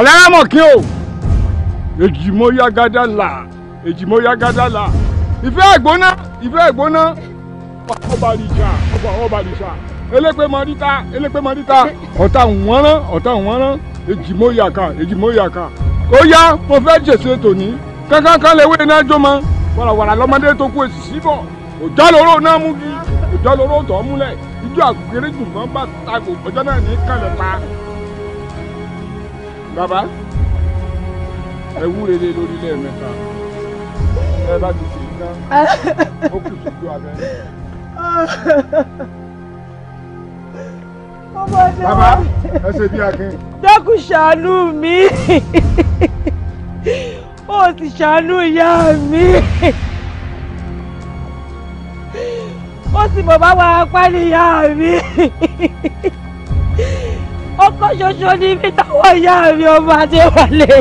ọ̀làrámọ̀ kí o èjìmóyágádá là èjìmóyágádá là ìfẹ́ ẹ̀gbóná ìfẹ́ ẹ̀gbóná ọba àlìṣà ọba ọba àlìṣà elépè mọ́ríta elépè mọ́ríta ọ̀tá wọ́nrán ọ̀tá wọ́nrán èjìmóyàkà èjìmóyàkà ó yá mo fẹ́ jèsè tòní kankankan lè wé iná jó mọ́ wàràwàrà lọ́mọdé tó kú èsì síbọ̀ òjá lóró náà mú kí òjá lóró tọ́ múlẹ̀ ijó àgbèrè jùmọ̀ bá ta kò ọjọ́ náà ní kálẹ̀ pa bàbá ẹ wúre lé lórí lẹ́ẹ̀mẹ́ta ẹ bá ti ṣe iná ó kù sójú abẹ́. Baba, ẹ ṣe bí akin. dákun ṣàánú mi ó sì ṣàánú ìyá mi ó sì mọ̀ bá wa apá ní ìyá mi ọkọ ṣoṣo ni mi táwọn ìyá mi ọmọ adéwálé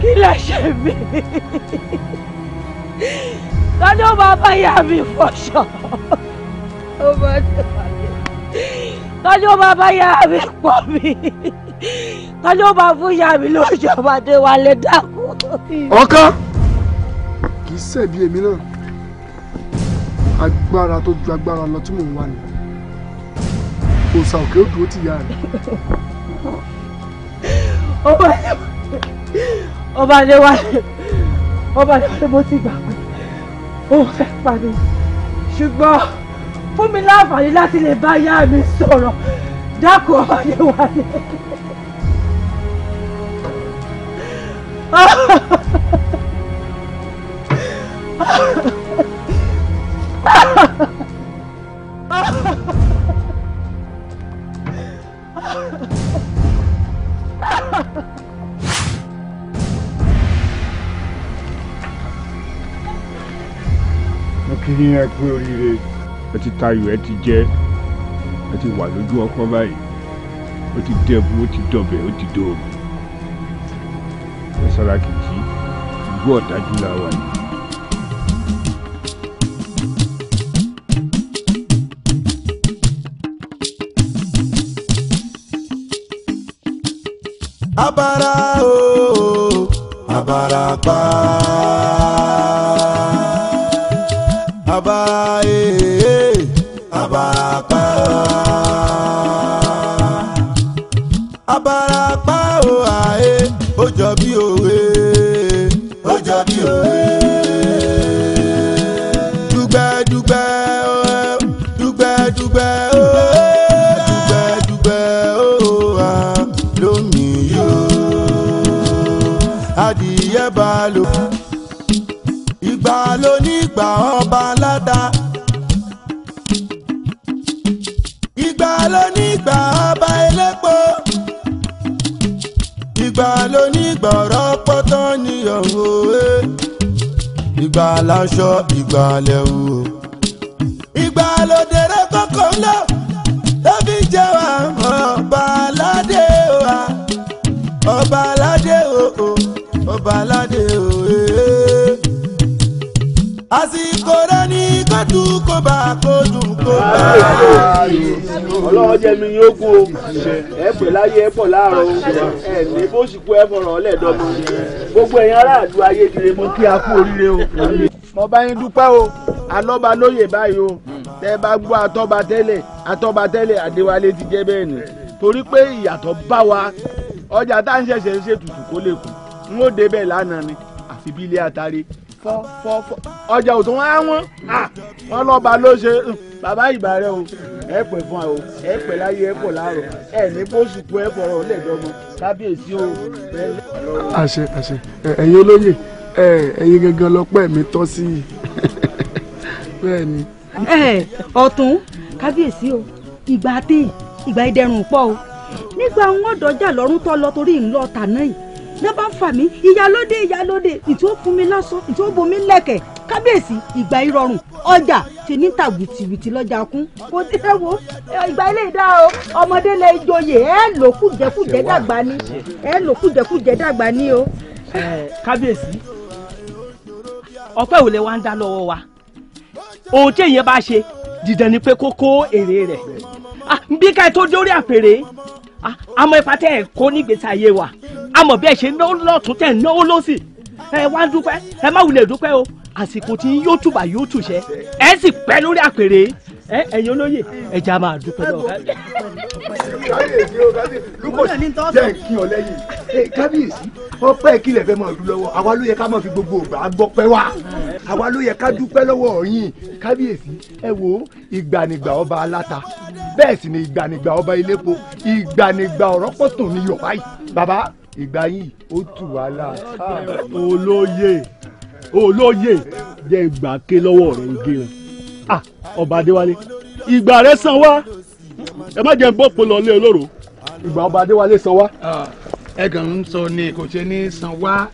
kí lè ṣe mí lọ́dún bàbá ìyá mi fọṣọ ọmọ adéwálé lọ́dún bàbá ìyá mi pọ̀ mi lọ́dún bàbá fún ìyá mi lóṣù ọmọ adéwálé dákun. ọkàn kì í ṣẹ̀bi èmi náà agbára tó ju agbára lọ tí mò ń wà nìyẹn òòsà òkè o dúró tì yá rẹ̀. ọba lè wá ọba lè wá mo ti gbà pé ó fẹ́ pa mi ṣùgbọ́n fún mi láǹfààní láti lè bá yá mi sọ̀rọ̀ dákun ọba lè wá lè. Ha ha ha! ní ẹ pé oríire ẹ ti tayò ẹ ti jẹ ẹ ti wà lójú ọkàn báyìí ó ti dẹbu ó ti dọbẹ ó ti dóògùn ẹ Sàràkí jí ìlú ọ̀dájú la wà yìí. abara ooo abara pa. láṣọ ìgbàlẹ̀ o. ìgbàlódé rẹ kọ́kọ́ ńlọ ló fi jẹ́ wà mọ́ ọba aládé wa ọba aládé o ọba aládé o. Eh. àsìkò rẹ ní kọ́tù kó bá kọ́tù kó bá. ọlọ́run jẹ́ mi yóò kú o ẹ pè láyé ẹ pọ̀ láàárọ̀ o ẹ ní bó sì kú ẹ fọ̀rọ̀ ọ̀lẹ́dọ́gbọ̀n gbogbo ẹ̀yin aráàlú ayédèrè mo kí a kú oríire o mo bá yín dúpẹ́ o alọ́ba lóye báyìí o tẹ́ bá gbọ́ atọ́ba tẹ́lẹ̀ atọ́ba tẹ́lẹ̀ adéwálé ti jẹ́ bẹ́ẹ̀ ni torí pé ìyàtọ̀ bá wa ọjà tá à ń ṣẹ̀ṣẹ̀ ń ṣètùtù kó lè kù n ó débẹ̀ lánàá ni àfi bí ilé atari fọ́fọ́fọ́ ọjà ò tún wá wọ́n wọ́n lọ́ba ló ṣe bàbá ìbàrẹ̀ o ẹ pẹ̀ fún ọ ẹ pẹ̀ láyé ẹ pọ̀ láàrọ̀ ẹ ní bóṣù kú ẹ fọ̀rọ̀ lẹ́dọ̀ọ́mọ kábíyèsí o. àṣẹ àṣẹ ẹ̀yin olóyè ẹ ẹyin gangan lọ́pẹ́ mi tọ́ sí i bẹ́ẹ̀ ni. ẹ kábíyèsí o ìgbà àti ìgbà ìdẹ̀rùn pọ̀ o nígbà wọn dọjà lọ́rùn tó lọ torí ńlọ ọ̀tà náà yìí ní bá ń fà mí ìyálóde ìyálóde ìtí ó fún mi lásán ìtí ó bomi lẹ̀kẹ̀ kábíyèsí ìgbà ìrọ̀rùn ọjà ti ní ta wìtìwìtì lọ́jà kún kò tí ẹ wo ìgbà ilé ìdá o ọmọdé lè joyè ẹ lò kújẹkújẹ dàgbà ni ẹ lò kújẹkújẹ dàgbà ni o. kábíyèsí ọpẹ́ òun lè ń dá lọ́wọ́ wa ohun tí èèyàn bá ṣe dìdẹ̀ ni pé kó kó èrè rẹ̀ ah, bí ká ẹ tó dórí àpèrè àmọ́ ah, ipa tẹ́ ẹ̀ kó nígbèsè ayé wa àmọ́ bí ẹ ṣe lọ́tún tẹ̀ náwó lọ́sì ẹ wá ń dúpẹ́ ẹ má wulẹ̀ dúpẹ́ o àsìkò tí yóò tùbà yóò tùṣẹ́ ẹ sì pẹ́ lórí àpèrè ẹ̀yin olóyè ẹ̀jẹ̀ a máa dúpẹ́ lọ. kábíyèsí o kábíyèsí lukọsi jẹ́ kí ọ lẹ́yìn kábíyèsí ọpẹ́ kílẹ̀ fẹ́ máa lù lọ́wọ́ àwa ló yẹ ká máa fi gbogbo ògbà gbọ́pẹ́ wá àwa ló yẹ ká dúpẹ́ lọ́wọ́ yín kábíyèsí ẹ wo ìgbànigbà ọba aláta bẹ́ẹ̀ sì ni ìgbànigbà ọba ilépo ìgbànigbà ọ̀rọ̀pọ̀tò ni yọ̀ báyìí bàbá ìgbà yìí ó tù wá là olóyè olóyè jẹ́ ìgbà ké lọ́wọ́ rẹ̀ ń gé wọn ah ọba adéwálé ìgbà rẹ san wá ẹ má jẹ́ bọ́ polo ọlẹ́ olóró ìgbà ọba adéwálé san wá. Ah, ẹ kàn ń sọ ni kò ṣe ní san wá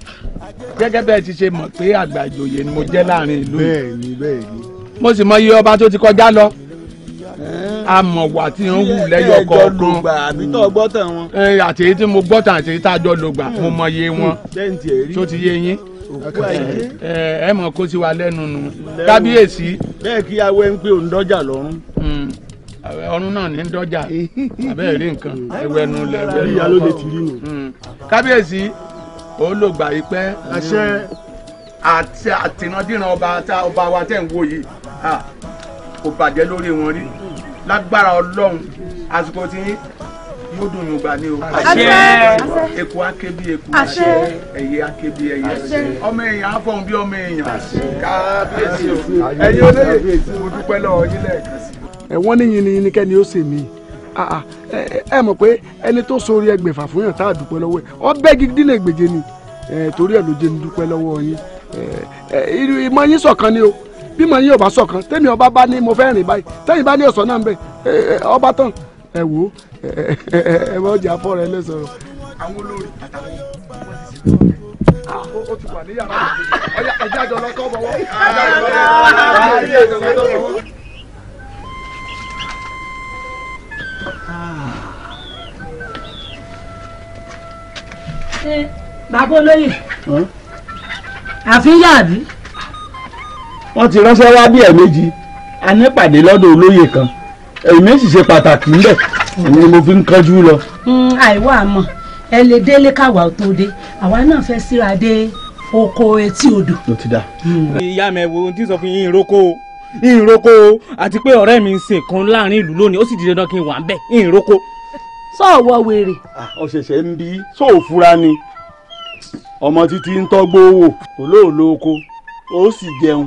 gẹ́gẹ́ bẹ́ẹ̀ ti ṣe mọ̀ pé àgbà ìjòyè ni mo jẹ́ láàrin ìlú yìí mo sì mọ iye ọba tó ti kọjá lọ amọ̀wà tí ń wù lẹ́yọ̀ kọ̀ọ̀kan eh, àti èyí tí mo gbọ́ tàn àti èyí tá a jọ lò gbà hmm. mo mọ iye wọn tó ti yé yín òkú àìyé. ẹ ẹ mọ kó sí wa lẹ́nu nu kábíyèsí. bẹ́ẹ̀ kí awẹ́ ń pè òun dọ́jà lọ́rùn hmm. ọrùn náà ní dọ́jà abẹ́rẹ́ rí nǹkan ẹwẹ́nu lẹ́wẹ́ bí ìyálóde ti rí nù. Hmm. kábíyèsí olùgbà yìí pẹ́ àti àtìnádìran ọba wa tẹ̀ ń wò yìí kò bàjẹ́ lórí wọn rí lágbára ọlọ́run àsìkò tí yóò dùn yóò gbà ní o. àṣẹ eku akébi eku àṣẹ ẹyẹ akébi ẹyẹ ọmọ èèyàn afọhùn bí ọmọ èèyàn kábíyèsí o ẹ̀yin olóyè mo dúpẹ́ lọ́wọ́ yín lẹ́ẹ̀kan sí. ẹ̀wọ́n ní yin ni yin ni kẹ́ni ó ṣe mí ah, ah. ẹ mọ̀ pé ẹni tó sori ẹgbẹ̀fà fún yàn tá a dúpẹ́ lọ́wọ́ ẹ̀ ọ bẹ́ẹ̀ gidi lè gbèjẹ ni torí ẹ̀ ló jẹ́ ní dúpẹ́ lọ́wọ́ yín ìmọ̀ yín ṣọ̀kan ni o bí mọ̀ yín ò bá ṣọ̀kan tẹ́mi ọba bá ní mo fẹ́ rìn báyìí tẹ́yìn bá ní ọ̀sán náà ń bẹ̀ ọba tán ẹ̀ wò ó ẹ bá ọjà fọ rẹ lẹsọ. àwọn olórí àtàwọn ọmọ ti ṣe fún ọ ah, ó ti wà ní yàrá ọjà ẹja jọ lọ kọ bọwọ. Ah. bàbá olóyè hm? àfin yàbí. wọ́n ti ránṣẹ́ wá bí ẹ̀ẹ̀mejì a ní pàdé lọ́dọ̀ olóyè kan èyí méjì ṣe pàtàkì ńbẹ̀ ni mo fi ń kánjú lọ. Hmm, àìwá àmọ́ ẹ lè délé káwa ò tó dé àwa náà fẹ́ síra dé oko etí odò. ló ti dá. Hmm. ìyá mi wo ohun tí sọ fún yín ìrókò o ìrókò o àti pé ọ̀rẹ́ mi ń sìn kan láàrin ìlú lónìí ó sì di dandan kí n wà ń bẹ̀ ìrókò. sọ̀wọ́ wèrè. ọ̀ṣẹ̀ṣẹ̀ ń bí sóòfura ni ọmọ títí ń tọ́gbó wò olóòlò oko ó sì jẹun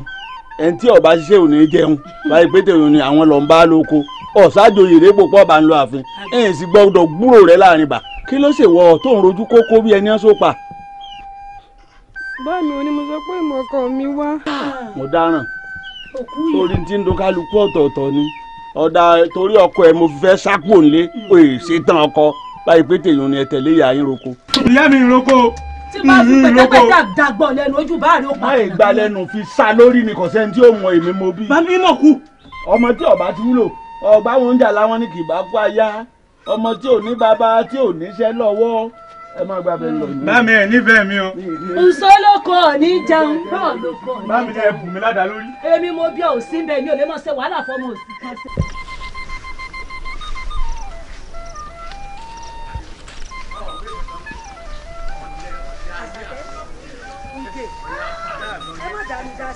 ẹni tí ọba ṣiṣẹ́ ò jẹun báyìí pété òní àwọn lọ́n bá lóko ọ̀sájòyè rẹ́pò pọ̀ bá ń lọ ààfin ẹ̀yìn sì gbọ́dọ̀ gbúrò rẹ láàrin bà kí ló ṣèwọ tó ń rojú kókó bí ẹni ọ́n sópa. báàmì òní mo sọ pé ìmọ̀ ọkọ mi wá. mo dáràn torí tí ń do kálukú ọ̀tọ̀ọ̀tọ̀ ni ọ̀dà torí ọkọ ẹ mo fẹ́ sápò ńlé òye hmm. ṣetán ọkọ báyìí pété ìyọ̀n ni ẹ tẹ̀lé ìyá yín roko. ìyá mi roko tí máa hmm, fi pẹ̀tẹ́pẹ̀tẹ́ àdàgbọ̀ lẹ́nu ojú bá rí ó pa. máyì gbalẹ́nu fi sá lórí ni kò sẹ́ni tí ó mọ èmi mo bí. bàbá mi mọ̀ kú. ọmọ tí ọba ti wúlò ọba wọn ń jà láwọn ní kìbá kú aya ọmọ tí ò ní bàbá tí ò níṣẹ́ lọ́wọ́ ẹ má gba abẹ́rẹ́ lọ. mami ẹ níbẹ̀ mi o. nsọ lóko ní jẹun ní jẹun. mami ẹ bù mí ládàá lórí. èmi mo bí òsì ń bẹ mi mọ ṣe wàhálà fọmọ òsì kan ẹ má dá mi dá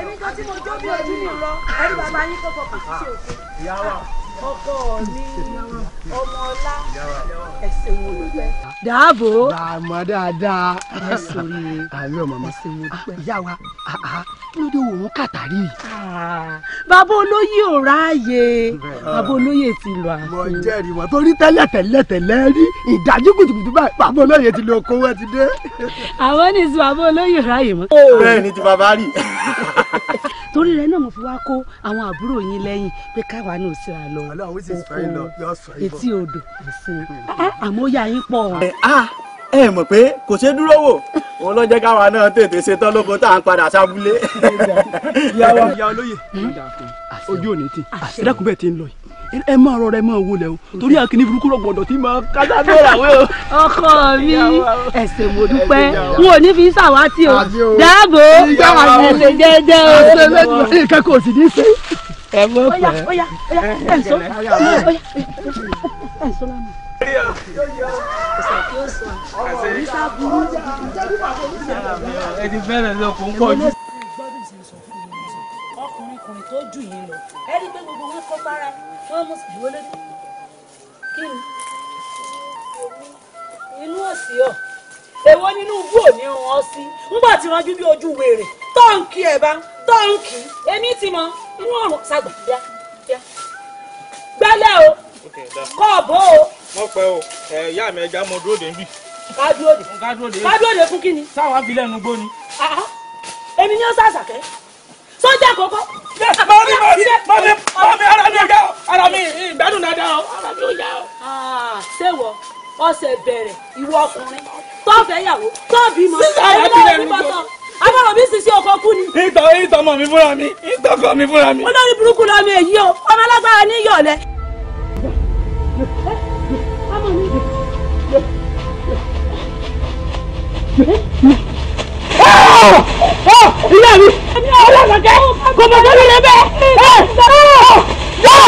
èmi kan tí mo jó bí ojú mi rọ ẹni bàbá yín kó fọkàn sí òkú ọkọ mi ọmọ ọlá ẹsẹ wo ló fẹ́. dáàbò. dààmú dáadáa. ẹ sori ye. àmì ọmọ mi. ẹsẹ wo ló fẹ́. ìyá wa ah, ah. kí ló dé òun kàtàrí. Ah, bàbá olóyè ò ráàyè bàbá olóyè ti lọ àfin. mo jẹ́rìí wọn torí tẹ́lẹ̀ tẹ́lẹ̀ tẹ́lẹ̀ rí ìdájí kùtùkùtù báyìí bàbá olóyè ti lọ kó wọ́n ti dé. àwọn ní sùn bàbá olóyè ráàyè mọ́. bẹ́ẹ̀ ni bàbá rí. torí rẹ náà mo fi wá kó àwọn àbúrò yín lẹ́yìn pé káwa náà sì ra lọ òkun etí odò ìsìn ah, ah, àmọ́ ya yín pọ̀. ẹ eh, ah, ẹ mọ̀ pé kò ṣe dúró wò òun ló jẹ́ káwa náà tètè ṣetán lóko tá à ń padà sábúlé. ìyá olóye hmm? ojú ò ní tì dákúbẹ̀ ń lọ yìí ẹ máa rọra ẹ máa wọlé o torí akíní burúkú rọ gbọ́dọ̀ tí máa kásá bẹ́ẹ̀ àwẹ o. ọkọ mi ẹsẹ mo dúpẹ́ n ò ní fi ṣàwátì o dáàbò ẹsẹ jẹjẹ o. ẹsẹ lẹ́nu ìkẹ́kọ̀ọ́ sì ní í ṣe. ẹ mọ̀ pẹ́ ẹ ẹ ẹ sọ ẹ sọ lánàá ẹni bẹ́ẹ̀ lọ kò ń pọ̀ jù tó jù yín lọ ẹ rí i pé gbogbo wọn kọ́ para wọn mú ìwé lójú kí ni inú òsì ọ èwo nínú igbó òní rún ọ sí ńgbà tí ranjú bí ojú wèrè tọ́ǹkì ẹ̀ bá tọ́ǹkì èmi ti mọ inú ọ̀run ṣàgbà bíá bíá gbẹ́lẹ̀ o kọ́ọ̀bù o. wọ́n pẹ́ o ìyá mi ẹja mo dúró dé níbí. ká dúró dé ká dúró dé fún kí ni. sáwọn abilẹ̀ nu gbó ni. èmi ni ó sàṣàkẹ́ sọ́jà kọ́kọ́. mami mami mami mami ara mi ga ara mi ìgbádùn dáadáa o ara mi ò yá o. Ah, ṣéwọ ọ̀sẹ̀ bẹ̀rẹ̀ ìwọ ọkùnrin tọfẹyàwó tọbímọ ìwọ òbí bọtọ abọ́rọ̀ mi sisi ọkọ kú ni. ìtọ̀ ìtọ̀ ọmọ mi fúnra mi ìtọ̀ ọkọ mi fúnra mi. olórí burúkú lọ́mọ èyí o ọmọ alágbára ní yọ̀ọ̀lẹ́. ọmọ mi ilé mi ọlọ́mọdé kò mọ̀ tó lè bẹ́ẹ̀.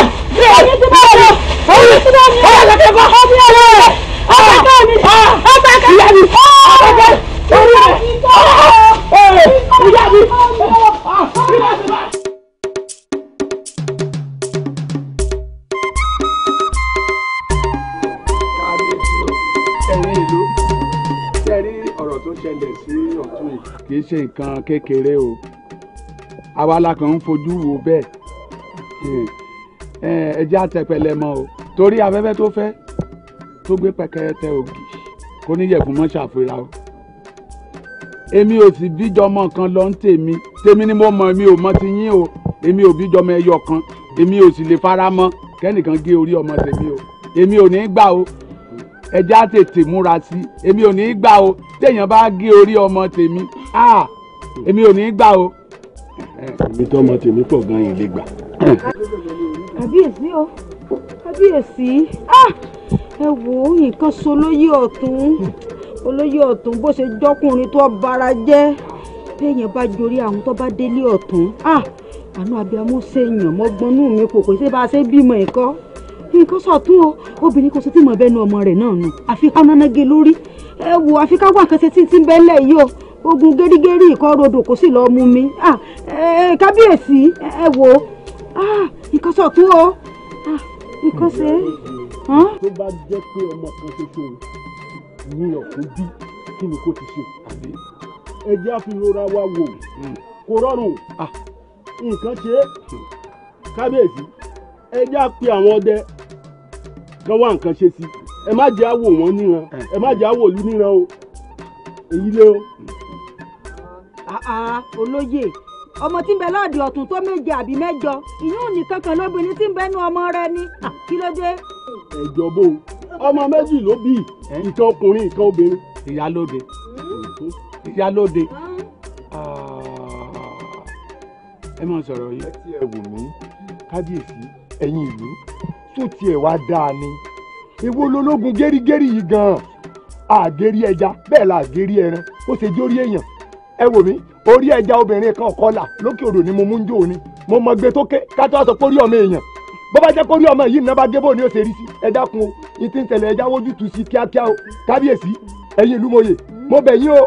kékeré o abala la kàn ń fojú wo bẹ́ẹ̀ ẹ jẹ́ àtẹ̀pẹ̀lẹ̀ mọ́ o torí afẹ́fẹ́ tó fẹ́ tó gbé pẹ̀kẹ́tẹ́ ògì kó níyẹ̀fun mọ́ ṣàfura o èmi ò sì bíjọmọ kan lọ ń tèmi tèmi ni mo mọ èmi ò mọ ti yín o èmi ò bíjọmọ ẹyọ kan èmi ò sì lè fara mọ́ kẹ́nìkan gé orí ọmọ tèmi o èmi ò ní í gbà o ẹja tètè múra sí èmi ò ní í gbà o téèyàn bá gé orí ọmọ tèmi ah èmi ò ní í gbà o. èmi tó ọmọ tèmi pọ̀ gan yìí lè gbà. kábíyèsí o kábíyèsí ah! ẹ wò ó nǹkan so olóyè ọ̀tún olóyè ọ̀tún bó ṣe jọ́kùnrin tó bara jẹ́ bẹ́ẹ̀yẹn bá jorí àwọn tó bá délé ọ̀tún ah! àánú abiyamọ ṣèyàn mọ́gbọ́nú mi kò kò ṣe bá a ṣe bímọ ẹ̀kọ́ nǹkan sọ̀tún o obìnrin kan ṣe tí mo bẹnu ọmọ rẹ̀ náà nù àfi ká nánagé lórí ẹ wò àfi ká wà nǹkan ṣe tí ń bẹ́ẹ̀ lẹ̀ yìí o ogun gẹ́rígẹ́rí ìkọ́rodò kò sì lọ́ọ́ mú mi kábíyèsí ẹ wò nǹkan sọ̀tún o nǹkan ṣe. tó bá jẹ́ pé ọmọ kan ṣoṣo ni ọ̀kún bí kí ni kò ti ṣe ẹ jẹ́ àfihàn wa wò hmm. kò rọrùn nǹkan ṣe hmm. kábíyèsí ẹ jẹ́ àpè àwọn ọdẹ kan wá nǹkan ṣe sí ẹ má jẹ́ àwò wọn níran hmm. ẹ má jẹ́ àwò ìlú níran o èyí lé o. Ah, ah, olóyè ọmọ tí ń bẹ lọ́ọ̀dì ọ̀tún tó méje àbí mẹ́jọ ìyún nìkan kan lóbìnrin tí ń bẹ ọmọ rẹ ni ah, kí ló dé. ẹjọ bò ọmọ méjì ló bí nǹkan ọkùnrin nǹkan obìnrin. ìyálóde ìyálóde ẹ máa sọ̀rọ̀ yìí. ẹ ti ẹ wò mí kábíyèsí ẹ̀yin ìlú tó tiẹ̀ wá dáa ni èwo lológun gẹ́rígẹ́rí yìí gan-an àgérí ẹja bẹ́ẹ̀ la àgérí ẹran ó ṣe jórí èèyàn ẹ wò mí orí ẹja obìnrin kan kọlà lókè odò ni mo mú ń jò ni mo mọ gbé tókè ká tó wá sọ pé orí ọmọ èèyàn bó bá jẹ́ pé orí ọmọ yìí nínú bá gé bò ní ó ṣe rí sí ẹ dákun o ní ti ń tẹ̀lé ẹja wójú tu sí kíákíá o kábíyèsí ẹ̀yin ìlú mòye mo bẹ̀ yín o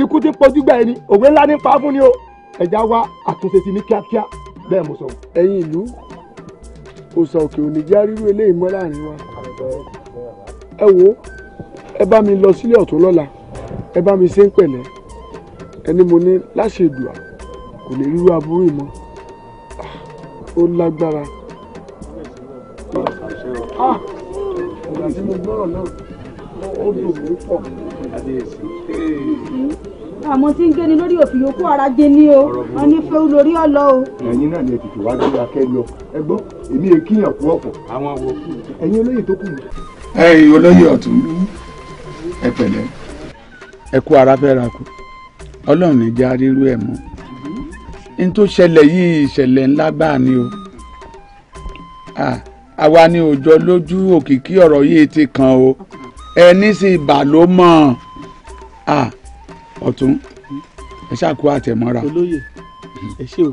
ikú ti pojú gbà ẹni òwe ńlá ní pa fún ni o ẹja wá àtúnṣe sí ní kíákíá bẹ́ẹ̀ mo sọ. ẹ̀yin ìlú òòsàn òkè òní já rírú eléyìí mọ́ láàrin wa ẹ wo ẹ bá mi lọ sílé ọ̀tún lọ́la ẹ bá mi ṣe ń pẹ̀lẹ́ ẹni mo ní láṣẹdùà kò lè ríru aburú ìmọ ah, ó lágbára. ọ̀gá ah, tí mo gbọ́rọ̀ náà ó dùn mí pọ̀ àdéhùn. Hmm? àmọ́ tí ń géni lórí òfin yòókù ara gé ní o wọn ní fẹ́ lórí ọ̀lọ́ o. ẹ̀yin náà ni ẹ tètè wá gbé akẹ́ lọ ẹ gbọ́ èmi èkìyàn kú ọ̀pọ̀ àwọn àwọn òkú ẹ̀yin olóyè tó kù. ẹ̀yin olóyè ọ̀tún ẹ pẹ̀lẹ́ ẹ kú ara fẹ́ ra kú ọlọ́run ní já rírú ẹ̀ mọ́ n tó ṣẹlẹ̀ yìí ìṣẹ̀lẹ̀ ńlá gbáà ni o àwa ni òjò lójú òkìkí ọ̀rọ̀ yìí ti kàn o ẹni sì bà ló mọ̀ ọ̀tún ẹ ṣàkó àtẹ̀mọ́ra. olóyè ẹ ṣé o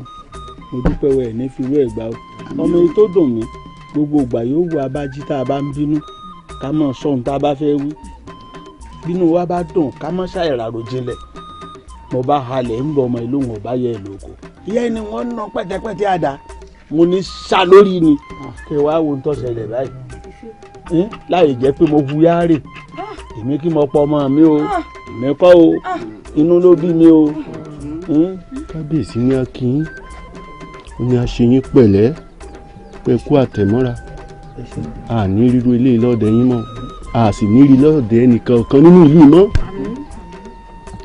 mo dúpẹ́ wẹ̀ ní fi wé ẹ̀gbá o ọmọ yìí tó dùn mí gbogbo ìgbà yóò wo abájí tá a bá ń bínú ká mọ̀ sọ́hun tá a bá fẹ́ wí bínú wa bá dùn ká mọ̀ ṣàìràrò jinlẹ̀ mo bá halẹ̀ ń bọ ọmọ ìlú wọn bá yẹ ìlú oko ìyá ẹni wọn ń ná pẹ́tẹ́pẹ́tẹ́ àdá mo ní sá lórí ni ah, kí wàá wo ń tó ṣẹlẹ̀ báyìí láì jẹ́ pé mo hu yáàrè ah. èmi kí mo pọ ọmọ mi o ah. èmi kọ́ o inú ló bí mi o. kábíyèsí ni a kì í ó ní a ṣe yín pẹ̀lẹ́ pé kú àtẹ̀mọ́ra a ní ríru eléyìí lọ́ọ̀dẹ̀ yín mọ́ a sì ní rí lọ́ọ̀dẹ̀ ẹnìkan kan nínú ìlú mọ́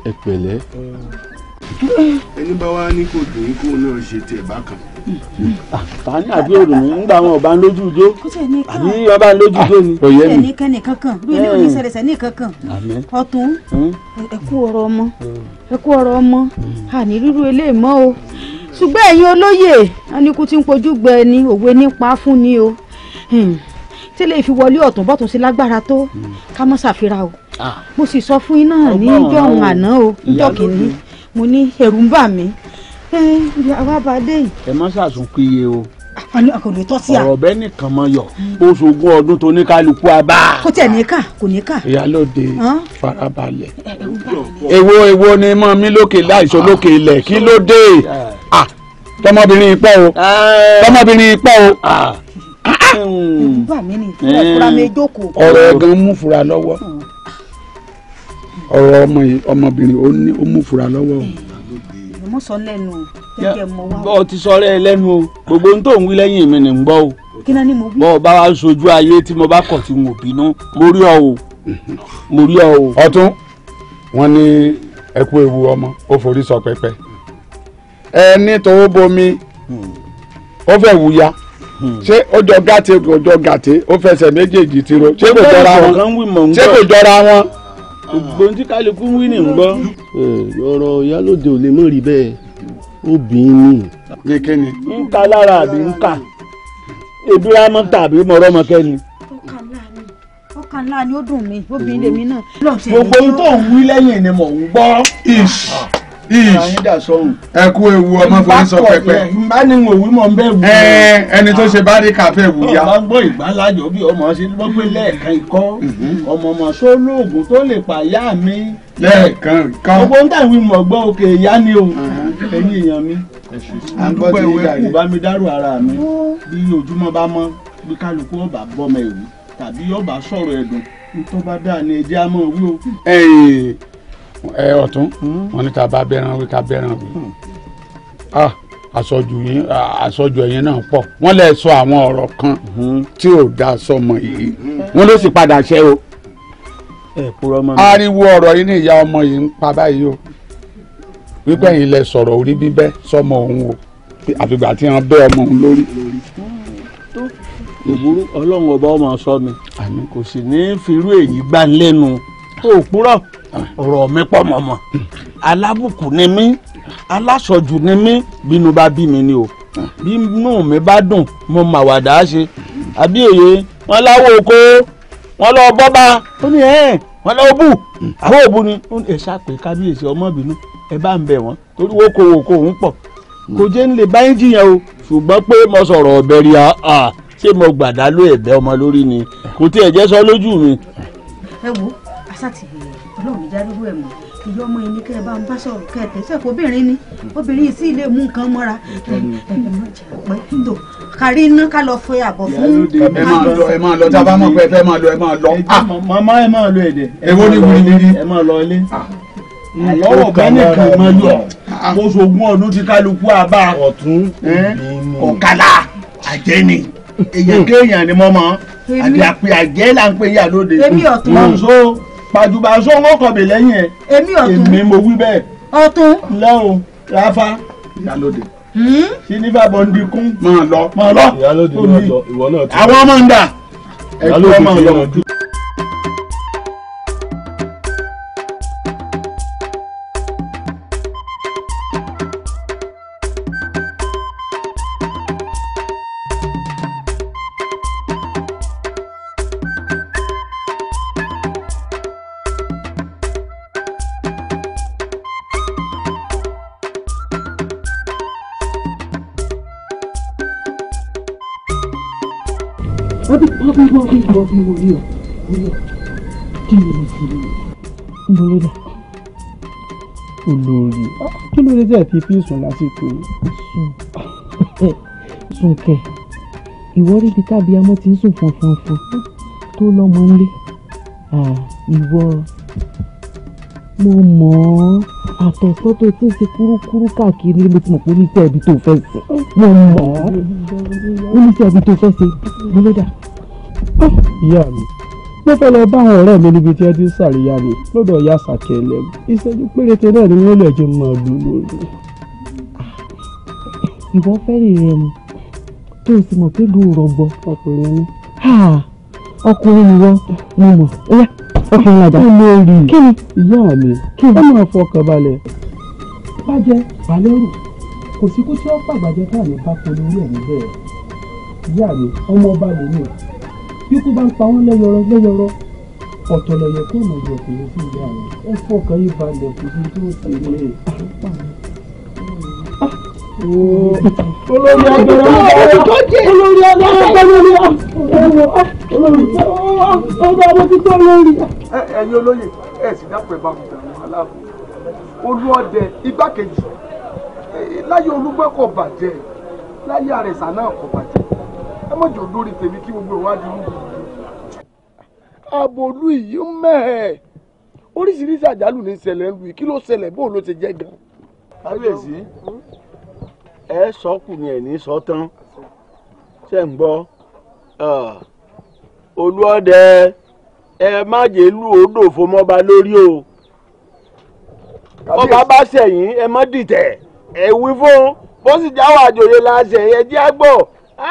ẹ pẹ̀lẹ́. ẹni bá wá ní kò dùn kó náà ṣe tẹ̀ bákan. àní ah, àbí òrùn ńgbà wọn ọba lójú ijó àbí ọba lójú ijó ni. ọyẹ mi ẹnìkan nìkan kan bí ilé òní ṣẹlẹ̀ sẹ́ni kankan ọ̀tún hmm? ẹ kú ọ̀rọ̀ ọmọ hmm. ẹ kú ọ̀rọ̀ ọmọ àní hmm. rírú eléyìí mọ́ o ṣùgbọ́n ẹ̀yin olóyè aníkú tí ń pojú gbẹ ni òwe nípa fún ni o tẹ́lẹ̀ ìfiwọlé ọ̀tún bọ́tún sí lágbára tó ká mọ́ ṣàfihàn o Ah. mo sì sọ fún iná ní jọ̀hún àná o jọ̀ kìíní mo ní ẹ̀rù ń bà mí àwa bá dé yìí. ẹ má ṣàṣùn péye o àkànlò tọ́ sí a. ọ̀rọ̀ bẹ́ẹ̀ nìkan mọ yọ oṣogun ọdún tó ní kálukú a bá. kó tẹ̀ ní kà kò ní kà. ìyálòde farabalẹ̀. èwo èwo ni mọ mi lókè láìsọ lókè ilẹ̀ kí ló dé tọmọbìnrin ipò o tọmọbìnrin ipò o. ọ̀rọ̀ ẹ̀gán mú fura lọ́wọ́ ọ̀rọ̀ ọmọ ọmọbìnrin ó ní ó mú fura lọ́wọ́ o. mo o gẹ́gẹ́ mọ ti sọ rẹ̀ lẹ́nu o gbogbo ohun tó ń wí lẹ́yìn mi ni ń gbọ́ o. kí náà ni mo wí. bọ́ọ̀ bá wa sojú ayé tí mo bá kọ̀ tí mo bínú mo rí ọ o mo rí ọ o. ọtún wọn ní ẹkú ewu ọmọ ó forí sọ pẹpẹ ẹni tó bomi ó fẹ́ wúya hmm. ṣé ó jọ gàtẹ́ kò jọ gàtẹ́ ó fẹsẹ̀ méjèèjì tiro ṣé kò jọra wọn ṣé kò jọra wọn. gbogbo wí ní gbọ́. ọ̀rọ̀ ìyálòde ò lè mọ̀ rí bẹ́ẹ̀ obìnrin ni. ka lára àbí ń kà ebíramọ tàbí mọ̀rọ́mọ kẹ́ni. ọkà ni ó dùn mí obìnrin lèmi náà. gbogbo ohun tó ń wí lẹ́yìn ni mò ń gbọ́. ẹ kú ewu ọmọ forí sọ pẹpẹ. ẹni tó ṣe bá rí kàfẹ́ wù ya. ọba gbọ́ ìgbàlájọ bí ọmọ ṣe lọ pé lẹ́ẹ̀kan ikọ́ mhm. ọmọ ọmọ sólóògùn tó lè pàyà mi. lẹ́ẹ̀kan ikọ́. gbogbo ń tàwí mọ̀ gbọ́ òkè ìyá ni o mhm. ẹ̀yin èèyàn mi. àdúgbò ìwé kù bá mi dárò ara mi bí ojúmọ́ bá mọ́ bí kálukú ọba bọ́mọ ìwú tàbí ọba sọ̀rọ̀ ẹ̀dùn tó bá dáa ni ẹ̀jẹ̀ ẹ ọ̀tún wọn ní ta bá bẹ́ran wí ká bẹ́ran wí àsọjù hmm. ah, yín àsọjù ẹ̀yin náà pọ̀ wọ́n lè sọ àwọn ọ̀rọ̀ kan hmm. tí ò dá sọmọ yìí hmm. wọ́n ló sì padà ṣe o ariwo ọ̀rọ̀ yìí ni ìyá ọmọ yìí ń pa báyìí o wípé ẹ̀yin lè sọ̀rọ̀ orí bíbẹ́ sọmọ òun o àfìgbà tí wọ́n bẹ́ ọmọ òun lórí. òbúrú ọlọ́run ọba ọmọ sọ mi kò sì ní í firú èyí gbá lẹ́nu tó òpúrọ̀ ọ̀rọ̀ mi pọ̀ mọ̀mọ́ alábùkù ni mí aláṣọjù ni mí bínú bá bí mi ni o bínú mi bá dùn mo mà wàdà ṣe àbí èyí wọn láwọ oko wọn lọ bọ́ba ó ní ẹ̀ wọn lọ bù àwọn òbu ni ẹ ṣàpè kábíyèsí ọmọbìnú ẹ bá ń bẹ̀ wọ́n torí wọ́n kò wò kó òun pọ̀ kò jẹ́ ń lè bá o ṣùgbọ́n pé mo sọ̀rọ̀ ọ̀bẹ rí a ṣé mo gbàdá ló ẹ̀bẹ̀ ọmọ lórí ni kò tí ẹ jẹ́ sọ lójú mi. ẹ wo asátìgbè ọlọ́run mi jádúgbò ẹ̀ mọ́ ìyá ọmọ yìí ni kẹ́ ẹ bá ń bá sọ̀rọ̀ kẹ́ ẹ tẹ̀sẹ̀ kó obìnrin ni obìnrin sì lè mú nǹkan mọ́ra ẹ̀ẹ́dẹ̀mọ́jà pẹ́ tó kárí iná ká lọ fẹ́ àbọ̀ fún. ẹ máa lọ ẹ máa lọ tá a bá mọ̀ pé ẹ fẹ́ máa lọ ẹ máa lọ. Ah! màmá ẹ máa lọ ẹ̀dẹ̀. èwo ni wuli ni. ẹ máa lọ ilé. Ah! lọ́wọ́ gánìkan máa lọ oṣogun ọdún tí kálukú àbá ọ̀kàlà àjẹni èyàn kéèyàn ni mọ́ mọ́ àdìyàpé àjẹ́ là ń pè yà lóde. èmi ọ̀tún. mọ̀ n so pàjùbà sóńgó kọ̀bẹ̀ lẹ́yìn ẹ̀. èmi ọ̀tún èmi mo wí bẹ́ẹ̀. ọ̀tún. lẹ́hùn ráfá ìyálóde. sínífà hmm? bọ́ndì kún mọ̀ lọ. mọ̀ lọ. ìyálóde ìwọ náà tún. àwọn ọmọ ń dà. ìyálóde ìwọ náà tún. fi wo ni o orí o kí ni mo fi wo. bolódà olórí kí ló dé tẹ̀ fi fi sùn lásìkò sùn sùn kẹ̀ ìwọ rí ibi tábí amọ́ ti ń sùn fọnfọnfọn tó lọ́mọ ńlé ìwọ mo mọ̀ ọ́ àtọ̀sọ́ tó ti ń ṣe kúrúkúrú káàkiri níbi tí mo pè ní iṣẹ́ ibi tó fẹ́ ṣe mo mọ̀ ọ́ ó ní iṣẹ́ ibi tó fẹ́ ṣe bólódà Ah, ìyá mi mo fẹ́ lọ bá àwọn ọ̀rẹ́ mi níbi tí ẹ ti ń sàríyá mi lọ́dọ̀ ìyá sàkẹ́ ẹlẹ́mu ìṣẹ́jú péréte náà ni wọ́n lè jẹ́ máa lù lórí. Ah, ìwọ fẹ́ rí rẹ mu tó o sì mọ̀ pé lù rọgbọ ọkùnrin ni. Ah, ọkùnrin ni wọ́n mo mọ̀ ẹ̀yà ọkùnrin làjà. ó lè rí i ìyá mi kí ni ó máa fọkàn balẹ̀. bàjẹ́ balẹ́rù kò sí kó tí ó pàgbàjẹ́ káàmì bá polówó ẹ̀ níbẹ̀ ìyá mi ikú bá ń pa wọ́n lẹ́yọrọ lẹ́yọrọ ọ̀tọ̀ lẹ̀yẹ kó ọ̀nà ìjọ kò ní sí ìyá rẹ̀ ẹ fọkàn yìí balẹ̀ kò sí tó ṣe lè pa mí. olórí agbẹ̀rẹ̀ olórí agbẹ̀rẹ̀ olórí agbẹ̀rẹ̀ ọba amójútó olórí. ẹ̀yin olóyè ẹ sì dápẹ́ bá mi dànù aláàbò olú ọdẹ igbákejì láyé olúgbẹ́ kò bàjẹ́ láyé àrẹ̀sà náà kò bàjẹ́ ẹ má jọ dórí tèmi kí gbogbo ìwà di rúgbìn. àbòlú yìí ń mẹ́ẹ̀ oríṣiríṣi àjálù ní ìṣẹ̀lẹ̀ ń lu yìí kí ló ṣẹlẹ̀ bó ló ti jẹ́ gan. kábíyèsí hmm? ẹ sọkùnrin ẹ̀ ní sọ tán ṣe ń gbọ́ olúọdẹ ẹ má jẹ́ lù ó lórí o ọba bá ṣẹ̀yìn ẹ má dìtẹ̀ ẹ wí fún bó sì jáwọ́ àjòyè la ṣẹ̀ ẹ jẹ́ àgbọ̀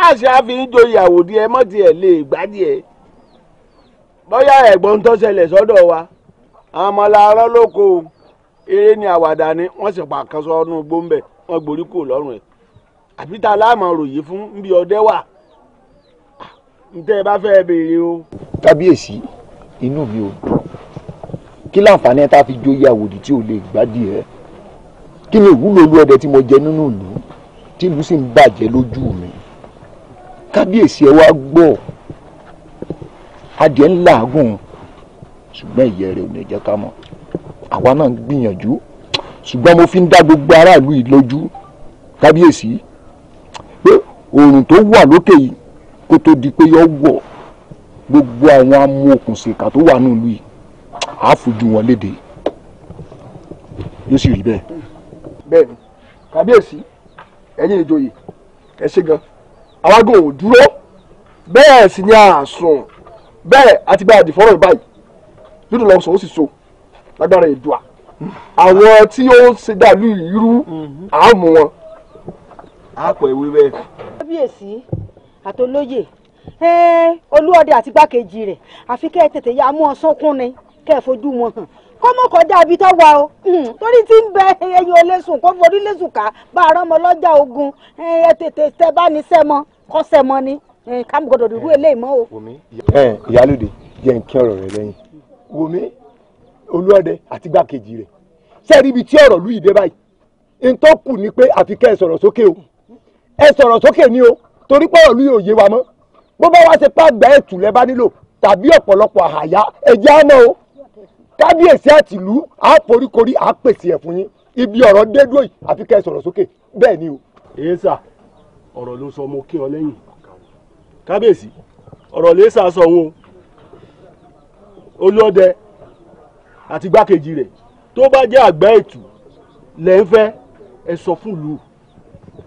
àṣẹ àfihàn joyè àwòdì ẹ mọ́ tiẹ̀ lè gbádìí ẹ bóyá ẹ̀gbọ́n tó ṣẹlẹ̀ sọ́dọ̀ wa àwọn ọmọ làárọ̀ lóko eré ni àwàdà ni wọ́n sì pa kan sọ́nù gbóńbẹ̀ wọ́n gborí kò lọ́rùn ẹ̀ àbí ta láàmú ròyìn fún bí ọdẹ wà ntẹ́ ẹ bá fẹ́ béèrè o. kábíyèsí inú mi ò dùn kí láǹfààní ẹ tá a fi joyè àwòdì tí ò lè gbádìí ẹ kí ni ìwúlò olú ọdẹ tí mo jẹ nínú ìlú tí ìlú sì ń bàjẹ́ lójú mi kábíyèsí ẹ wá gbọ́ adìẹ ń làágùn ṣùgbọ́n ìyẹ́ rẹ̀ ò ní jẹ́ ká mọ̀ àwa náà ń gbìyànjú ṣùgbọ́n mo fi ń dá gbogbo aráàlú yìí lójú kábíyèsí pé oòrùn tó wà lókè yìí kó tó di pé yọ wọ̀ gbogbo àwọn amòòkùnṣèkà tó wà nílùú yìí àá fojú wọn léde yóò sì rí bẹ́ẹ̀. bẹ́ẹ̀ni kábíyèsí ẹ̀yin ìjòyè ẹ ṣé gan-an àwágò ò dúró bẹ́ẹ̀ sì ni àsùn bẹ́ẹ̀ àti bá àdìfọ́rọ̀ báyìí lódò lọ sọ ó sì so lágbára ìdùà àwọn tí ó ń ṣe dàlú irú àmú wọn. a pọ̀ ewé bẹ́ẹ̀. kábíyèsí àtolóyè olúọdẹ àti igbákejì rẹ̀ àfi kẹ́ ẹ tètè yá mú ọsán kún ni kẹ́ ẹ fojú wọn hàn kọ́mọ kọ́ dàbí tó wà o hmm, torí tí ń bẹ ẹyin olóṣù kó forí lóṣù ká bá àrọ́ ọmọ lọ́jà ogun ẹ tètè tẹ bá ní sẹ́mọ kọ́ sẹ́mọ ni káàmù gbọdọ̀ dúró eléyìí mọ́ o. ìyálòde jẹ́ nkí ọ̀rọ̀ rẹ lẹ́yìn wòmí olúọdẹ àti gbàkejì rẹ̀ sẹ́ẹ̀rí ibi tí ọ̀rọ̀ lù yìí dé báyìí ntọ́ kù ni pé àfi kẹ́ ẹ sọ̀rọ̀ sókè o ẹ sọ̀rọ̀ sókè ni o torí pé lù yìí ò yé wa mọ́ bó bá wá ṣe pàgbà ẹ̀tù lẹ bá nílò tàbí ọ̀pọ̀lọpọ̀ àhàyà ẹ̀jẹ̀ á mọ́ o kábíyèsí àtìlú àforíkorí àpèsè ẹ̀ fún yín ibi ọ̀rọ̀ dédú yìí àfi kẹ́ ẹ sọ̀rọ̀ sókè bẹ́ẹ̀ ni o. èèṣà ọ̀rọ̀ ló sọ mo kí ọ lẹ́yìn kábíyèsí ọ̀rọ̀ lèèṣà sọ wọn olóde àti igbákejì rẹ̀ tó bá jẹ́ àgbá ètù lẹ́ ń fẹ́ ẹ sọ fún ìlú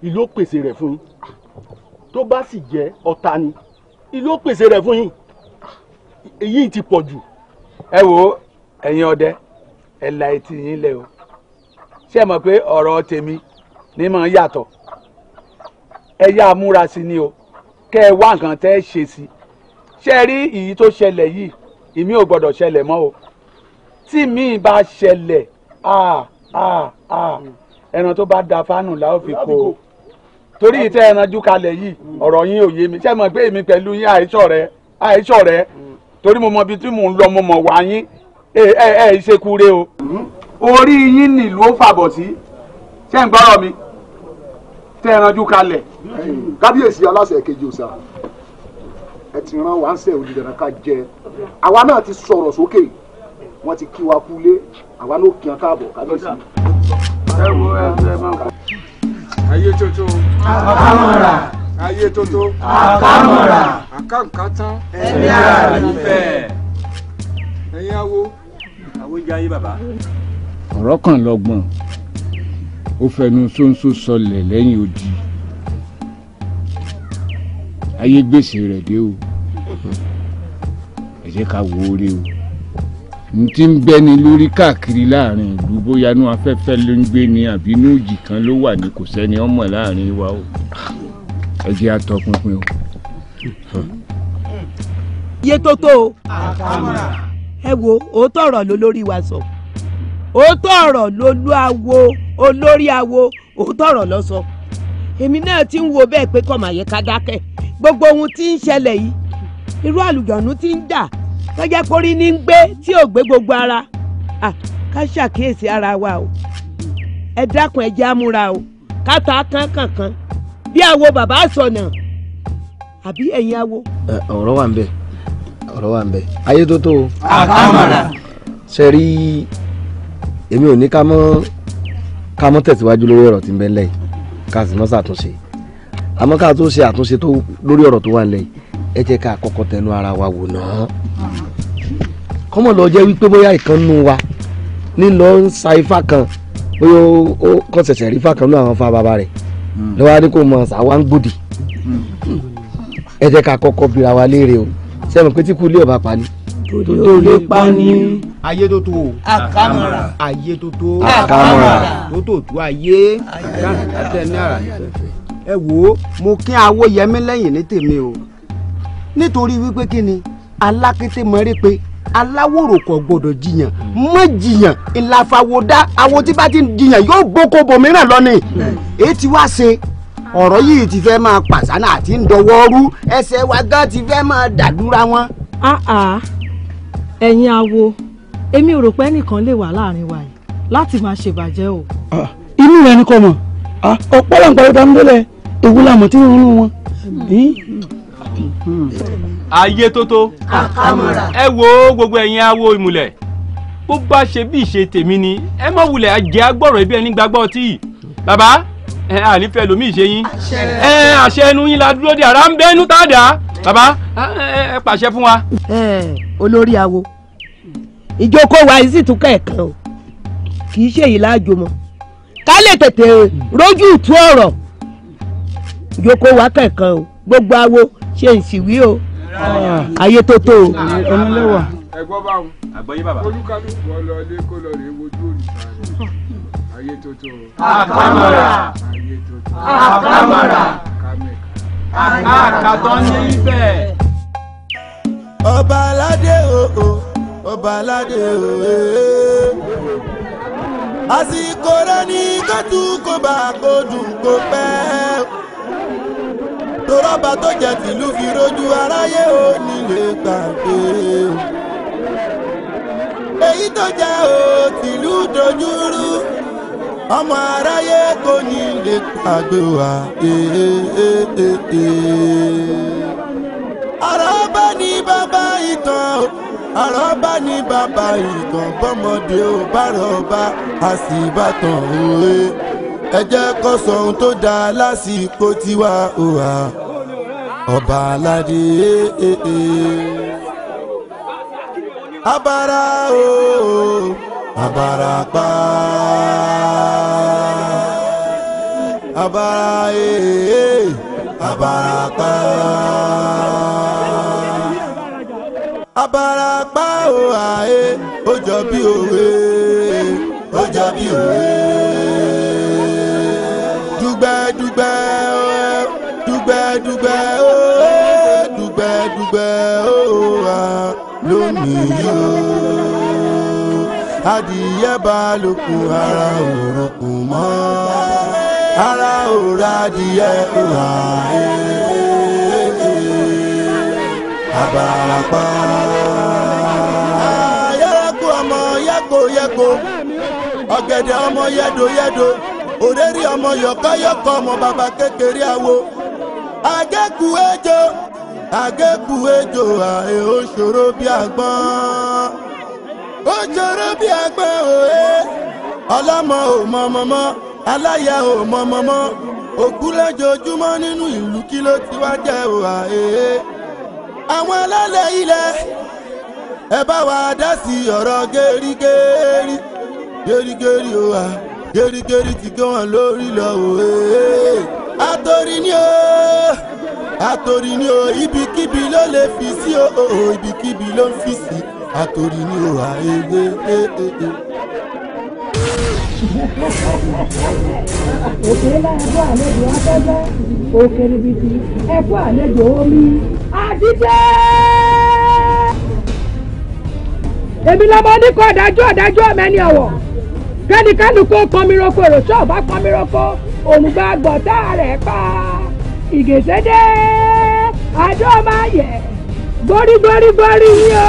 ìlú ó pèsè rẹ̀ fún yín tó bá sì jẹ́ ọ̀tá ni ìlú ó pèsè rẹ̀ fún yín èyí ti pọ̀ jù. ẹ wo ẹ̀yin ọdẹ ẹ la etí yín lẹ o ṣé ẹ mọ̀ pé ọ̀rọ̀ tèmi ni mà ń yàtọ̀ ẹ yá múra sí ni o kẹ́ ẹ wá nǹkan tẹ́ ẹ ṣe sí ṣé ẹ rí èyí tó ṣẹlẹ̀ yìí ìmí ò gbọ́dọ̀ ṣẹlẹ̀ mọ́ o tí mi bá ṣẹlẹ̀ ẹran tó bá da fánù la ó fi kó o torí ìtẹ́ ẹranjú kalẹ̀ yìí ọ̀rọ̀ yín ò yé mi ṣé ẹ mọ̀ pé èmi pẹ̀lú yín àìṣọ̀ rẹ àìṣọ̀ rẹ torí mo mọ ibi tí mò ń lọ mo mọ̀ wá yín ẹ ẹ ìṣekúre o. orí yín nìlú ó fàbọ̀ sí ṣé ń gbọ́rọ̀ mi tẹ́ ẹ ranjú kalẹ̀. kábíyèsí aláṣẹ kejì òsà ẹ ti ran wá ń sẹ òdì dandan ká jẹ àwa náà ti sọ̀rọ̀ sókè wọ́n ti kí wa kúlé àwa náà kí wọn káàbọ̀ kábíyèsí. ẹ wo ẹ ẹ máa kọ. ayé tuntun. àkàmọ̀ra. ayé tuntun. àkàmọ̀ra. àkàǹkà tán. ẹni àlùfẹ́. ẹ̀yin awo àwòjáyé bàbá. ọ̀rọ̀ kan lọ́gbọ̀n ó fẹnu ṣóńṣó sọlẹ̀ lẹ́yìn odi ayé gbèsè rẹ̀ dé o ẹ jẹ́ ká wo oore o n ti ń bẹni lórí káàkiri láàrin ìlú bóyá inú afẹ́fẹ́ ló ń gbé ni àbí inú òjì kan ló wà ní kò sẹ́ni ọmọ láàrin wa o ẹ jẹ́ o. iye tó tó o. àkàmọ́ra ẹ wo òótọ́ ọ̀rọ̀ ló lórí wa sọ òótọ́ ọ̀rọ̀ ló lú awo olórí awo òótọ́ ọ̀rọ̀ ló sọ èmi náà ti ń wo bẹ́ẹ̀ pé kọ̀ màyẹ ká dákẹ́ gbogbo ohun tí ń ṣẹlẹ̀ yìí irú àlùjọ̀nù ti ń dà tọ́jẹ́ kórí ní ń gbé tí ò gbé gbogbo ara ká ṣàkíyèsí ara wa o ẹ dákun ẹ já múra o ká ta kánkànkan bí awo bàbá sọnà àbí ẹ̀yin awo. ọ̀rọ̀ wà ń bẹ̀ ọ̀rọ̀ wà ń bẹ ayé tó tó o. àkàmọ̀rà. ṣe rí èmi ò ní ká mọ́ ká mọ́ tẹ̀síwájú lórí ọ̀rọ̀ tí ń bẹ ńlẹ̀ yìí ká sì mọ́ ṣàtúnṣe àmọ́ ká tó ṣe àtúnṣe tó lórí ọ̀rọ̀ tó wà ńlẹ̀ yìí ẹ jẹ́ ká kọ́kọ́ tẹnu ara wa wò náà kọ́mọ̀ lọ jẹ́ wípé bóyá ìkànnù wa ní lọ ń sa ifá kan bóyá ó kọ́ ṣẹ̀ṣẹ̀ rí ifá kan náà àwọn fa rẹ̀ hmm. lọ́wọ́ á ní kó mọ̀ ṣàwọn gbòdì hmm. ẹ jẹ́ ká kọ́kọ́ bira wa léèrè o sẹ́mi pé tí kú ilé ọba pani. tòdò lè pani. ayédòtò àkàmọ̀rà ayédòtò àkàmọ̀rà tòtòtò ayé àtẹ náírà ẹ wò ó mo kí awó yẹmí lẹ́yìn ní tèmi o nítorí wípé kí ni alákété mọ́rí pé aláwòrò kò gbọdọ̀ jiyàn mọ jiyàn ìlàfàwọ̀dá àwọn tí bá ti jiyàn yóò gbókòbò mìíràn lọ ni hmm. èyí ti wá ṣe ọ̀rọ̀ yìí ti fẹ́ máa pàṣánà àti ń ọrụ ẹsẹ̀ ti fẹ́ máa dàdúrà wọn. ẹ̀yin awo èmi ò rò pé ẹnìkan lè wà láàrin wa yìí láti máa ṣèbàjẹ́ o. Ah, inú rẹ ni kò mọ̀ ah, ọ̀pọ̀ tí wo gbogbo awo tèmi ni ẹ ibi ẹni baba. ẹ ànífẹ́ lomi ìṣe yín ẹ àṣẹ Ẹnu yín la dúró ara ń bẹ́ a bàbá pàṣẹ fún wa. olórí awo ìjókòó wa tún kẹ̀kan o kì í láàjò mọ́ ká lè tètè gbogbo awo ṣe ń sì wí o ayé tó tó o. Aye Toto. A camera. Aye Toto. A camera. Kameka. A katoni ife. Obalade o o. Obalade o eh. o. Asi korani katu koba kodu kope. Toroba to jati lufi roju araye o nile tante. Eyi to ja o tilu dojuru. ọmọ aráyé kò ní lè pàgbé wa. àròbá eh, eh, eh, ni bàbá ìtàn àròbá ni bàbá ìtàn bọ́mọdé ò bá rọ̀bá a sì bá tàn òwe ẹ jẹ́ kó sọ ohun tó dáa lásìkò tiwa òwà ọba aládé. abara o. Oh, oh abarapa abaraye abarapa abarapa o aye ó jọ bí òwe ó jọ bí òwe dùgbẹ́ dùgbẹ́ o dùgbẹ́ dùgbẹ́ o dùgbẹ́ dùgbẹ́ o wa lónìí yóò. adìyẹ balùkù ara òrùkù mọ́ ara òrùn adìyẹ òhà Àbàràpá. yẹ́rẹ́kú ọmọ yẹ́kó yẹ́kó ọ̀gẹ̀dẹ̀ ọmọ yẹ́dó yẹ́dó òrèrè ọmọ yọ̀kọ́yọ̀kọ́ ọmọ bàbá kékeré àwo àgékù ejò àgékù ejò àìhó ṣòro bí àgbọn. ó jọrọ bí agbọ́n òye ọlọ́mọ ò mọ mọ́mọ́ aláya ò mọ mọ́mọ́ òkú lójoojúmọ́ nínú ìlú kí ló ti wá jẹ́ òhà èé eh? àwọn alálẹ̀ ilẹ̀ ẹ bá wa dá sí ọ̀rọ̀ gẹ́rígẹ́rí gẹ́rígẹ́rí òhà gẹ́rígẹ́rí ti gé wọn lórí lọ òhè eh? àtòrí ni ó àtòrí ni ó ibikíbi ló lè fi sí òhò oh, ibikíbi ló ń fi sí àtòrí ní òrà ewé ee. òkè láàbọ̀ àlejò afẹ́fẹ́ òkè níbitì ẹ̀kọ́ àlejò omi àdídé. èmi lọ́mọ oníkọ́ ọ̀dájú ọ̀dájú ọmọ ẹni ọ̀wọ̀ kẹ́nikẹ́nukó kọmiroko èrò tí ọba kọmiroko òmùgbà gbọ̀tá rẹ̀ pa ìgèsẹ́dẹ́ àjọ máa yẹ gbórígbórígbórí yín o.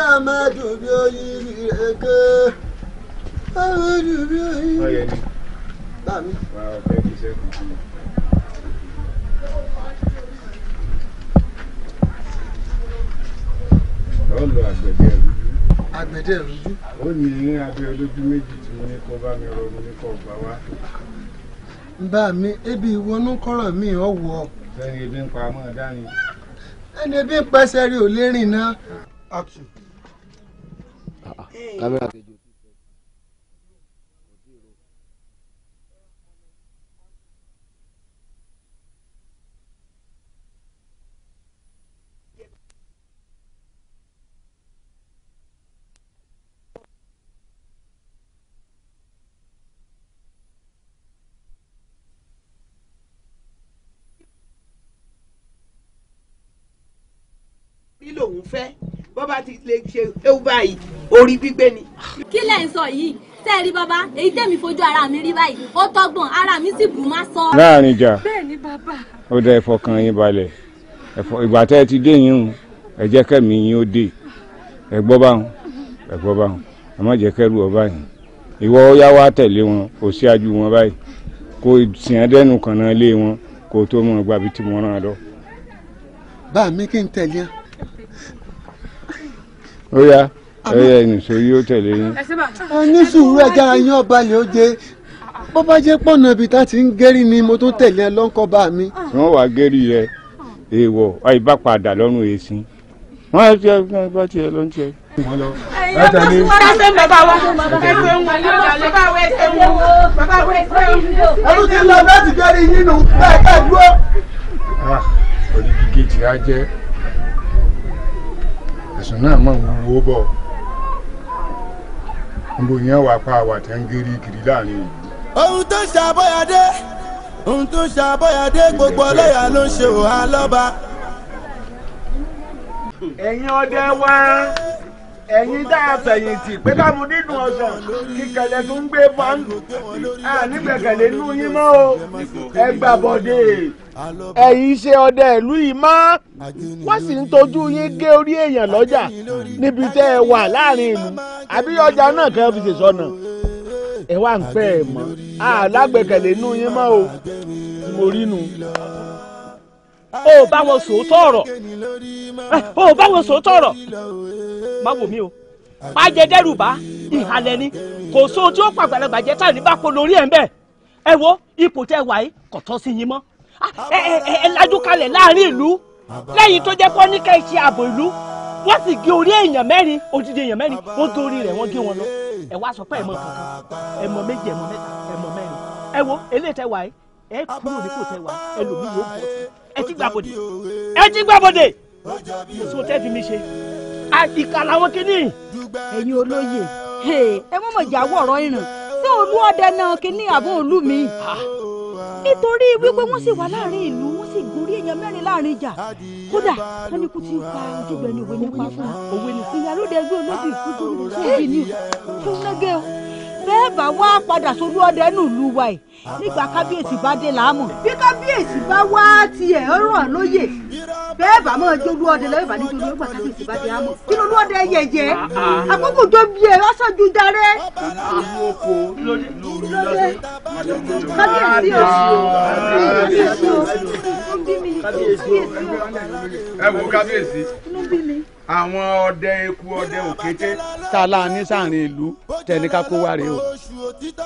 ká má dùn bí oyiri rẹ̀ gan. ká má dùn bí oyiri. ọyẹ ni. bá mi. wà á fẹ́ kí iṣẹ́ kù. ó lo àgbẹ̀dẹ rújú. àgbẹ̀dẹ rújú. ó ní abẹ́ olójú méjì tí mo ní kó bá mi rọrùn ní kó gbà wá. bá mi ebi ìwọnú kọ́rọ̀ mi ò wọ̀. sẹ́ni ebi ń pa mọ́ dání. ẹni ebi ń pa sẹ́rí ò lè náà. action. Ah kámẹ́rà ah, ah. eh. kejì lòun fẹ́ bó bá ti lè ṣe ewu báyìí orí gbígbé ni. kí lẹ̀ ń sọ yìí tẹ́ ẹ rí bàbá èyí tẹ̀mí fojú ara mi rí báyìí ó tọ́gbọ̀n ara mi sì bù má sọ. láàrin ìjà ó dá ẹ fọkàn yín balẹ̀ ìgbà tẹ́ ẹ ti dé yín o ẹ jẹ́ kẹ́mi yín ó dé ẹ gbọ́ báwọn ẹ gbọ́ báwọn ẹ má jẹ́ kẹ́rù ọba yìí ìwọ ó yá wá tẹ̀lé wọn kò síájú wọn báyìí kò sìn ẹ́ dẹ́nu kànáà lé wọn kò tó mọ̀ gbàbí tí mo rán an lọ. bá a mi kí n tẹ̀lé ẹ ó yá ó yá ẹnìṣó yóò tẹ̀lé yín. ẹ ní sùúrù ẹ̀jára yín ọba lè ó jẹ bó bá jẹ́ pọ̀nà ibi tá a ti ń gérí ni mo tó tẹ̀lé ẹ lọ́ńkọ́ bá mi. wọ́n wá gérí rẹ èèwọ̀ àìbápadà lọ́rùn èsì wọ́n á tiẹ̀ fún ẹ bá tiẹ̀ ló ń tiẹ̀. ẹ tẹ̀lé ẹ bàbá wa ṣe ń wọlé bàbá wa ṣe ń wọ bàbá wa ṣe ń wọ. ẹrú ti lọ láti gérí yín nù bẹ́ẹ̀ ká dúró. Ah, orí gígé tí a jẹ́ ẹ̀sùn ma mọ̀ ń wúwo bọ̀ gbogbo ohun tó ṣàbọ̀yàdé ohun tó dé gbogbo ọlọ́yà ló ń ṣe òhà lọ́ba. ẹ̀yin ọdẹ wá. ẹ̀yin dáa fẹ̀yìntì pé káàmù nínú ọ̀sán kíkẹ̀lẹ̀ tó ń gbé bọ́ńdù ànígbẹ̀kẹ̀lẹ̀ nú yín mọ́ o ẹgbà gbà bọ̀dé ẹ̀yin ṣe ọdẹ ìlú yìí mọ́ wọ́n sì ń tọ́jú yín gé orí èèyàn lọ́jà níbi tẹ ẹ wà láàrin ìlú àbí ọjà náà kẹ́ fi ṣèṣọ́nà ẹ wá ń pẹ́ ẹ mọ́ àlágbẹ̀kẹ̀lẹ̀ nú yín mọ́ o mo rí nu o bá wọn sòótọ́ ọ̀rọ̀ o bá sòótọ́ ọ̀rọ̀. má wò mí o pàjẹdẹrùbá ìhàlẹ̀ ni kò sóhun tí ó pàgbàlagbà jẹ táà ní bá kó lórí ẹ̀ ń bẹ̀ ẹ wo ipò tẹ wà yìí kò tọ́ sí yín mọ́ ah, ẹ ẹ ẹ lajú kalẹ̀ láàrin ìlú lẹ́yìn tó jẹ́ pọ́ ní ká ẹ ṣe ààbò ìlú wọ́n sì gé orí èèyàn mẹ́rin odidi èèyàn mẹ́rin wọ́n gé orí rẹ̀ wọ́n gé wọn lọ ẹ wá sọ pé ẹ mọ kankan ẹ mọ méjì ẹ mọ mẹ́ta ẹ mọ mẹ́rin ẹ wo eléyìí tẹ wà yìí ẹ kúrò nípò tẹ wà ẹ lòmí yóò bọ̀ ẹ ti gbàbọ̀dè ẹ ti gbàbọ̀dè èso tẹ́ fi mi ṣe àṣìkà làwọn kìíní. ẹ̀yin olóye ẹ mọ̀ mọ̀ jáwọ́ ọ̀rọ̀ ìrìn ṣé olú ọdẹ náà kìíní àbọ̀ olú mi. Ah. nítorí wípé wọ́n sì wà láàrin ìlú wọ́n sì gorí èèyàn mẹ́rin láàrin ìjà kódà wọ́n ní kú ti ń pa ojúgbẹ òwe nípa fún un. ìyàlódé ẹgbẹ́ olóbì kú tó ní kú òbí ni ó ń nágẹ́ o bẹ́ẹ̀ bá wá padà sórí ọdẹ nù lù wa ẹ̀ nígbà kábíyèsí bá dé láàmú. bí kábíyèsí bá wá tiẹ̀ ọ̀rọ̀ lóye bẹ́ẹ̀ máa jó ọdẹ lọ́wọ́ ìbàdí tó lọ́wọ́ kábíyèsí bá dé láàmú. kí ló lú ọdẹ yẹ̀yẹ́ àkókò tó bí ẹ lọ́sàn darẹ́. kábíyèsí o kábíyèsí o ẹ wo kábíyèsí. inú bí mi àwọn ọdẹ eku ọdẹ òkété tá a láà ní sàárín ìlú tẹni ká kó wá rèé o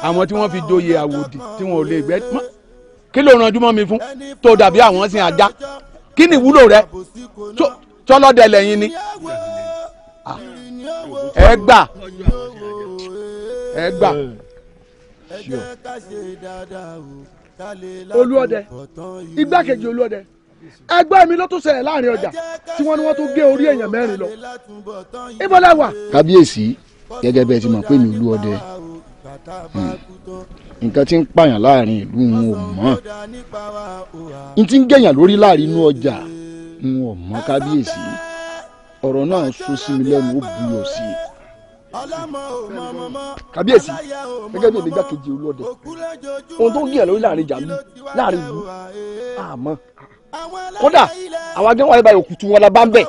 àwọn tí wọ́n fi doyè àwòdì tí wọn ò lè gbẹ kí ló ranjú mọ́ mi fún tó dàbí àwọn sin ajá kí ni ìwúlò rẹ tọ́lọ́dẹ lẹ́yìn ni ẹ gbà ẹ gbà olúọdẹ igbákejì olúọdẹ ẹgbẹ́ mi ló tún ṣẹlẹ̀ láàrin ọjà tí wọ́n ní wọ́n tún gé orí èèyàn mẹ́rin lọ. ibo la wà. kábíyèsí gẹ́gẹ́ bẹ́ẹ̀ ti mọ̀ pé mi ìlú ọdẹ hmm. nǹkan ti ń pààyàn láàrin ìlú ń ò mọ̀ n ti ń gẹ̀yàn lórí láàrin inú ọjà n ò mọ̀ kábíyèsí ọ̀rọ̀ náà sọ sí mi lẹ́nu ó buyọ̀ sí i kàbíyèsí gẹ́gẹ́ bí èmi kejì olú ọdẹ ohun tó ń gẹ̀yàn lórí láàrin ìjà mi láàrin ìlú àmọ́. kódà àwọn agbẹ́ wọn báyìí òkùtù wọn la bá ń bẹ̀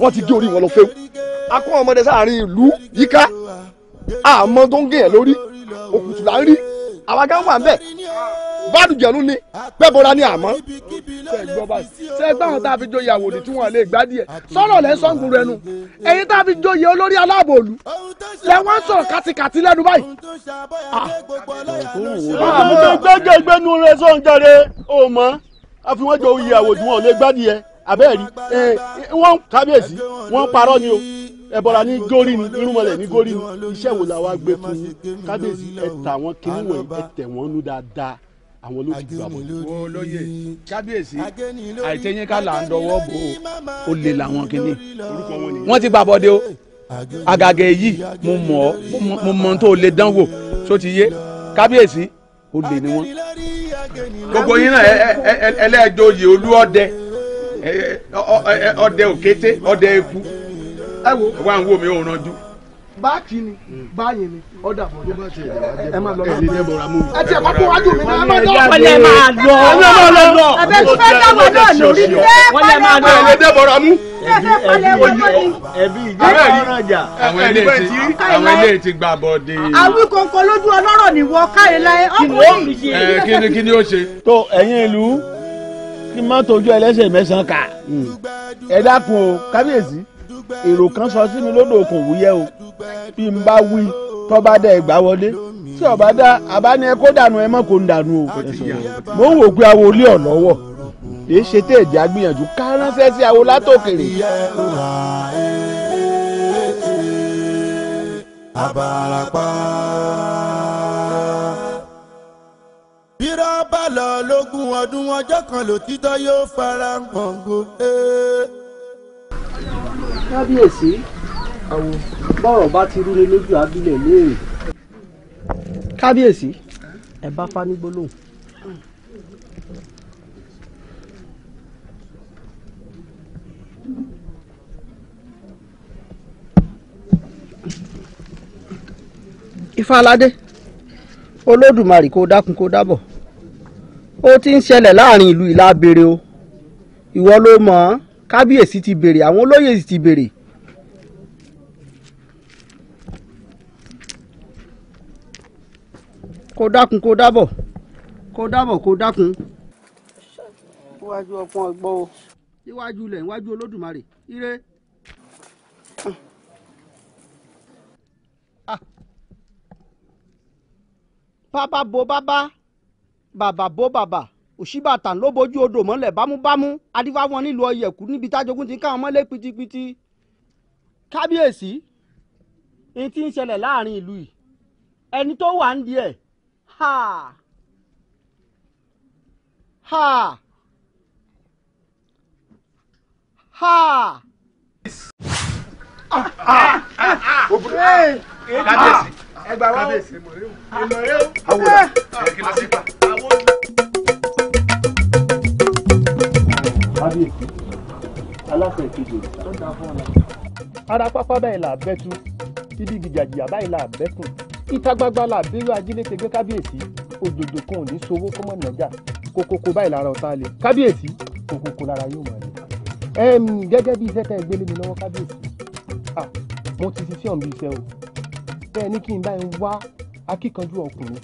wọ́n ti gé orí wọn lọ pé akọ́ ọmọdé sáàrin ìlú yíká àmọ́ tó ń gé yẹn lórí òkùtù là ń rí àwọn agbẹ́ wọn bẹ̀ bádùjẹ́nu ni pẹ́bọra ni àmọ́ sẹ́gbọ́n tá a fi joyè àwòdì tí wọ́n lè gbá díẹ̀ sọ̀rọ̀ lẹ́ sọ́ǹgùn rẹ nu ẹ̀yin tá a fi joyè olórí aláàbòlù lẹ́ wọ́n sọ̀rọ̀ kàtìkàtì lẹ́nu báyìí. Ah. gbẹ́gbẹ́gbẹ́nu rẹ sọ̀ǹjẹ̀rẹ̀ ò mọ́ a fi wọ́n jọ oyè àwòdù wọn ò lè gbádìí ẹ abẹ́ẹ̀rí wọ́n kábíyèsí wọ́n parọ́ ni o ẹ̀bọ̀ra ní górí ni irúnmọlẹ̀ ní górí ni iṣẹ́ wo la wá gbé fún yín kábíyèsí ẹ tà wọ́n kí wọ́n ẹ tẹ̀ wọ́n nú dáadáa àwọn ló ti gbà wọ́n. olóye kábíyèsí àìtẹ́yìn ká là ń dọwọ́ bò ó lè làwọn kìíní wọ́n ti gbàbọ́dé o àgàgẹ̀ yìí mo mọ̀ ọ́ mo mọ̀ ohun tó lè dánwò só ti yé kábíyèsí ó lè wọn. gbogbo yín náà ẹlẹ́ẹ̀jọ yìí olú ọdẹ ọdẹ òkété ọdẹ eku ẹ wo báàkì ni hmm. báyìí ni ọ̀dà bọ̀ dé. ẹ máa lọ náà. ẹ ti ẹ̀kọ́ kó wájú mi náà. ẹ máa lọ wọlé máa lọ. ẹ máa lọ lọ. ẹbẹ tí fẹ́ dábọ̀ náà lórí tẹ́ wọlé máa lọ. ẹ dẹ́bọ̀ ra mú. ẹbí ìjọba ọ̀rọ̀ ọjà. àwọn ilé ti gba bọ̀dé. àwọn ìkòkò lójú ọlọ́rọ̀ ni wọ́n káyé láyé ọkùnrin. kí ni kí ni ó ṣe. tó ẹ̀yin ìlú kí mọ́tò ojú ẹlẹ́sẹ̀ mẹ́sàn-án kà hmm. ẹ dákun o kábíyèsí èrò kan sọ sí mi lódò kò wúyẹ́ o bí n bá wí tó dá ẹgbàá wọlé tí ọba dá àbáni ẹ kó dànù ẹ mọ kó ń dànù o mò ń wò pé awo ilé ọ̀ lọ́wọ́ èé ṣe tẹ́ ẹ̀jẹ̀ agbìyànjú ká sí awo látòkèrè. abarapa. lọ lógún ọdún ọjọ́ kan lòtítọ́ yóò fara hàn eh kábíyèsí àwọn bọ́rọ̀ bá ti rúni lójú abílẹ̀ léèrè. kábíyèsí ẹ bá fani gbólóhùn. ifáládé olódùmarè kó dákun kó dábọ̀ ó ti ń ṣẹlẹ̀ láàrin ìlú ìlà o ìwọ ló mọ̀ ọ́n kábíyèsí ti béèrè àwọn olóyè sì ti béèrè. kó dákun kó dábọ̀ kó dábọ̀ kó dákun. níwájú ọpọ́n ọgbọ́n o. níwájú ilẹ̀ níwájú olódùmarè ire. Ah. bàbá bo bàbá bàbá bo bàbá òṣìbàtàn ló bójú odò mọ́lẹ̀ bámúbámú adífá wọn nílùú ọyẹ̀kú níbi tájogún ti káwọn mọ́lẹ̀ pitipiti kábíyèsí ní ti ń ṣẹlẹ̀ láàrin ìlú yìí ẹni tó wà ń di ẹ̀ ha ha ha. ẹgbàá wa ó ìmọ̀ rẹ kábíyèsí aláṣẹ ìkejì tó dá fún ọ. ara pápá báyìí là bẹ́tú ibi gìjàgìjà báyìí là bẹ́kùn ìta gbagba là bẹ́rù ajílẹ̀tẹ̀ gbé kábíyèsí òdòdó kan ò ní sowó kó mọ̀ nàjà kókókó báyìí lára ọ̀tá le kábíyèsí kókókó lára yóò máa le. gẹ́gẹ́ bí iṣẹ́ tẹ́ ẹ gbélé mi lọ́wọ́ kábíyèsí mo ti ṣiṣẹ́ ọ̀nbí iṣẹ́ o bẹ́ẹ̀ ni kí n báyìí wá akíkanjú ọkùnrin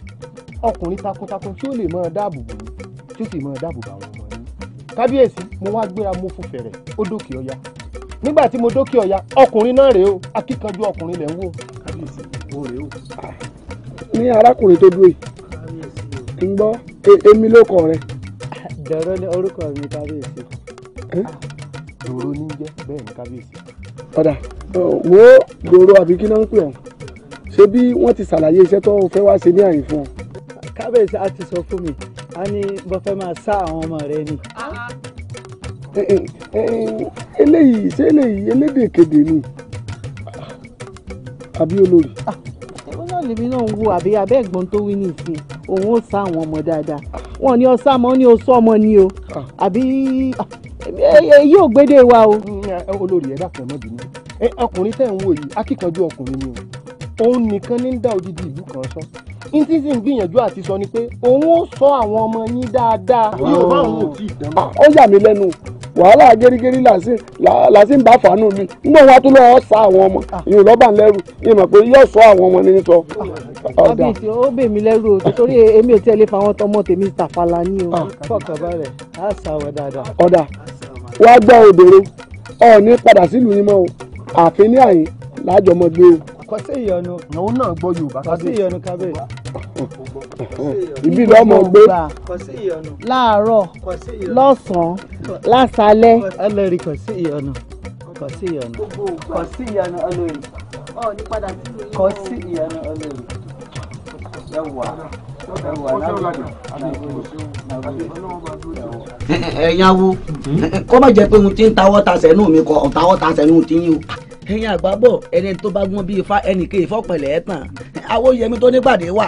ọkùnrin takuntakun tí ó lè máa dáàbò kábíyèsí mo wá gbéra mo fò fẹ̀rẹ̀ ó dókè ọya nígbà tí mo dókè ọya ọkùnrin náà rèé o akíkanjú ọkùnrin lẹ̀ ń wò. kábíyèsí mo rèé o. ní arákùnrin tó dúró yìí ń gbọ́ e, èmi ló kọ rẹ. dọ̀rọ̀ ni orúkọ mi kábíyèsí. dòrò ní jẹ́ bẹ́ẹ̀ ni kábíyèsí. ọ̀dà wo dòrò àbí kí náà ń pè ọ́ ṣé bí wọ́n ti ṣàlàyé iṣẹ́ tó fẹ́ wá ṣe ní àyè fún ọ. kábíyèsí á ti sọ fún mi a ní bó fẹ́ máa sá àwọn ọmọ rẹ ni. Ah, ah. Eh, eh, eh, eléyìí ṣé eléyìí elédèkéde ni àbí olórí. ìwọ ah, náà lèmi náà ń wo àbí abẹ́ ẹ̀gbọ́n tó wí ní ìsìn òun ó sá àwọn ọmọ dáadáa wọn ni ọsá mọ ni oṣù ọmọ ni o àbí èyí ò gbédè wa o. Mm, olórí ẹ dàpọ̀ náà bínú ọkùnrin tẹ̀ ń wò yìí akíkanjú ọkùnrin ni o òun nìkan ní ń dá odidi ìlú kan sọ n tí sì ń gbìyànjú àti sọ ni pé òun ó sọ àwọn ọmọ yín dáadáa. yóò bá òun ò tí ì dán. ó yà mí lẹ́nu wàhálà gẹ́rígẹ́rí làásì ń bá fàánù mi nígbà wọn tó lọ́ọ́ sá àwọn ọmọ ah. ìyẹn lọ́ọ́ bá ń lẹ́rù ìyẹn mọ̀ pé yóò sọ àwọn ọmọ ní sọ. Ah. kábíyèsí ó bè mí lẹ́rù o torí èmi ò tẹ́lẹ̀ fáwọn tọmọ tèmi tàfàlà ní o. Ah. fọkànbalẹ̀ á sàwọ̀ dáadáa. ọ̀dà wàá gbọ́ òdòdó ọ̀ọ́ni padà sílùú yín mọ́ o àfi ní àyè lájọmọ́ gbé o kò sí ìyọnu. òun náà gbọ́ yorùbá kábíyèsí. kò sí ìyọnu kábíyèsí. ibi ló mọ̀ gbé. kò sí ìyọnu. láàárọ̀ lọ́sàn-án lásàálẹ̀. ọlọ́rí kò sí ìyọnu kò sí ìyọnu. kò sí ìyọnu ọlọ́rí. kò sí ìyọnu ọlọ́rí. ẹ wà ẹ̀yin awo kọ́ má jẹ́ pé ohun tí ń tawọ́ tasẹ̀ nù mí kọ́ ọ̀tawọ́ tasẹ̀ nù tí yín o ẹ̀yin àgbábọ̀ ẹni tó bá gbọ́n bí ifá ẹnì kejì fọ́pẹ̀lẹ̀ ẹ̀ tàn awóyẹmí tó nípàdé wà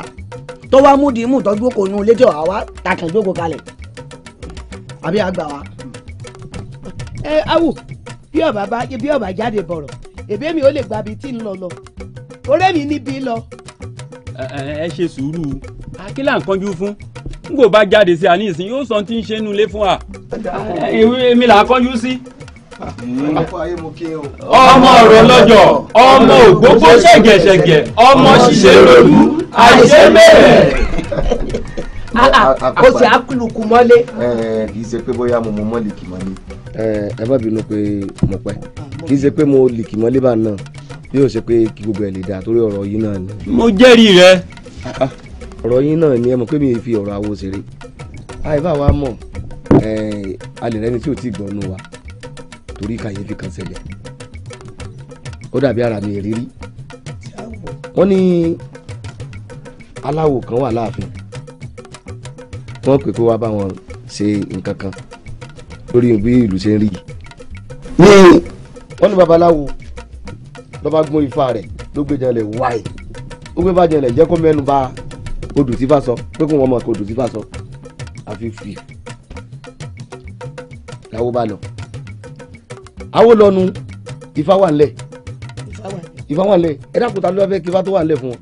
tó wá mú dìímù tọ́jú kò nu létí ọ̀há wá takàn jókòó kalẹ̀ àbí àgbà wa. ẹ awò bí ọba bá bí ọba jáde bọ̀rọ̀ èbí mi ò lè gba ibi tí ń lọ lọ ọ̀rẹ́ mi níbi lọ. ẹ ṣe sùúrù akílà ń kánjú fún n kò bá jáde sí àní ìsìn yóò sọ ohun tí ń ṣe nulẹ̀ fún wa èmi là á kánjú sí. Mm. ọmọ ọ̀rọ̀ lọ́jọ́ ọmọ ògbógbó ṣẹ̀gẹ̀ṣẹ̀gẹ̀ ọmọ ṣíṣe lóru àìṣe bẹ́ẹ̀. ó ṣe àkùlùkù mọ́lé. Eh, eh, kì í ṣe pé bóyá mo mọ mọ́lìkì mọ́lé. Eh, ẹ má bínú pé mo pẹ́ kì í ṣe pé mo lìkì mọ́lé bá náà yóò ṣe pé kí gbogbo ẹ̀ lè dà torí ọ̀rọ̀ yìí náà ni. mo jẹ́rìí rẹ. ọ̀rọ̀ yìí náà ni ẹ mọ̀ pé mi fi ọ̀rọ̀ àwo ṣeré àìbá wa mọ̀ a lè rẹ́ni tí ò tí gbọ́ nù wa torí kàyéfì kan ṣẹlẹ̀ ó dàbí ara mi rírí wọ́n ní aláwo kan wà láàfin wọ́n pè kó wá bá wọn ṣe nǹkan kan lórí bí ìlú ṣe ń rí yìí ní wọ́n ní babaláwo ló bá gún ifá rẹ̀ ló gbé jẹlẹ̀ wáì ó gbé bá jẹlẹ̀ jẹ́ kó mẹ́nu bà odù tí sọ pé kó wọ́n mọ̀ kó odù tí sọ àfi fì làwọn bá lọ. Awólọ́nu ifá wà nílẹ̀ ifá wà nílẹ̀ ẹ dákun ta ló fẹ́ kí ifá tó wà nílẹ̀ fún wọn.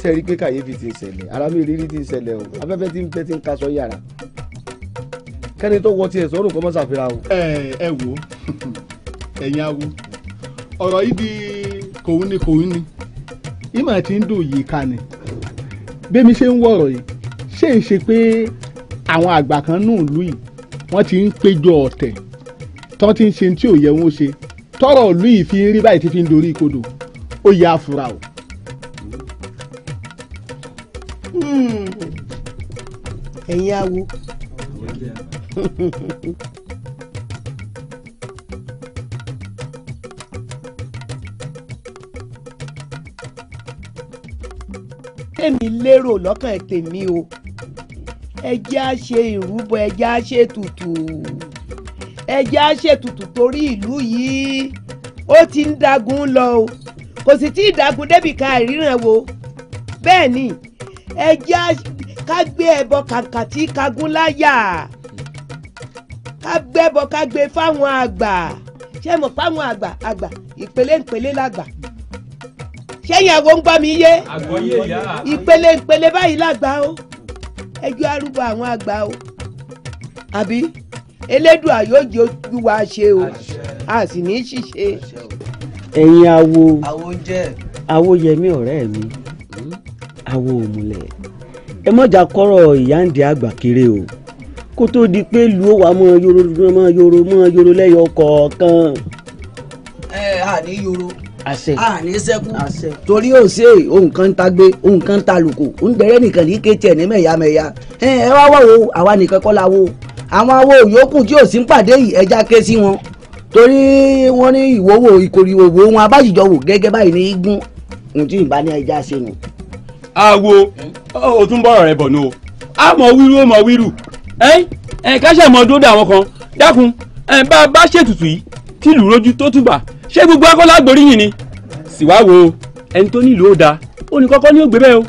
ṣe rí i pé kàyéfì ti ń ṣẹlẹ̀ ara mi rírí ti ń ṣẹlẹ̀ o afẹ́fẹ́ ti ń fẹ́ ti ń kaṣọ yàrá kẹ́ni tó wọ tiẹ̀ sọ́rùn kọ́ mọ́ ṣàfihàn o. ẹ ẹ wo ẹ̀yin awo ọ̀rọ̀ yìí di kòun ni kòun ni ìmọ̀ tí ń dùn yìí ká ni bẹ́mi ṣe ń wọ̀rọ̀ yìí ṣé é ṣe pé àwọn àgbà kan nù lù yìí wọ́n ti ń péjọ ọ̀tẹ̀ tó ti ń ṣe tí ò yẹ wọn ṣe tọrọ ìlú yìí fi ń rí báyìí ti fi ń dorí kodò ó yẹ àfura o. Hmm. ẹ̀yin awo tèmi lérò lọ́kàn tèmi o ẹ jẹ́ àṣe ìrúbọ ẹ jẹ́ àṣe tutù ẹjẹ́ á ṣètùtù torí ìlú yìí ó ti ń dagun lọ o kò sì tí ì dagun débì ká ìríran wo bẹ́ẹ̀ ni ẹjẹ́ ká gbé ẹbọ kàǹkà tí kagún láyà ká gbẹ́bọ ká gbé fáwọn àgbà ṣé mo fáwọn àgbà àgbà ìpele ìpele làgbà sẹ́yìn àwọn ń gbọ́ mi yé ìpele ìpele báyìí làgbà o ẹjọ́ arúgbó àwọn àgbà o àbí elédùà yóò jẹ́ ojú wa ṣe o a sì ní ṣíṣe. ẹ̀yin awo awo yẹmi ọ̀rẹ́ mi awo òmùlẹ̀ ẹ mọ̀jà kọ́rọ̀ ìyáǹdí àgbà kéré o kó tó di pé lu ó wà mọ́ yoro mọ́ yoro mọ́ yoro lẹ́yọ kọ̀ọ̀kan. ẹ a ní yoro àṣẹ àní sẹ́kù torí ó ṣe ohun kan ta gbé ohun kan ta lùkù ń gbẹrẹ nìkan ní kéétì ẹ̀ ní mẹ̀yàmẹ̀yà ẹ wá wá wo àwa nìkan kọ́ la wo àwọn awo yòókù tí ò sí ń pàdé yìí ẹja ké sí wọn torí wọn ní ìwòwò ìkòrìwòwò wọn abájíjọ wò gẹ́gẹ́ báyìí ní igun ohun tí ìbá ní ẹja ṣe nù. àwo o tún bọ̀rọ̀ rẹ bọ̀ nù o a mọ̀ wíru ó mọ̀ wíru ẹ ẹ káṣẹ́ mọ dúró dé àwọn kan dákun ẹ bá a bá ṣètùtù yìí tí ìlú rojú tó túbà ṣé gbogbo akọ́lá gbóríyìn ni sì wá wo ẹni tó nílùú ó dáa ó ní kọ́kọ́ ní ògbé bẹ́ẹ̀ o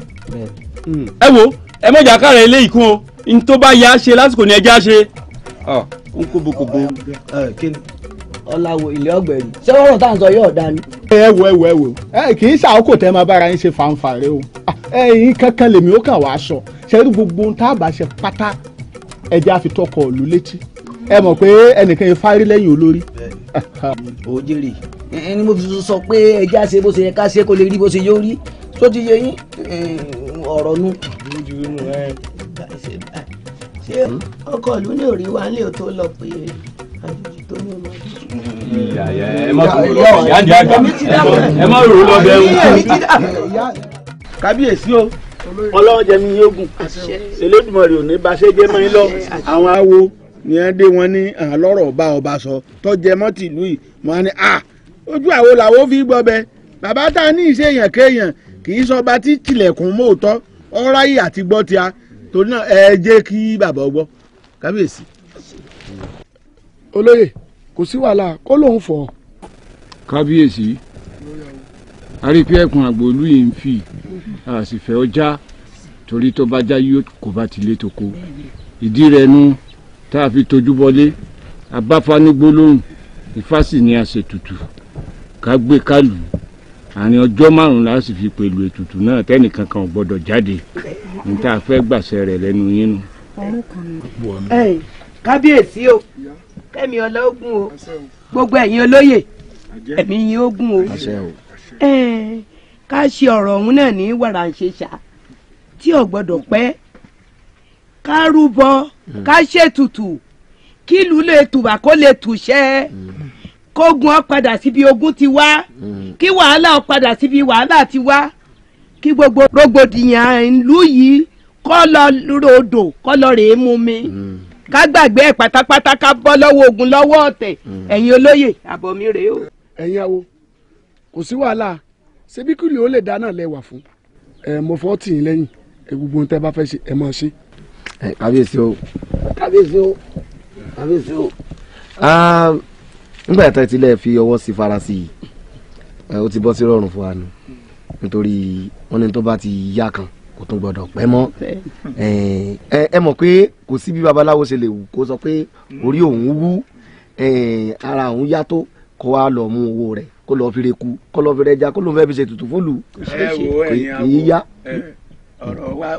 ẹ wo ẹ mọ̀jà káàrẹ̀ eléyìí kún o n tó bá yá ṣe lásìkò ní ẹja ṣe ọ n kó bokobo. ọ̀làwọ̀ ilé ọ̀gbẹ̀rì ṣé wọ́n rọ̀ tá à ń sọ yóò dá ni. ẹ wo ẹ wo ẹ wo ẹ kì í ṣàkókò tẹ́ máa bára yín ṣe fanfàrẹ́ o ẹ̀yin kankan lèmi ó kàn wá sọ ṣẹ́rí gbogbo ohun tá a bá ṣe pátá ẹja fi tọkọ ìlú létí ẹ mọ̀ pé ẹnìkan yẹn fárí lẹ́yìn olórí. ó jèrè ẹni mo fi sọ pé ẹja ṣe bó ṣe yẹ ká ṣe kó lè rí bó ṣe yóò rí tó ti yẹ yín ọ̀rọ̀ nu báyìí ṣe báyìí ṣé ọkọ ìlú ní òrí wa nílé tó lọ pé àjòjì tó ní ọmọ ẹ má rò ó lọ bẹ ń kábíyèsí o ọlọ́run jẹ́ mi yín ogun Elédùmarè ò ní bá ṣe jẹ́ mọ́ yín lọ àwọn awo ni ẹ dé wọn ní àlọ́rọ̀ ọba ọba sọ tọ́jẹ́ mọ́tìlú yìí wọn á ní à ojú àwo làwo fi gbọbẹ bàbá tá a ní ìṣe èèyàn kéèyàn kì í sọ ọba tí tilẹ̀kùn mọ́ òótọ́ ọ̀ráyè àti gbọ́tia torí náà ẹ jẹ́ kí bàbá ọgbọ́ kábíyèsí. olóyè kò sí wàhálà kó lóun fọ. kábíyèsí a rí i pé ẹkùn àgbòlú yìí ń fì a sì fẹ́ ọjà torí tó bá já yóò kó bá ti lé toko ìdí rẹ̀ nu tá a fi tojú bọlé abáfanígbó lóhùn ìfásì ni a ṣètùtù ká gbé kálù àárín ọjọ́ márùn-ún la sì fi pẹ̀lú ètùtù náà tẹ́nìkan kan ò gbọ́dọ̀ jáde ní tá a fẹ́ gbàṣẹ rẹ̀ lẹ́nu yín nu. kábíyèsí o kẹ́mi ọlọ́gùn o gbogbo ẹ̀yin olóyè ẹ̀mí yín ogún o ká ṣe ọ̀rọ̀ ọ̀hún náà ní wàràǹṣeṣà tí ò gbọ́dọ̀ pẹ́ ká rúbọ hmm. ká ṣètùtù kí ìlú lè tùbà kó lè tùṣẹ́. Hmm kógun ọ padà síbi ogun ti wá hmm. kí wàhálà ọ padà síbi wàhálà ti wá kí gbogbo rògbòdìyàn ìlú yìí kọ́ lọ ròdò kọ́ lọ rèé mú mi hmm. ká gbàgbé ẹ̀ pátápátá ká bọ́ lọ́wọ́ ogun lọ́wọ́ ọ̀tẹ̀ hmm. ẹ̀yin olóyè àbọ̀ mi rèé o. ẹ̀yin awo kò sí wàhálà ṣebí kìlì ó lè dáná lẹ́wà fún ẹ mo fọ́ tì yín lẹ́yìn ẹ gbogbo ohun tẹ́ bá fẹ́ ṣe ẹ máa ṣe. kábíyèsí o kábíyèsí o kábíyèsí o. Ah, nígbà tá ti lẹ̀ fi ọwọ́ sí farasí yìí ó ti bọ́ sí rọrùn fún wa nù nítorí wọn ní tó bá ti yá kan kò tún gbọdọ̀ pẹ́ mọ́ ẹ mọ̀ pé kò sí bí babaláwo ṣe lè wù kó sọ pé orí òun wú ara òun yá tó kó wa lọ mú owó rẹ̀ kó lọ fi re ku kó lọ fi re ja kó ló ń fi ṣe tutù fóònù kò yí yá.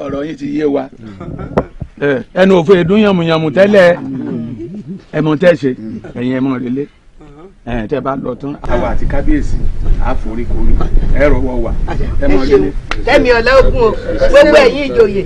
ọ̀rọ̀ yín ti yé wa ẹnu òfin ìdún yànmùyànmù tẹ́lẹ̀ ẹ̀mọ̀tẹ́ṣe ẹ̀yin ẹ̀mọ̀ lélẹ̀. ẹ tẹ bá lọ tán. àwa àti kábíyèsí àforíkorí ẹrọ wọ wà. tẹmi ọlá ogun o gbogbo ẹ̀yin ìjòyè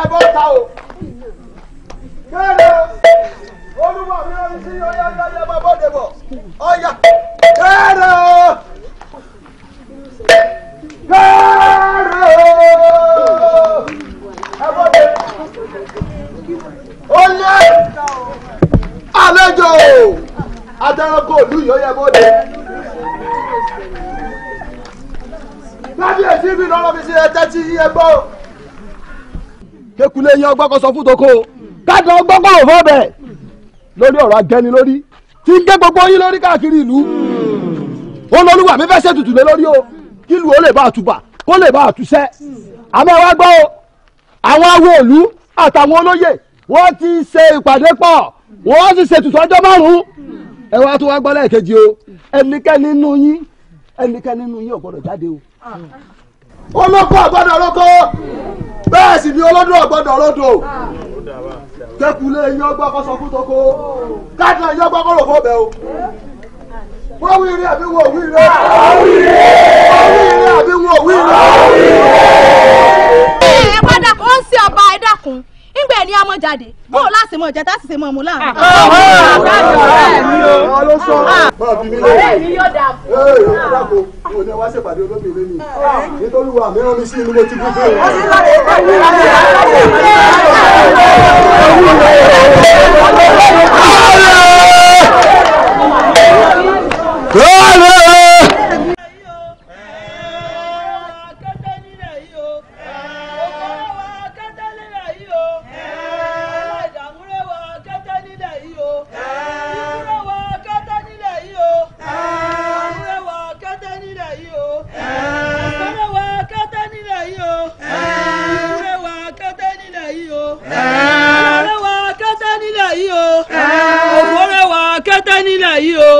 ẹ bọ́ ta o. kéde olúwa mi ò sí ọyá ìdájọ́ bá bọ́dé bọ̀ ọyá kéde o. kéde o. ẹ bọ́dé. ó lé àlejò adarako ìlú yìí ó yẹ bọ́dé. kábíyèsí mi lọ́rọ́ mi sí ẹ tẹ́tí yẹ gbọ́ o ẹyẹ ọgbọ́n kan sọ fún toko káàdùn ọgbọ́n kan ò fọ́ bẹ̀ lórí ọ̀rọ̀ agẹ́ni lórí tí ń gé gbogbo yín lórí káàkiri ìlú olólùwà mi fẹ́ ṣètùtù lé lórí o kí ìlú ó lè bá àtùbà kó lè bá àtúnṣẹ́ àmọ́ wá gbọ́ o àwọn awo òlú àtàwọn olóyè wọ́n ti ṣe ìpàdé pọ̀ wọ́n ti ṣètùtù ọjọ́ márùn-ún ẹ wá tó wá gbọ́ lẹ́ẹ̀kejì o ẹnikẹ́ni nínú yín ẹnikẹ́ni nínú yín ò gbọ́dọ̀ jáde o oloko ọ̀gbọ́dọ̀ lóko bẹ́ẹ̀ sì ni olódò ọ̀gbọ́dọ̀ lódò tẹkulé yín ọgbà kó sọ fún yín ọgbà o wọ́n wí rí àbí wọ́n wí rí wọ́n wí rí àbí wọ́n wí rí. ẹ padà kó ń ìgbà ẹni a mọ jáde bó o láti mọ jẹ táti ṣe mọ mu láàrin. ọ̀rẹ́ mi o ọ̀rẹ́ mi o ọ̀rẹ́ mi yóò dà fún. ọ̀rẹ́ mi wá ṣèpàdé olómìnira mi nítorí wa mi rán mi sí inú mo ti kú fún un. Glory! nílẹ̀ yìí o.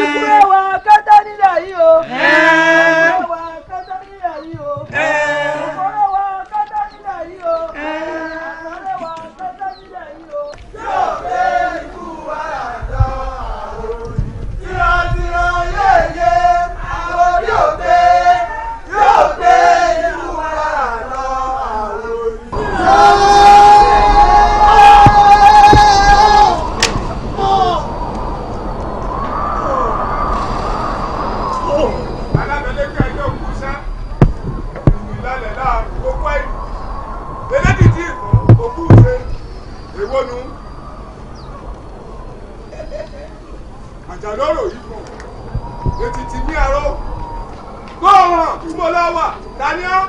ìkúrẹ́ wa kẹ́tẹ́ nílẹ̀ yìí o. níbo lọ wà tani ọ.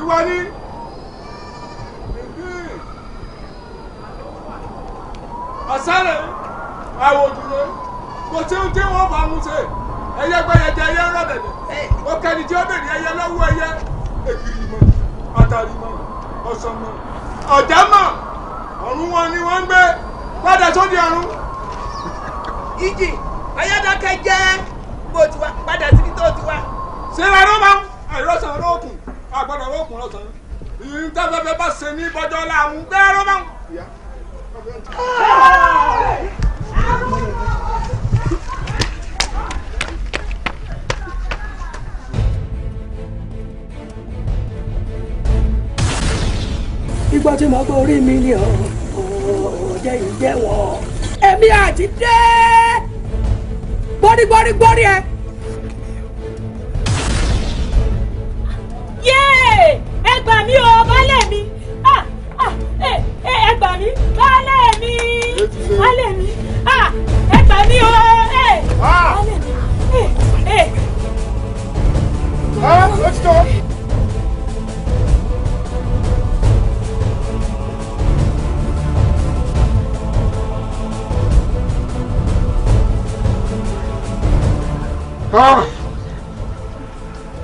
ìwọ ni. ọ̀sán rẹ̀ àwọn òdùnnú kò tí ń tí wọ́n bá mú ṣe ẹyẹ gbẹ́yẹjẹ ẹyẹ rọ̀dẹ̀dẹ̀ ó kẹ́ni tí ó bèrè ẹyẹ lọ́wọ́ ẹyẹ èkìrì mọ́ àtàrí mọ́ ọ̀sán mọ́ ọ̀já mọ́ ọ̀run wọn ni wọ́n ń gbé padà sóde ọ̀run. ìjì ayádákẹ́ jẹ́ bó ti wá padà síbi tó ti wá. ṣèrè ló máa ń àìrọ́sàn olókùn àgbọ̀dọ̀ olókùn lọ́sàn-án ìyìn tábẹ́fẹ́ bá ṣe ní bọ́jọ́ láàmú bẹ́ẹ̀ ló máa ń. ìgbà tí mo gbọ́ orí mi ni ọ̀ọ́ ọ̀ọ́ jẹ́ ìjẹ́wọ̀ ẹ̀mí àti dé gbórí gbórí gbórí eh! Yeah, ẹ mi o baálé mi ah, eh eh baálé mi baálé mi ẹ gbà mí o baálé mi. Ah, let's go. Ah!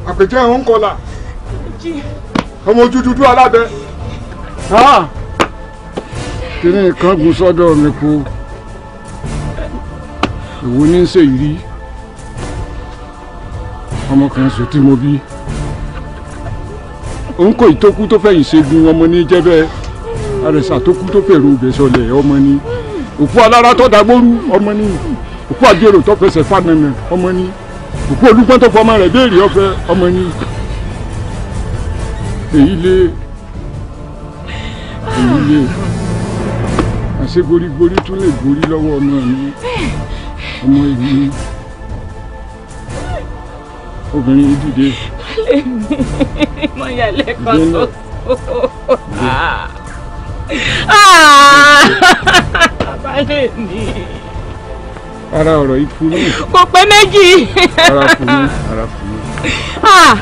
àpèjẹ ń kọlà ọmọ ojú dúdú alábẹ ah! kí ni nǹkan gùn sọ́dọ̀ mi kú èwo ní í ṣe yìí rí ọmọ kan sùn tí mo bí òun kò ìtókù tó fẹ̀yìn ṣẹ́gun ọmọ ní jẹ́bẹ́ àrẹ̀sà tó kú tó fèrò ibẹ̀ sọlẹ̀ ọmọ ní òkú alára tó dàgbóru ọmọ ní òkú àjèrò tó fẹsẹ̀ fànàmẹ̀ ọmọ ní òkú olúgbọ́n tó fọmọ rẹ̀ béèrè ọ̀fẹ́ ọmọ yín èyí lé èyí lé àṣé gborígborí tún lè gborí lọ́wọ́ ọmọ mi ọmọ èmi obìnrin dìde. mo yà lẹ́kọ̀ọ́ tó. bàbá lè ní ara ọ̀rọ̀ yìí fún mi. kò pé méjì. ara fún mi ara fún mi. Ah.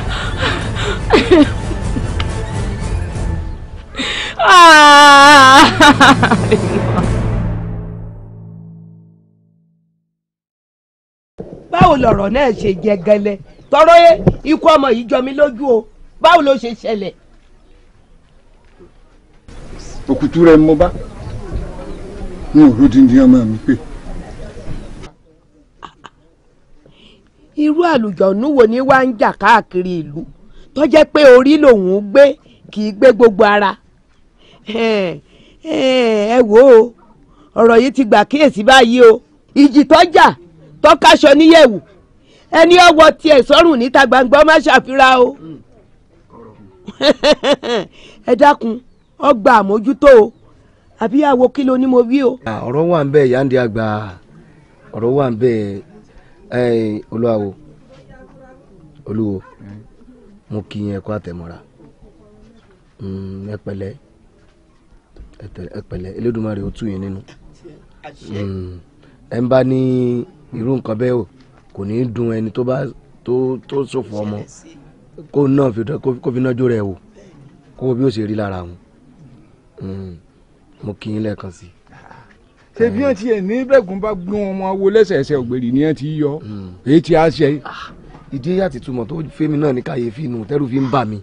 Ah. báwo lọ̀rọ̀ náà ṣe jẹ gẹlẹ tọrọ yẹ ikú ọmọ yìí jọ mí lójú o báwo ló ṣe ṣẹlẹ̀. òkùtù rẹ mo bá n ò lódìndín ọmọ mi pé. irú àlùjọ̀nú wo ni wá ń jà káàkiri ìlú tó jẹ́ pé orí lòun gbé kì í gbé gbogbo ara ẹ wò ó ọ̀rọ̀ yìí ti gbà kíyèsí báyìí o ìjì tó jà tó káṣọ níyẹ̀wù ẹni ọwọ́ tiẹ̀ sọ́rùn níta gbangba má ṣàfihàn o ẹ dákun ọgbà àmójútó o àbí àwo kí ló ní mo wí o. ọ̀rọ̀ wà ń bẹ́ẹ̀ yáǹdí àgbà ọ̀rọ̀ wà ń bẹ́ẹ̀ olúwawo olúwo mo kí yín ẹ̀kọ́ àtẹ̀mọ́ra mm, ẹ pẹ̀lẹ́ ẹ pẹ̀lẹ́ Elédùmarè ó tù yín nínú mm, ẹ ń bá ní irú nǹkan bẹ́ẹ̀ o kò ní í dùn ẹni tó bá tó tó ṣòfò ọmọ kó náà fi kó fi nájú rẹ̀ wò kó bí ó ṣe rí lára wọn mm, mo kí yín lẹ́ẹ̀kan sí i ṣe bí wọn ti yẹ ní bẹ́gùn bá gbé wọn mọ wo lẹ́sẹẹsẹ ògbèrè ni wọn ti yọ èyí ti á ṣe. Ah, ìdí yà ti túmọ̀ tó fẹ́mi náà ní kàyéfì nù tẹ́rù fi ń bà mí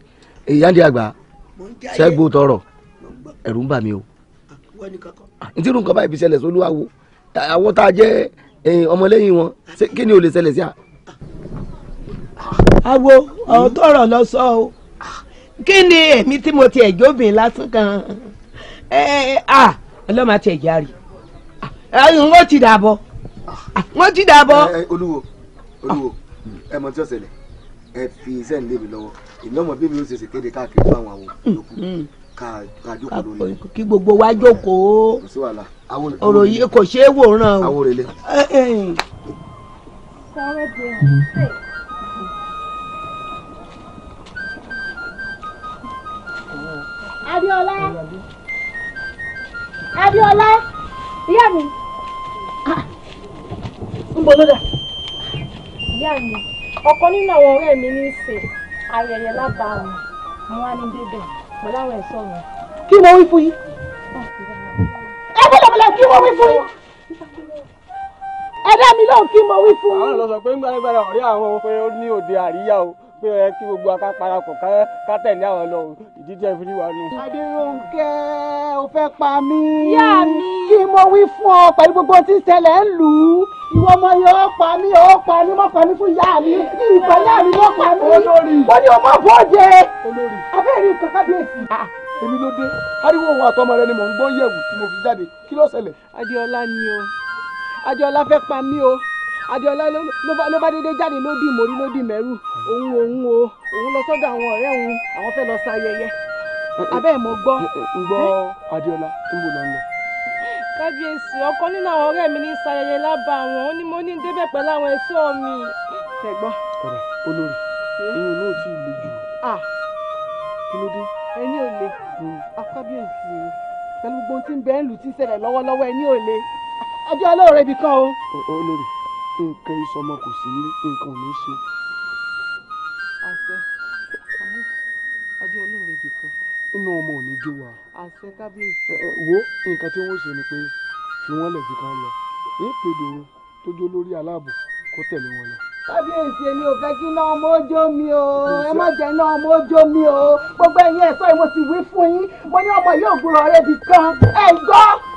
èyí á di àgbà ṣẹ́gbó tọrọ ẹ̀rù ń bà mí o. ntí irun kan báyìí fi ṣẹlẹ̀ sólúwàwò àwọn tá a jẹ́ ọmọlẹ́yìn wọn kí ni o lè ṣẹlẹ̀ sí à. Ah, àwo ọ̀hún tọrọ lọ sọ o ah, kí ni èmi tí mo ti ẹ̀jọ́ bìn lásán kan eh, eh, ẹ̀ ẹ̀ ọlọ́mọ àti ẹ̀jẹ̀ àrí ẹyìn wọn ti dàbọ̀ wọn ti dàbọ̀. olúwo olúwo ẹ mọ tí ó ṣẹlẹ̀ ẹ fi iṣẹ́ ń lé mi lọ́wọ́ ìnáwó bí mi ò ṣèṣe kéde káàkiri fún àwọn àwọn mm, olókù mm. ká jókòó lórí. kí gbogbo wa jókòó ọ̀rọ̀ yìí kò ṣeé wòran o. Abíọ́lá Abíọ́lá ìyá mi ah. ń bọ̀ lọ́dà. ìyá mi ọ̀kan nínú àwọn ọ̀rẹ́ mi ní í ṣe ayẹyẹ lábàámu mo wá ní débẹ̀ pẹ̀lú àwọn ẹ̀ṣọ́ mi. kí wọ́n wí fún yín. ẹ gbọ́dọ̀ bọ̀lẹ̀ kí wọ́n wí fún yín. ẹ dá mi lóhùn kí mo wí fún yín. àwọn lọ sọ pé ń gbàgbára ọ̀rẹ́ àwọn pé ó ní òde àríyá o pé ẹ kí gbogbo aká parapọ̀ ká tẹ̀lé àwọn lọ ìdí tí wa nù. Adérónkẹ́ o fẹ́ pa mí. Yá mi. Kí mo wí fún ọ pẹ̀lú gbogbo tí ń ṣẹlẹ̀ ń lù ú. Ìwọ ọmọ yẹn ó pa mí, ó pa mí, mọ̀ pa mí fún yá mi. Ìgbà yá mi pa mí. Olórí. Ó ní ọmọ fòjè. Olórí. Abẹ́rẹ́ ìkọ̀ kábíyèsí ah, èmi ló dé ariwo òun àtọmọ rẹ ni mò ń gbọ́ yẹ̀wù tí mo fi jáde kí ló ṣẹlẹ̀. Adéọlá ni o Adéọlá fẹ́ pa mí o. Adéọlá ló bá dédé jáde ló dì mórí ló dì mẹ́rù òun òun o òun lọ sọ́dọ̀ àwọn ọ̀rẹ́ òun àwọn fẹ́ lọ sa ayẹyẹ abẹ́ ẹ̀ mọ́ gbọ́. ń gbọ́ Adéọlá ń bò lọ kábíyèsí ọ̀kan nínú àwọn ọ̀rẹ́ mi ní sayẹyẹ lába àwọn ó ní mo ní débẹ̀ pẹ̀lú àwọn ẹ̀ṣọ́ mi. tẹ̀gbọ́n. ọ̀rẹ́ olórí ẹ̀yin olóò tí ì le jù. kí ló dé. ẹni ò le akábíyèsí hmm. pẹ̀lú gbogbo ohun tí ń bẹ́ẹ̀ lù tí ń ṣẹlẹ̀ lọ́wọ́lọ́wọ́ ẹni ò le. Adéọlá ọ̀rẹ́ ibì kan o. olórí nǹkan ìsọmọ kò sí nílé nǹkan ò ní ṣe. àṣẹ àmọ́ ajé olóore ibì inú ọmọ ò ní jó wa. àṣẹ kábíyèsí. wo nǹkan tí wọ́n ṣe ni pé fi wọ́n lẹ̀ kíkan lọ èyí pé dòun tó jó lórí aláàbò kó tẹ̀lé wọn lọ. kábíyèsí èmi ò fẹ́ kí náà ọmọ ojó mi o ẹ má jẹ́ náà ọmọ ojó mi o gbogbo ẹ̀yin ẹ̀ṣọ́ yìí mo sì wí fún yín mo ní ọmọ yóò gbúròó rẹ̀ kan ẹ̀ gbọ́.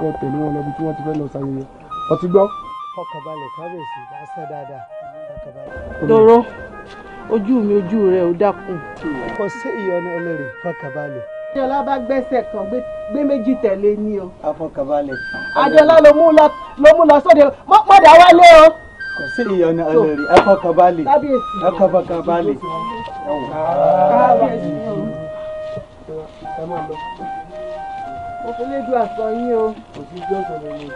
kọ́ tẹ̀lé wọn lọ bí tí wọ́n ti fẹ́ lọ ṣayẹyẹ ọtí gbọ́. fọkànbalẹ̀ kábíyèsí bá sẹ́ dáadáa dọ̀rọ̀ ojú mi ojú rẹ̀ ó dákun. kò sí ìyọnu ẹlẹ́rìí fọkànbalẹ̀. adéọlá bá gbẹ́sẹ̀ kan gbé méjì tẹ̀lé ní o. afọkànbalẹ̀. adéọlá ló mú lọ sóde mọ́pọ́dà wálé o. kò sí ìyọnu ẹlẹ́rìí afọkànbalẹ̀ kábíyèsí. ẹ máa lọ òfìlédù àsọ yín o òsíjú ọ̀sọ̀rọ̀ ni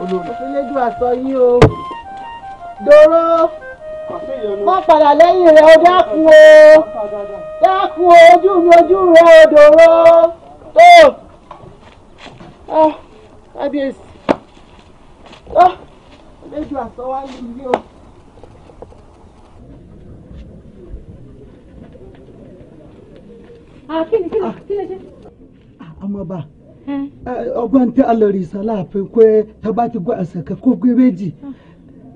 olórí òfìlédù àsọ yín o dòró má padà lẹ́yìn rẹ̀ ó dákun o dákun o ojú mi ojú rẹ̀ o dòró tó ọ ah, kábíyèsí tó òfìlédù àsọ wá lù mí o. Ah, kí ni kí ni ah. kí ni ṣe? Ah, Ọmọ ọba ọgbọ́n tí alọ́rì sálà fi kó tábà ti gbọ́ àṣàkà kó gbé méjì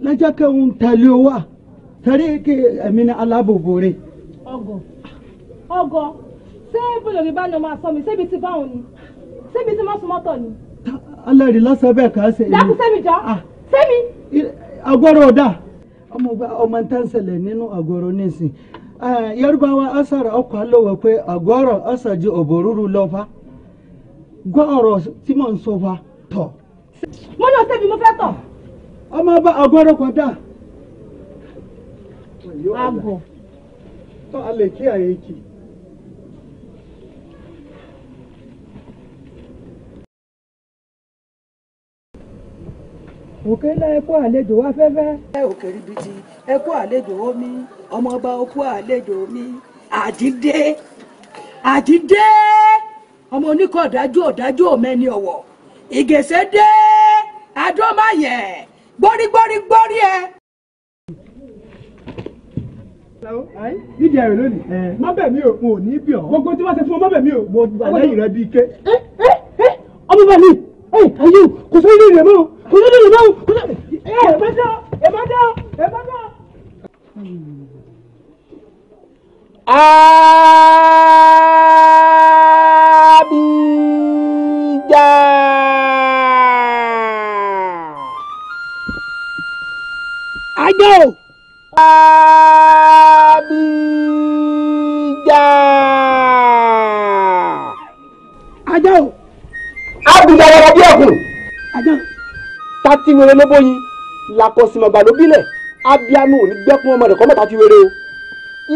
lọ́jọ́ kẹ́hún tẹ̀lé o wà tẹ̀lé kí ẹ̀mí ni alábòbò rẹ̀. ọgọ ọgọ ṣé bọlọrì bá ní ọmọ àsọ mi ṣébi ti báwọn ni ṣébi ti mọ́sùn mọ́tọ̀ ni. alọ́rì lọ́sọ̀ bẹ́ẹ̀ kà á ṣe. dákú sẹ́mi jọ ah. sẹ́mi. àgọ́rọ̀ ọ̀dà ọmọ ń tán ṣẹlẹ̀ nínú àgọ́rọ̀ nísìn Yorùbá wa ọ̀sàrà ọkọ̀ àlọ́wọ̀ pé àgọ́rọ̀ ọ̀sàjì òbòrúru lọ́fà. gbọ́ ọ̀rọ̀ tí mò ń sọ wa tọ̀. mo ní ọ̀sẹ̀ mo fẹ́ tọ̀. ọmọ ọba ọgbọ́dọ̀ kan tọ́ kí àyè kì. òkè omi ọmọ ọba omi àdídé àdídé. ọmọ oníkọ ọ̀dájú ọ̀dájú ọ̀mẹ́ni ọ̀wọ̀ ìgèsè dé àdọ́máyẹ gbórígbórígbórí ẹ. nídìí ẹ̀rọ lónìí eh, mọ́bẹ̀ mi ò mo ò ní bí ọ gbogbo tí wọ́n ṣe fún ọ mọ́bẹ̀ mi ò mo wà lẹ́yìn rẹ bíi ké. Eh, eh, ọmọ bàbá mi ayé o kò sọ ilé rẹ mọ́ o kò sọ ilé rẹ mọ́ o kò sọ. Hmm. Ah! Abija. Ajá o. Abija. Ajá o. Abija yàrá bí ọ̀gùn. Ajá. Tati wẹrẹ ló bóyin làkọsìmọ̀gbà ló bílẹ̀ abiamu ò ní gbẹ́kun ọmọ rẹ̀ kọ́ mọ̀ta ti wẹrẹ o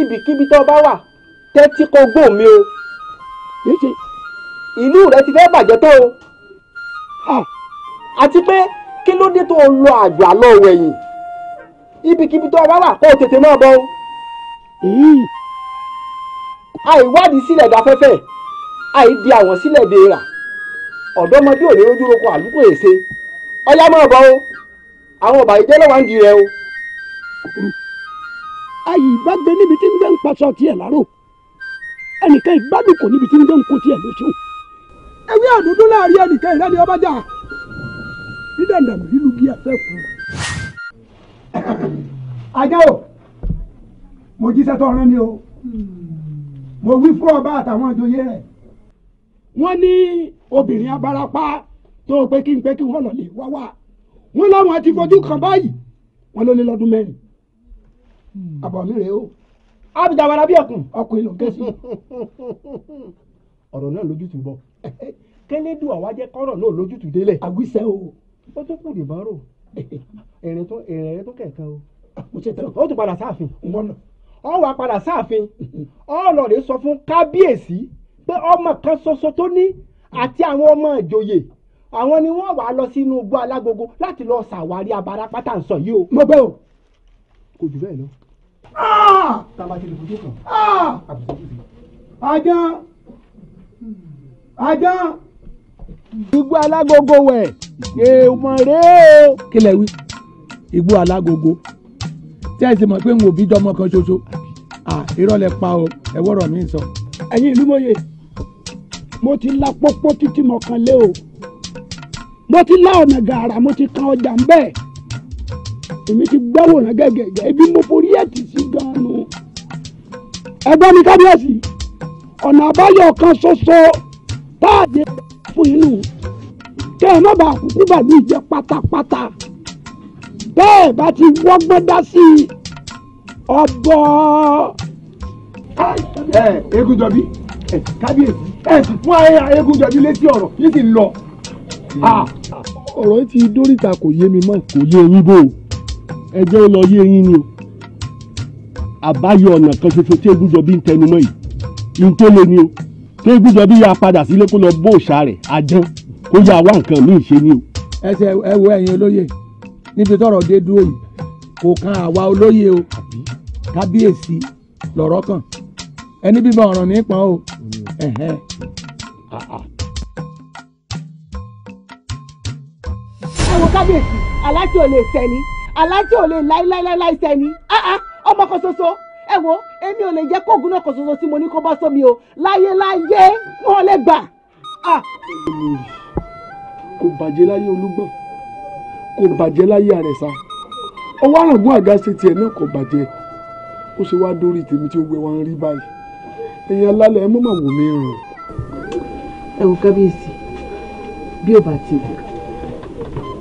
ibikíbi tó bá wà tẹ́tí kó gbóòmí o ìlú rẹ ti fẹ́ bàjẹ́ tó o ah, àti pé kí ló dé tó o lọ àjò àlọ́ wẹ̀yìn ibikíbi tó o bá wà kó o tètè máa bọ̀ o. àìwádìí sílẹ̀ dáfẹ́fẹ́ àìdí àwọn sílẹ̀ béèrà ọ̀dọ́mọdé òní ojú roko àlùkò èsè ọyá máa bọ̀ o àwọn ọba ìjẹ́ lọ́wọ́ ń di rẹ o. ayì bá gbé níbi tí ń gbé ń paṣọ tiẹ̀ láró ẹnìkan ìgbádùn kò níbi tí ń gbé ń kó tiẹ̀ lóṣù ewé àdúdú láàrin ẹnìkan ìrẹ́ni ọba jà dídàndàmù lílu bí ẹ̀fẹ́ kù. ajá o mo jíṣẹ́ tó rán mi o mo wí fún ọba àtàwọn ìjòyè rẹ̀. wọ́n ní obìnrin abarapá tó pé kí n pé kí wọ́n lọ lè wá wá wọ́n láwọn ti fojú kan báyìí wọ́n ló lé lọ́dún mẹ́rin àbọ̀ mi rèé o. ábìdá wàrà bí ẹkùn ọkùnrin ló ń ké ọ̀rọ̀ náà lójútùú bọ̀ kẹ́lẹ́dù àwa jẹ́ kọ́rọ̀ náà lójútùú délẹ̀. àwísẹ́ o ó tún kù dìbọn rò èrè tó èrè rẹ tó kẹ̀kẹ́ o. mo ṣe tán. ó tún padà sáàfin. ó wá padà sáàfin ó lọ rè sọ fún kábíyèsí pé ọmọ kan ṣoṣo tó ní àti àwọn ọmọ ìjòyè àwọn ni wọ́n wàá lọ sínú igbó alágogo láti lọ ṣàwárí abarapá tá à ń sọ yìí o. mo bẹ́ o kò jù bẹ́ẹ̀ lọ. Ah! tábà ti lè fojú kàn. Ah! àbùkù ajá igbó alágogo wẹ̀ èèmọ̀ rèé o kílẹ̀ wí igbó alágogo tí ẹ sì mọ̀ pé n ò bí dọ́mọ kan ṣoṣo irọ́ lẹ pa o ẹ wọ́rọ̀ mi sọ. ẹ̀yin ìlú mòye mo ti la pópó títí mọ̀ kan lé o mo ti la ọ̀nà gàrà mo ti kan ọjà ń bẹ́ẹ̀ èmi ti gbẹ́wòrán gẹ́gẹ́gẹ́ ibi mo forí ẹ̀ tì sí gan-an nu. mi kábíyèsí ọ̀nà àbáyọ kan ṣoṣo. So -so táàdì fún inú kẹ́ ẹ má bàa kúkú bàbí ìjẹ pátápátá bẹ́ẹ̀ bá ti wọ́gbọ́n dá sí i ọ̀bọ. ẹ Egúnjọbí kábíyèsí ẹ sì fún Egúnjọbí létí ọ̀rọ̀ yìí sì lọ. ọ̀rọ̀ yìí ti dóríta kò yé mi mọ́ kò yé yín bò ẹ jẹ́ ó lọ yé yín ni o àbáyọ ọ̀nà kan ṣoṣo tí Egúnjọbí ń tẹnu mọ́ yìí ń tó lé ni o pé gbígbẹ́ bí ya padà sílé kó lọ bó òòṣà rẹ̀ aján kó yá wá nǹkan míì ṣe ni o. ẹsẹ ẹ wo ẹ̀yin olóyè níbi tọ́rọ̀ dé dúró yìí kò kan àwa olóyè o kábíyèsí lọ́rọ̀ kàn ẹni bíbọ ọ̀ràn nípọn o. àwọn kábíyèsí aláṣẹ ò lè sẹni aláṣẹ ò lè láíláíláí sẹni ah, ah, ọmọ kan ṣoṣo ẹ wo èmi ò lè jẹ́ kó ògùn náà kò ṣoṣo tí mo ní kó bọ́ sómi o láyé láyé wọn lè gbà. kò bàjẹ́ láyé olúgbọ̀n kò bàjẹ́ láyé àrẹ̀sà ọwọ́ àràgbọ́n àga ṣe tiẹ̀ náà kò bàjẹ́ ó ṣe wá dórí tèmi tí ó gbé wa ń rí báyìí ẹ̀yin alálẹ̀ ẹ mọ̀mọ̀ wò mí ràn. ẹ wo kábíyèsí bí ò bá ti wò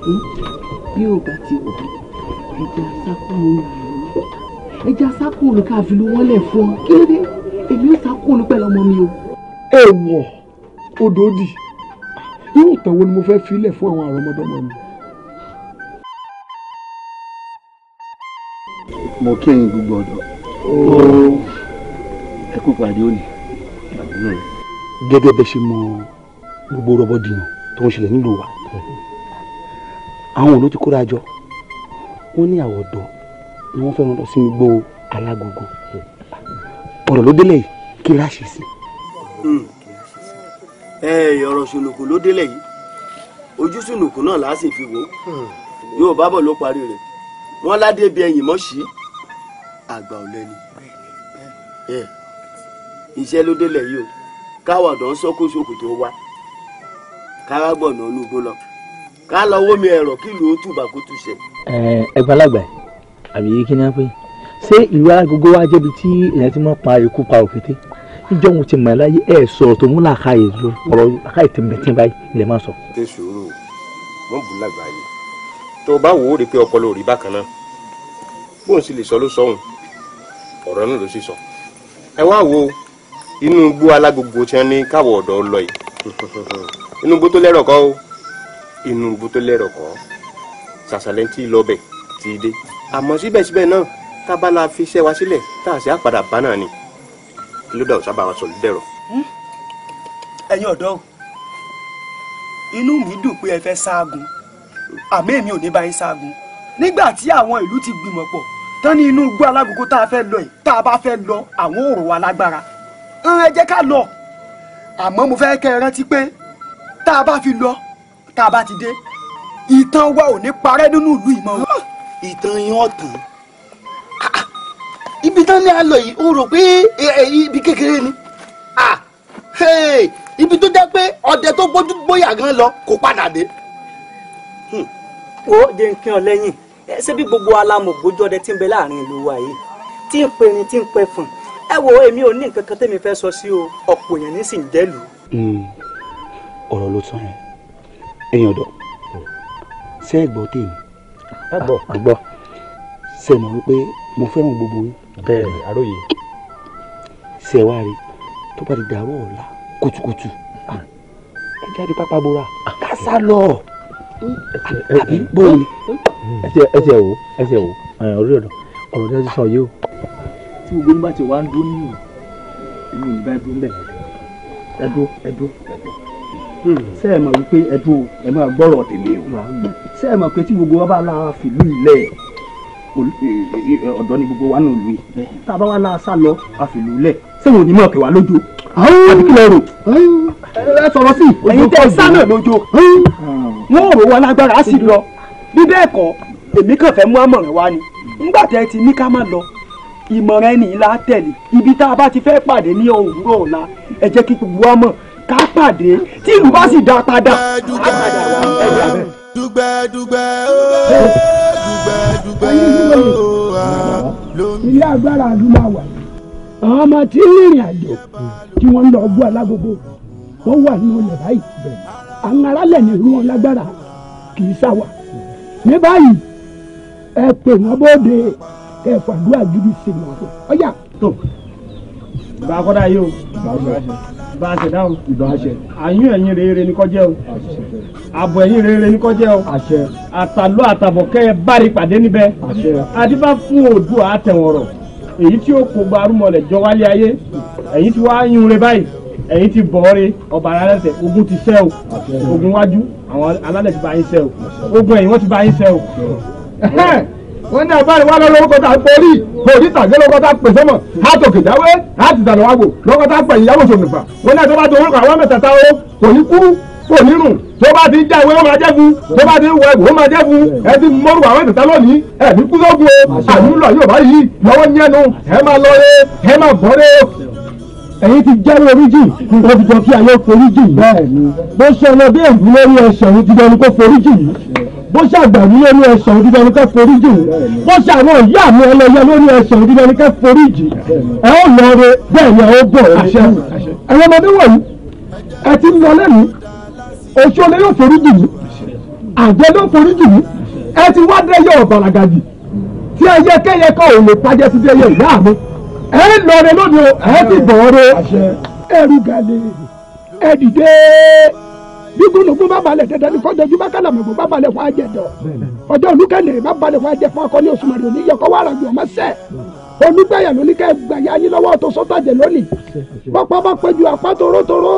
hmm, bí ò bá ti wò ẹ̀jẹ̀ àṣà kú mọ́ ẹja sákòlù ká fi lu wọn lẹ̀ fún ọ kí ló dé èmi ò sákòlù pẹ̀lú ọmọ mi o. ẹ wọ odò dì irú ìtàn wo ni mo fẹ́ filẹ̀ fún àwọn àrọ́mọdọ́mọ mi. mo kí ẹ̀yin gbogbo ọ̀dọ́ ẹ kú pàdé òní. gẹ́gẹ́ bẹ́ẹ̀ ṣe mọ gbogbo rọ́bọ̀dìyàn tó ń ṣẹlẹ̀ nílùú wa àwọn olóòtú kóra jọ wọ́n ní àwọ̀dọ́ ni wọ́n fẹ́ràn lọ sí igbó alágogo ọ̀rọ̀ ló délẹ̀ yìí kí la ṣe sí. Hmm. ẹ ọ̀rọ̀ ṣùnùkù ló délẹ̀ yìí ojú ṣùnùkù náà là á sì fi wò ó hmm. yóò bá bọ̀ ló parí rẹ̀ wọ́n ládé bí ẹyìn mọ́ sí àgbà ò lẹ́nu iṣẹ́ ló délẹ̀ yìí o káwàdàn sọ́kóṣokò tó wá káwá gbọ̀nà olúgbó lọ ká lọ wómi ẹ̀rọ kí ló túbà kó túṣẹ. ẹ ẹgbẹ́ alágbàá àbí kí ni wọ́n pè ṣé ìlú alágogo wa jẹ́bi tí èèyàn ti máa pa ikú pa òkété níjọ́ òun ti mọ̀ ẹ́ láyé ẹ̀ sọ̀rọ̀ tó mú làákàyè lọ ọ̀rọ̀ làákàyè ti mẹ̀tí báyìí ilẹ̀ máa sọ. ṣé sùúrù wọn bù lágbàáyé tó o bá wò ó rí i pé ọpọlọ ò rí bákan náà bóun sì lè sọ ló sọhùn ọ̀rọ̀ náà ló sì sọ. ẹ wá wo inú igbó alágogo tí wọn ní káwọ ọ̀dọ́ lọ yìí inú igbó tó lẹ́rọ̀ kọ́ inú igbó tó lẹ́rọ̀ kọ́ sàṣàlẹ́ntì lọ́bẹ̀ tí ì dé àmọ́ síbẹ̀síbẹ̀ náà tábàlà fi iṣẹ́ wa sílẹ̀ tá a sì á padà bá náà ni ló dà ó sábà wa sọ lódẹ̀rọ̀. Hm? ẹ̀yin ọ̀dọ́ inú mi dùn pé ẹ fẹ́ ṣaagun àmọ́ èmi ò ní bá yín ṣaagun nígbà tí àwọn ìlú ti gbìmọ̀ pọ̀ tán ní inú igbó alágógó tá a fẹ́ lọ yìí tá a bá fẹ́ lọ àwọn òrò wa lágbára ẹ jẹ́ ká lọ àmọ́ mo fẹ́ kẹ́ ẹ rántí pé tá a bá fi lọ tá a bá ti dé ìtàn wa ò ní parẹ́ nínú ìlú ìmọ̀ wọn ìtàn yín ọ̀tàn ah, ah, ibi tán ni a lọ yìí o rò pé eh, eh, ibi kékeré ni ah, ibi tó jẹ́ pé ọdẹ tó gbóyà gan lọ kò padà dé. wo hmm. jẹ́ nǹkan ọ̀ lẹ́yìn ṣé bí gbogbo alamọ̀gbójú ọdẹ tí ń bẹ láàrin ìlú wa yìí tí ń pe irin tí ń pe fún ẹ wo èmi ò ní nǹkan kan tẹ́mi fẹ́ sọ sí o ọ̀pọ̀ èèyàn ní sì ń dẹ́lu. Hmm, ọ̀rọ̀ ló tán yẹn ẹ̀yin ọ̀dọ́ ṣé tèmi àgbọ̀ àgbọ̀ ṣe mọ̀ wípé mo fẹ́ràn gbogbo yín. bẹ́ẹ̀ni aróye. ṣe wá rí tó bá di dàrọ́ ọ̀la kùtùkùtù ẹ jáde pápá bora ká sá lọ àbí bóyá. Hmm. ẹ ṣe wò ẹ ṣe wò orí ọ̀dọ̀ ọ̀rọ̀ dájú sọ yìí o. tí gbogbo yín bá ti dún nìyí èmi ò ní bá dún bẹ́ẹ̀ ẹ dún ẹ dún ẹ dún. Mm. ṣé ẹ mọ̀ wípé ẹdùn ẹ máa gbọ́rọ̀ tèmi o ṣé ẹ gbogbo wa bá la fìlú ilẹ̀ e, e, e, ọ̀dọ́ ni gbogbo wa nù tá a bá wa la sá lọ a fìlú ilẹ̀ ṣé wọn ò kílẹ̀ rò ẹ sọ̀rọ̀ sí ẹ̀yin tẹ́ sá náà rò wọn sì lọ bí bẹ́ẹ̀ kọ́ èmi wa ni tẹ́ ẹ ti ní ká má lọ ìmọ̀ràn tẹ̀lé ibi ká pàdé tí ìlú bá sì dá padà á padà wá ẹ̀yà bẹ́ẹ̀. dùgbẹ́ dùgbẹ́ ooo dùgbẹ́ dùgbẹ́ ooo lómi. ilé agbára ìlú la wà àwọn ọmọ tí ń rìnrìn àjò tí wọ́n ń lọ bú alágbogbo wọ́n wà nínú ilẹ̀ báyìí àwọn aráàlẹ̀ ní irú wọn lágbára kì í sáwà ní báyìí ẹ pè wọ́n bóde ẹ fàdúrà gidi sí wọn fún ọyà. bàbá akọ́dá yìí o bá a ṣe dáhùn ìdán àṣẹ àyún ẹ̀yìn rere ní kọjẹ́ o àbọ̀ ẹ̀yìn rere ní kọjẹ́ o àṣẹ àtàlọ́ àtàbọ̀ kẹ́ ẹ bárí pàdé níbẹ̀ àṣẹ adífá fún òdùà àtẹ̀wọ̀rọ̀ èyí tí ó kó gbarumọ̀lẹ̀ jọ wálé ayé ẹ̀yìn tí wàá yún re báyìí ẹ̀yìn ti bọ̀ọ́re ọba alálẹ̀sẹ̀ ogun ti sẹ́ o ogun wájú àwọn alálẹ̀ ti bá yín sẹ́ o ogun ẹ̀yìn wọ́n ti bá yín sẹ́ o wọ́n ní àbáyé wá lọ́lọ́kọ́ tá a porí porí tàgé lọ́kọ́ tá a pè sọ́mọ̀ á tòkè jáwé á ti dànù wágbò lọ́kọ́ tá a pè ìyàwó sòmìfà wọ́n ní àtọ́wá tó orúkọ àwọn mẹ́tẹ̀ẹ̀ta o kò ní kú kò ní rùn tó bá ti jáwé ó máa jẹ́gun tó bá ti wọ ẹ̀gbọ́n ó máa jẹ́gun ẹ mọ́rù àwọn ìtẹ̀tà lónìí ẹ kú lógun o àdúrà yóò bá yìí lọ́wọ́ ní ẹnu máa lọ rẹ ẹ máa bọ́ rẹ ẹ̀yin ti jẹ́rú oríjì òfìjọ kí ayé foríjì bẹ́ẹ̀ ni bó ṣe ọlọ́dẹ ìlú lórí ẹsẹ̀ òun ti dẹnu kó foríjì yìí bó ṣàgbà ní ẹnu ẹsẹ̀ òdìbẹ́ ni ká forí jì bó ṣàwọn ìyá mi ẹlẹ́yẹ lórí ẹsẹ̀ òdìbẹ́ ni ká forí jì ẹ ó lọ re bẹ́ẹ̀ ni ẹ ó bọ̀ àṣẹ ẹ̀yọ́ ọmọdé wọ̀nyí ẹ ti ń lọ lẹ́nu oṣù olè yóò forí jì mí àjẹ ló forí jì mí ẹ ti wá dẹ́yẹ ọ̀bàràgàdì tí ẹyẹ kẹyẹ kọ òun lè pàjẹ́ ti dẹ́yẹ ìyá mi ẹ lọ re lónìí ẹ ti bọ̀ ọ́ re ẹrù gàlè ẹ dìde bí gbólógún bá balẹ̀ dandan ní kọjọ ju bákàlà mọ̀gbọ́n bá balẹ̀ fún ajẹ̀dọ̀ ọjọ́ olùkẹ́nẹ̀ bá balẹ̀ fún ajẹ̀fọ́ akọni òsùnmọ̀rì òní yọkọ wàrà gbọ̀ ọmọ sẹ́ olùgbàyà ló ní kẹ́ gbàyà yín lọ́wọ́ tó sọ́tàjẹ̀ lónìí pápá bá péjú apá torótoró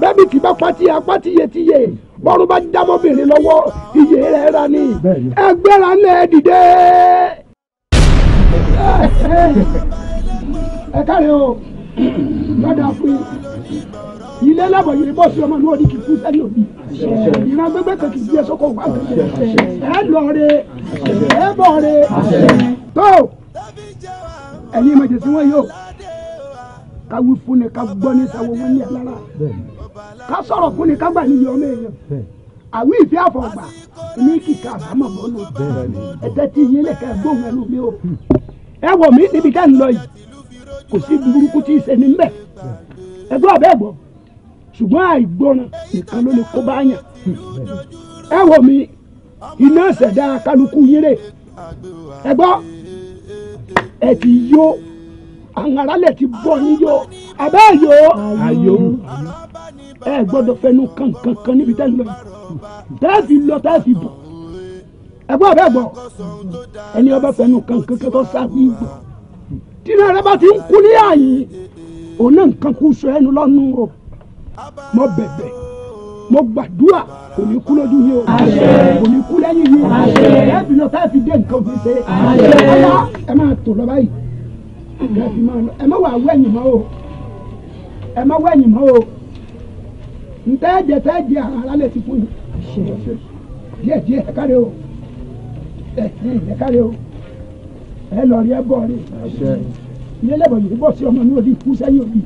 bẹ́ẹ̀bì kì bá pati apá tiyetiye bọ́ọ̀rù bá jábọ́bìnrin lọ́wọ́ iye rẹ̀ ra ni ẹgbẹ́ra ńlẹ̀ dìde. ẹ káre o lọ́dà fún yín ilé lábọ̀ yìí bọ́ sí ọmọ náà ní kì í fún sẹ́ni òbí ìran gbẹgbẹ kan kì í di ẹsọ́kọ̀ wá ẹ lọ re ẹ bọ̀ re tó ẹ̀yin màjèsí wọn yóò ká wí fún ni ká gbọ́ ní sáwọ́ wọn ní alára ká sọ̀rọ̀ fún ni ká gbà níyì ọmọ èèyàn àwí ìfẹ́ àfọ̀gbà ní kíkà àbámọ̀ bọ́ọ̀lù ẹ̀tẹ́ tí yín lẹ̀kẹ́ gbóhùn ẹnu mi o ẹ wọ̀ mí níbi ká ń lọ yìí kò sí burúkú tí ì sẹ́ni ń bẹ̀ ẹgbẹ́ ọ̀bẹ́ ẹ̀gbọ́n ṣùgbọ́n àìgbọràn nìkan ló lè kó bá yàn. ẹ wò mí iná ṣẹ̀dá kálukú yéré ẹ gbọ́ ẹ ti yó àwọn aráàlẹ̀ ti bọ̀ níyó abẹ́ yó ayó ẹ gbọ́dọ̀ fẹnu kankankan níbi tẹ́ ń lọ yìí tẹ́ lọ tẹ́ bọ̀ ẹ gbọ́ abẹ́ ẹni ọba fẹnu kankankan tó sáfì gbọ́ tí náà rẹ bá ti ń kú ní àyè òun náà nǹkan kú sọ ẹnu lọ́nu o mo bẹ̀bẹ̀ mo gbàdúrà kò ní kú lójú yìí o kò ní kú lẹ́yìn yìí ẹ̀ẹ́dì náà táyà fi dé nǹkan fi ṣe ọlá ẹ máa tò lọ báyìí ẹ má wà wẹ̀yìn mọ́ o ẹ má wẹ̀yìn mọ́ o ntẹ́ẹ̀jẹ̀ tẹ́ẹ̀jẹ̀ àwọn alálẹ̀ ti fún yìí díẹ̀ díẹ̀ ẹ káre o ẹ káre o ẹ lọ rí ẹ bọ̀ rí ilé ẹlẹ́bọ̀ yìí bọ̀ sí ọmọ ní odi kú sẹ́yìn òbí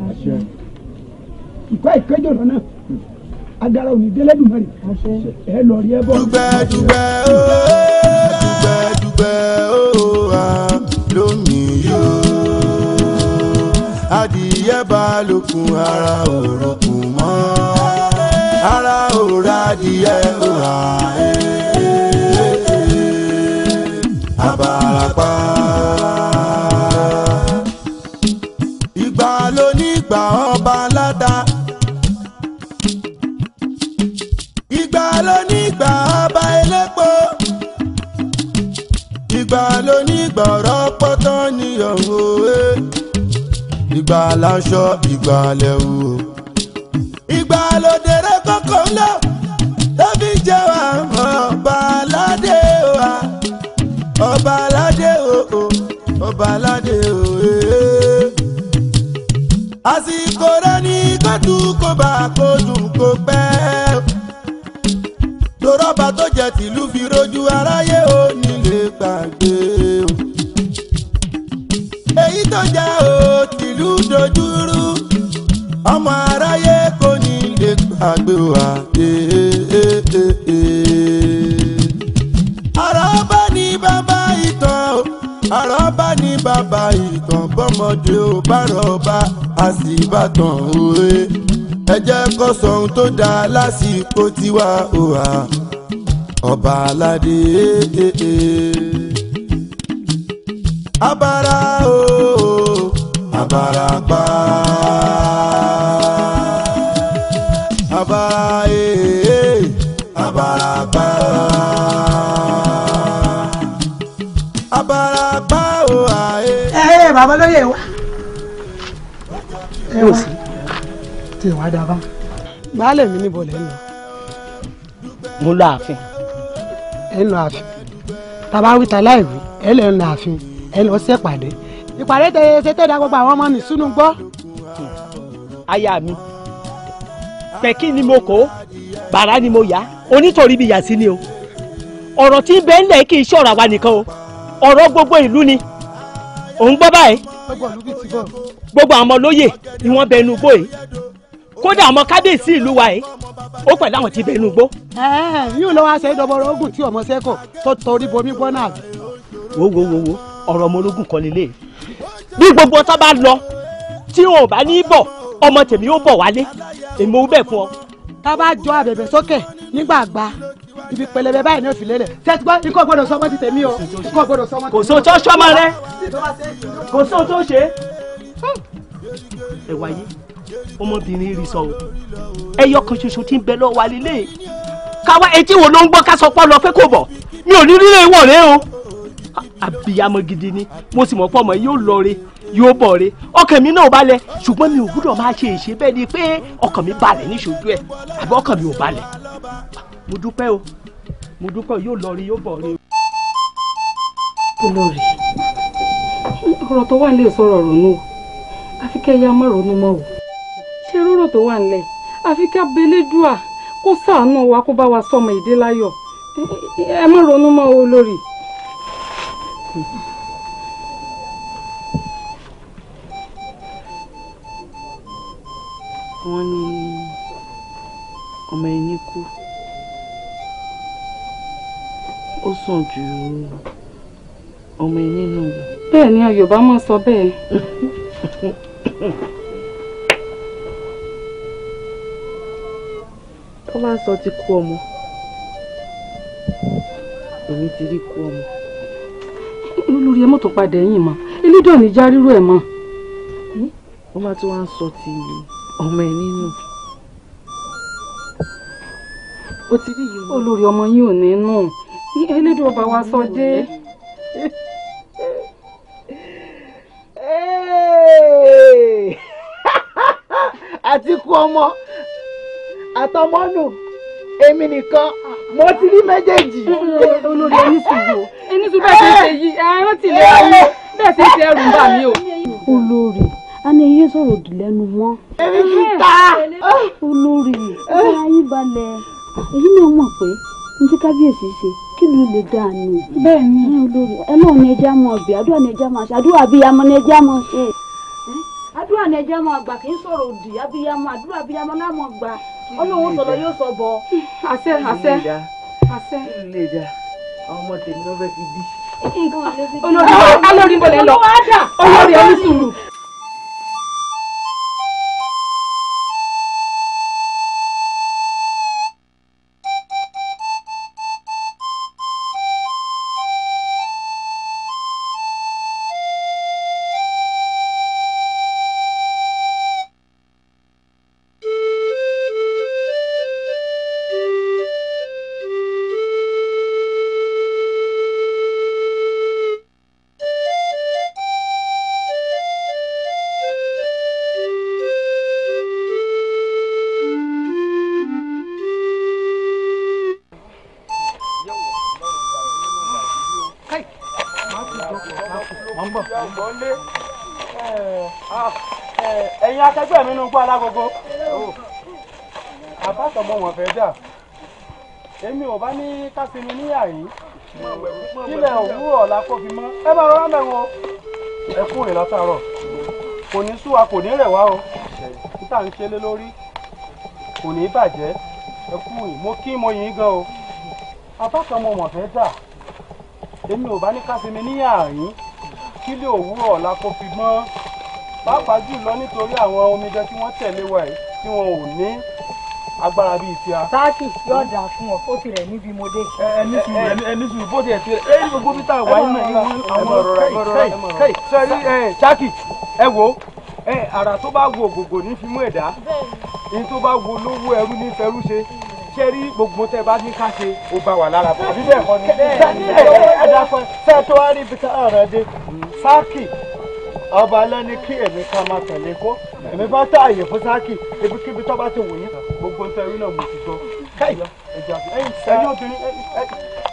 ìkọ́ ìkẹ́jọ lọ́nà agara òní délẹ́dùmarè ẹ lọ rí ẹ bọ́. dùgbẹ́ dùgbẹ́ ooo dùgbẹ́ dùgbẹ́ ooo a lómi yóò adìyẹ bá lókun ara òrọ̀kùn mọ́ ara òrọ̀ adìyẹ òhà ẹ̀. ọ̀hún eh. òwe ìgbà láṣọ ìgbà lẹ́wù ìgbà lòdèrè kọ́kọ́ ńlọ tó fi jẹ́ wa mọ́ ọba aládé wa ọba aládé o ọba aládé o. Eh. àsìkò rẹ ní kọ́tù kó bá kó dùn pẹ́ torọ́ba tó jẹ tìlú fi rojú aráyé ò ní gbàgbé tó jà ó tìlú dojúrú ọmọ aráyé kò ní lè gbàgbé wa. ọ̀rọ̀ bá ní bàbá ìtàn o ọ̀rọ̀ bá ní bàbá ìtàn bọ́mọdé ò bá rọ̀ọ̀bá a sì bá tàn òwe eh. ẹ jẹ́ kó sọ ohun tó dáa lásìkò tiwa o wa ọba aládé eh, eh, abara o abarapa abara ee eh, eh, abarapa abarapa o oh, aye. Ah, eh. ẹ ẹ bàbá lóye wa ẹ wò sí tí wàá dábà. baálé mi níbo lè lọ. mo lọ ààfin. ẹ lọ ààfin tàbá wíta láì wí ẹ lè lọ ààfin ẹ lọ ṣèpàdé. ìpàdé tẹ ṣe gbogbo àwọn ọmọ mi sunu gbọ́. aya mi pẹ̀kí ni mo kó bàrà ni mo yá onítorí bí yàtí ni o ọ̀rọ̀ tí bẹ́ẹ̀ ńlẹ̀ kì í ṣọ̀rọ̀ àwa nìkan o ọ̀rọ̀ gbogbo ìlú ni òun gbọ́ báyìí gbogbo àwọn olóyè ni wọ́n bẹnu gbó yìí kódà àwọn kábíyèsí ìlú wa yìí ó pẹ̀lú àwọn tí bẹnu gbó. yóò bí gbogbo tó bá lọ tí wọn ò bá ní bọ̀ ọmọ tèmi ó bọ̀ wálé èmi ò bẹ̀ fún ọ. tá a bá jọ àbẹ̀bẹ̀ sókè nígbà àgbà ibi pẹlẹbẹ báyìí ní òfìlẹ rẹ ṣe ti gbọ́ ikọ gbọ́dọ̀ sọmọ ti tèmi o ikọ gbọ́dọ̀ sọmọ ti tèmi o. kò sóò tó sọmọ rẹ kò sóò tó ṣe. ẹ wáyé ọmọbìnrin rí sọ o ẹyọ kan ṣoṣo tí ń bẹ lọ wà lílé káwa etí wo ló ń gbọ́ ká sọ pọ́ lọ pé kò bọ̀ mi ò ní rí lè wọ̀ rẹ o abiyamọ gidi ni mo sì mọ̀ pọ̀ mọ́ yóò lọ re yóò bọ̀ re ọkàn mi náà ò balẹ̀ ṣùgbọ́n mi ò gbúdọ̀ máa ṣe ìṣe bẹ́ẹ̀ ni pé ọkàn mi balẹ̀ níṣojú ẹ̀ àbí ọkàn mi ò balẹ̀ mo dúpẹ́ o mo dúpẹ́ o yóò lọ re yóò bọ̀ re. olórí ọ̀rọ̀ tó wà lè sọ̀rọ̀ ronú o àfi kẹ́ má ronú mọ́ o ṣé rọ́rọ̀ tó wà nílẹ̀ àfi ká belédùà kó ṣàánú wa kó bá wa sọmọ ìdí láyọ̀ ẹ má ronú mọ́ o olórí wọ́n ní ọmọ ẹni kú ó sàn ju ọmọ ẹni nù lọ. bẹ́ẹ̀ ni Yorùbá máa sọ bẹ́ẹ̀. wọ́n máa ń sọ ti kú ọmọ èmi ti rí kú ọmọ olórí ẹ mọ́tò padà ẹ̀yìn mọ́ elédò ní járírò ẹ̀ mọ́. ó máa tún wá ń sọ ti ọmọ ẹ nínú. ó ti rí yìí. olórí ọmọ yín ò nínú elédò ọba wa sọ dé. àti kú ọmọ àtọmọ́nù èmi nìkan mo ti rí méjèèjì. olórí ẹni sùgbọ́ ẹni sùgbọ́ bẹ́ẹ̀ ṣe ṣe yí ẹran ti lè ayé bẹ́ẹ̀ ṣe ṣe ẹrù ń bà mí o. olórí a ní iye sọ̀rọ̀ òdì lẹ́nu wọn. èmi ti ta. olórí ẹgbẹ́ ayé balẹ̀ èyí ni ó mọ̀ pé n ti kábíyèsí ṣe kí ló lè dá a nù. bẹ́ẹ̀ ni olórí ẹ náà ní ẹja mọ ọbẹ̀ àdúrà ní ẹja máa ṣe àdúrà bíi amọ ní ẹja máa ṣe. àdúrà ní ẹja máa gbà kì í sọ̀rọ̀ òdì abiyamọ àdúrà abiyamọ náà mọ̀ gbà ọlọ́run sọ̀rọ̀ yóò sọ bọ̀. àṣẹ àṣẹ àṣẹ. ilé ìjà àwọn ọmọ tèmi ló fẹ́ fi dí. olórí olórí mo lè lọ olórí olùsùnrù. pa alágogo. àbá àtọmọ wọn fẹ́ dà èmi ò bá ní ká sinmi ní àyín ilẹ̀ òwúrọ̀ la kó fi mọ́ ẹ bá rọra mẹ́wọ́ ẹ kú rè látàárọ̀ kò ní sú wa kò ní rẹ̀ wá o níta ń ṣe lé lórí kò ní bàjẹ́ ẹ kú yìí mo kí mo yìn gan o àbá àtọmọ wọn fẹ́ dà èmi ò bá ní ká ní àyín kílẹ̀ òwúrọ̀ la kó fi mọ́ pàápàá jùlọ nítorí àwọn omidan tí wọ́n tẹ̀lé wa yìí tí wọn ò ní agbára bíi ti a. sáàkì yóò dà fún ọ ó ti níbi mo dé. ẹni sùúrù ẹni sùúrù bó ti ẹ̀ ti rẹ̀ ẹni gbogbo bí tá a wà nínú ìwé àwọn kẹ́ì kẹ́ì sẹ́rí sáàkì ẹ wo àrà tó bá wo ògògò ní fimú ẹ̀dá èyí tó bá wo lówó ẹrú ní fẹrú ṣe sẹ́rí gbogbo tẹ́ bá ní ká ṣe ó bá wà lára bọ̀. àbí bẹ́ẹ̀ kọ́ ni. ẹ ẹ ẹ dàpọ̀ sẹ́ẹ̀ tó wá rí ibi tá a rẹ̀ dé sáàkì ọba lẹ́ni kí èmi ká máa tẹ̀lé kó èmi bá tá àyè fún sáàkì ibikíbi tó bá ti wù yín gbogbo ń tẹ̀rí náà mo ti gbọ́. ẹ̀yin ẹ̀yin obìnrin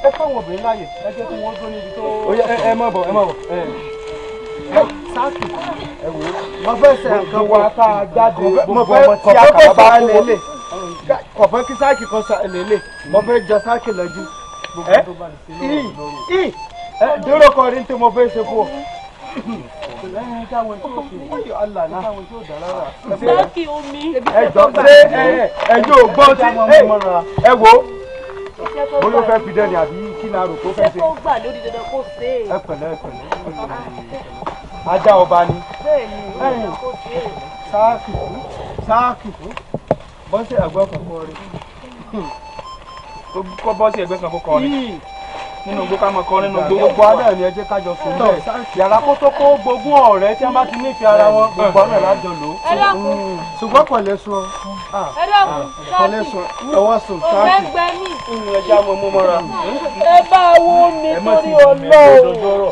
ẹ fáwọn obìnrin láàyè ẹ jẹ́ kí wọ́n dún níbi tó. ẹ má bọ̀ ẹ má bọ̀ sáàkì ẹ̀wò mo fẹ́ ṣe nǹkan wa tá a jáde gbogbo ọmọ tí a kà bá kó wọlé kọ̀fẹ́ kí sáàkì kan sa lélẹ̀ mo fẹ́ jọ sáàkì lọ́jú. ẹ ẹ dúró kọrin tí mo fẹ́ ṣe fún ọ ẹjọ́ gbọ́ sí ẹ wo bóyá ó fẹ́ fi dẹ́ni àbí kí náà rò kó fẹ́ ṣe. ẹ pẹ̀lẹ́ ẹ pẹ̀lẹ́ ajá ọba ni sáàkì fún sáàkì fún bọ́sẹ̀ ẹgbẹ́ kan kọ́ rí bọ́sẹ̀ ẹgbẹ́ kan kọ́ rí nínú igbó ká máa nínú igbó. gbogbo adá ni ẹ jẹ́ kájọ sùn bẹ́ẹ̀ yàrá kó tó kó gbogbo ọ̀rẹ́ tí a bá ti nífẹ̀ẹ́ ara wọn gbogbo ọ̀rẹ́ lájọ lò ó. Mm. ṣùgbọ́n kò lè sùn ah. ah. kò ọwọ́ sùn táàkì. ẹgbẹ́ mi. ẹ bá wo mi ọlọ́ọ̀.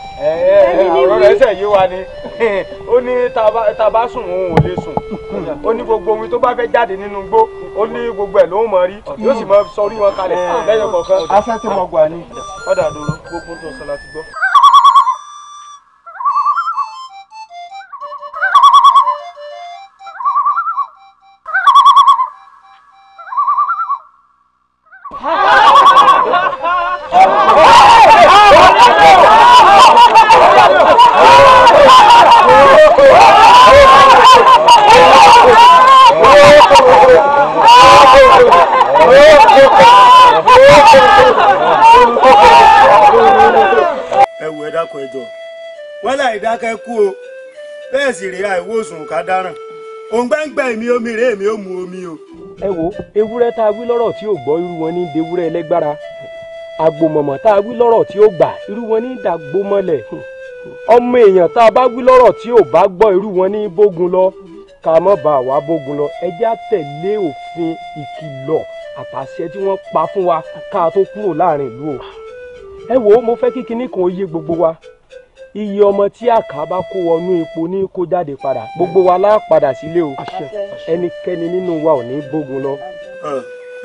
ọ̀rọ̀ rẹ̀ ṣẹ̀ yé wa ni ó ní tá a bá sùn òun ò lè sùn ó ní gbogbo ohun tó bá fẹ́ jáde nínú igbó ó ní gbogbo ẹ̀ lòún mọ̀ rí yóò sì mọ sọrí wọn kalẹ̀ lẹ́yìn kọ̀ọ̀kan. afẹ́ tí mo gbà ni. ọ̀dà àdúró gbogbo tó sọ láti gbọ́. Ha! ẹwù ẹ dákun ẹjọ wọn láì dákẹ́ kú o bẹ́ẹ̀ sì rèé àìwòsùn ká dáràn òǹgbẹ́ǹgbẹ́ èmi omi rèé èmi ò mu omi o. ẹ wo ewúrẹ́ tá a wí lọ́rọ̀ tí ò gbọ́ irú wọn ní dewúrẹ́ ẹlẹ́gbára àgbòmọ̀mọ̀ tá a wí lọ́rọ̀ tí ó gbà irú wọn ní dàgbòmọ̀lẹ̀ ọmọ èèyàn tá a bá wí lọ́rọ̀ tí ò bá gbọ́ irú wọn ní bógun lọ ká má bàa wá bógun lọ ẹ jẹ́ àtẹ̀lé òfin ìkìlọ̀ àtàṣẹ tí wọ́n pa fún wa ká tó kúrò láàrin ìlú o ẹ wò mo fẹ́ kí kinní kan yé gbogbo wa iye ọmọ tí àká bá kó wọnú epo ní kó jáde padà gbogbo wa láà padà sílé o ẹnikẹ́ni nínú wa ò ní bógun lọ.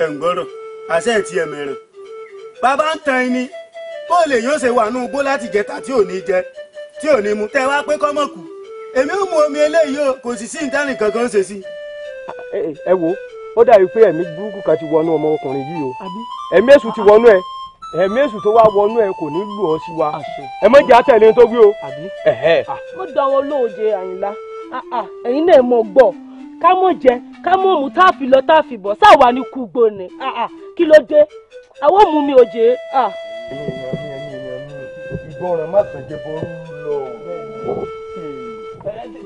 ẹ ń gbọ́dọ̀ àṣẹ ẹ̀ mẹ́rin bàbá ń tan ẹni bó lè yóò ṣe wà nú igbó láti jẹ tàbí ò ní jẹ tí ò ní mú tẹ wá pé kọ́mọ̀ èmi ò mu omi eléyìí o kò sì sí ìtàn nìkan kan ṣe sí. ẹ wo ó dàbí pé ẹ̀mí burúkú kan ti wọnú ọmọkùnrin yìí o ẹ̀mí èṣù ti wọnú ẹ ẹ̀mí èṣù tó wá wọnú ẹ kò ní lù ọ sí wa ẹ mọ̀ jẹ́ àtẹ̀lé tó wí o. Ah. mo dá wọn lóòjé àyìnlá ah, ah, ẹ̀yin náà mọ̀ gbọ́ ká mọ̀ jẹ ká mọ̀ mú tá lọ tá bọ̀ sáà wà ní kúgbó kí ló dé àwọn mú mi ìgbọràn má sàn jẹ ború lọ.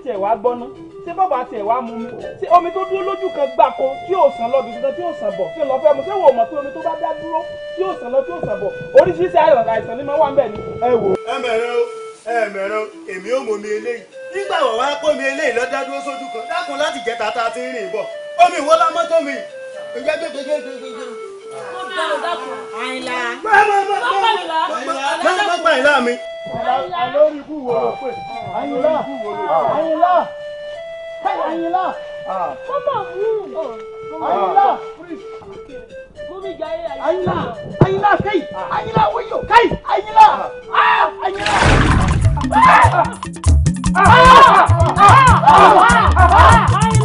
tiẹ̀ wá gbọ́ná ṣé bàbá tiẹ̀ wá mú mi ṣé omi tó dúró lójú kan gbàkó tí yóò sàn lọ bìkan tí yóò sàn bọ̀ ṣé lọ fẹ́ mu ṣé wò mọ̀ pé omi tó bá dá dúró tí yóò sàn lọ tí yóò sàn bọ̀ oríṣiríṣi àìsàn ni máa wà ń bẹ̀ ni. ẹ wò. ẹ mẹ̀rẹ̀ o ẹ mẹ̀rẹ̀ o èmi ò mọ̀ mi eléyìí nígbà wà wá pé mi eléyìí lọ dá dúró sójú kan dákun láti jẹ tata ti ń rìn bọ̀ omi ìwọ́lá mọ́tò mi ìjẹ́ gbẹgbẹgbẹgbẹgbẹ. ó dáa dákun àyìnlá. bẹ́ẹ̀ bá gba àyìnlá mi. àlórí ikú wo ló pè àyìnlá àyìnlá àyìnlá kọ́mọ̀ mú àyìnlá àyìnlá àyìnlá kẹ́yì àyìnlá wọ́yọ̀ kẹ́yì àyìnlá àyìnlá. Ah! Ah! Ah! Ah! Ah! Ah!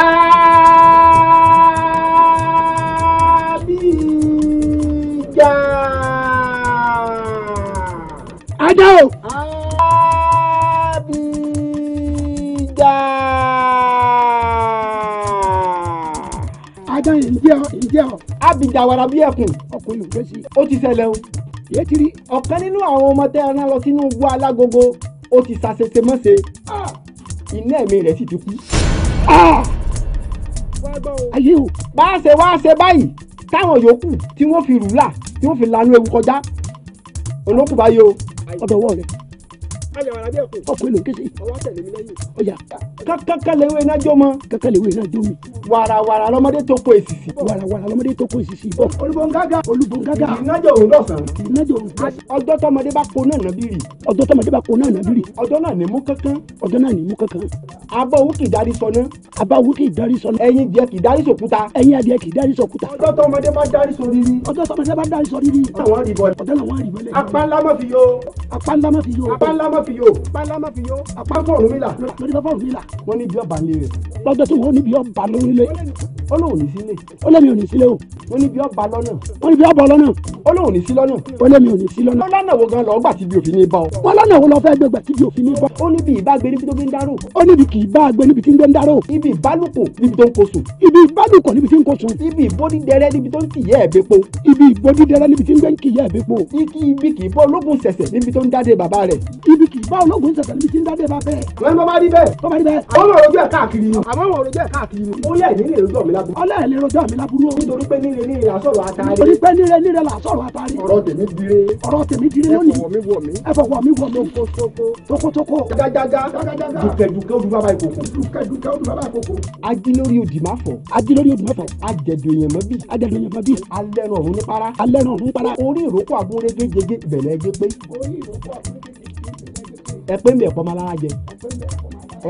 Abija. Ajá o. Abija. Ajá yẹn ǹjẹ́ ọ ǹjẹ́ ọ. Abija wàrà bí ẹkùn. Ọkùnrin ò fẹ́ sí. Ó ti ṣẹlẹ̀ o. Yé ti rí. Ọ̀kan nínú àwọn ọmọ tẹ́ ẹ lọ sínú igbó alágogo. Ó ti ṣàṣeṣe mọ́ṣe. Ah! Iná ẹ̀mí rẹ̀ sì ti kú. Ah! ayé o bá a ṣe wá a ṣe báyìí táwọn yòókù tí wọ́n fi rùlà tí wọ́n fi lanú ewu kọjá olókùn báyìí o ọ̀dọ̀ ọwọ́ alẹ́ wàrà bí ẹ̀kọ́. ọkọ èlò kése. ọwọ́ tẹ̀lé mi lẹ́yìn. ọyà kákàlẹ́wé nájọ́ mọ́ kákàlẹ́wé nájọ́ mi. wàràwàrà lọ́mọdé tó kó èsìsì. wàràwàrà lọ́mọdé tó kó èsìsì. olùbọ̀ngágà. olùbọ̀ngágà. ìnájọ òun lọ́sàn-án. ìnájọ òun lọ́sàn-án. ọjọ́ tọmọdé bá ko náà nàbírì. ọjọ́ tọmọdé bá ko náà nàbírì. ọjọ́ náà ní mú kankan. ọjọ́ náà ní mú kankan. abọ́ wú kì í darí sọnà. abọ́ wú kì í darí sọnà. ẹyin adìẹ kì í darí sòkúta. ẹyin adìẹ kì í darí sòkúta. ọjọ́ tọmọdé bá darí sọríri. yo. apá ńlá yo. apá ńlá fi yo pálá má fi yo àpáńkọ ọ̀run mi là. lórí bàbá òun mi là. wọ́n ní bí ọba ń lé rẹ̀. lọ́jọ́ tí wọ́n ní bí ọba lórí lé. ó lóun ní sílé. ó lé mi ò ní sílé o. wọ́n ní bí ọba lọ́nà. wọ́n ní bí ọba lọ́nà. ó lóun ní sí lọ́nà. ó lé mi ò ní sí lọ́nà. wọ́n lọ́nà wo gan lọ ọgbà tí bí òfin ní bá ọ. wọ́n lọ́nà wo lọ fẹ́ gbẹgbẹ tí bí òfin ní bá. ó ní bí ìbá gbé níbi tó gbé ń dárò. ó níbi kì í bá gbé níbi tí ń gbé ń dárò. ibi ìbálòpọ̀ níbi tó ń kó sùn. ibi ìbálòpọ̀ níbi tí ń kó sùn. ibi ìbódídẹrẹ́ níbi tó ń kìyẹ́ ẹ̀ bẹ́po. ibi ìbódídẹrẹ́ níbi tí ń gbé ń kìyẹ́ ẹ̀ bẹ́po. ibi ibi kì í bá ológun ṣe pẹ̀lú ti ń dábẹ́ bá bẹ́ẹ̀. wọ́n bá rí bẹ́ẹ̀. tó bá rí bẹ́ẹ̀. ó lọ́ọ́ rojọ́ káàkiri ni. àmọ́ wọn rojọ́ káàkiri ni. ó yẹ ìnílẹ̀ rojọ́ mi lábúrú. ọlẹ́ ìlẹ̀ rojọ́ mi lábúrú o. nítorí pé nílẹ̀ nílẹ̀ àsọ̀rọ̀ àtàrí. torí pé nílẹ̀ nílẹ̀ làásọ̀rọ̀ àtàrí. ọ̀rọ̀ tèmi dire. ọ̀rọ̀ tèmi dire lónìí. ẹ̀fọ̀ mi wọ̀ mí. ẹ̀fọ̀ wọ̀ mí wọ̀ mí. tokotoko. jagajaga. dukẹdukẹ odu baba ikoko. dukẹdukẹ odu baba ikoko. ajilori odi ma fọ. ajilori odi ma fọ. ajẹdo yẹn mọ bi. ajẹdo yẹn mọ bi. alẹ́nu ọ̀hún ní para. alẹ́nu ẹ̀pẹ́ ń bẹ̀ ẹ̀pọ̀ máa lára jẹ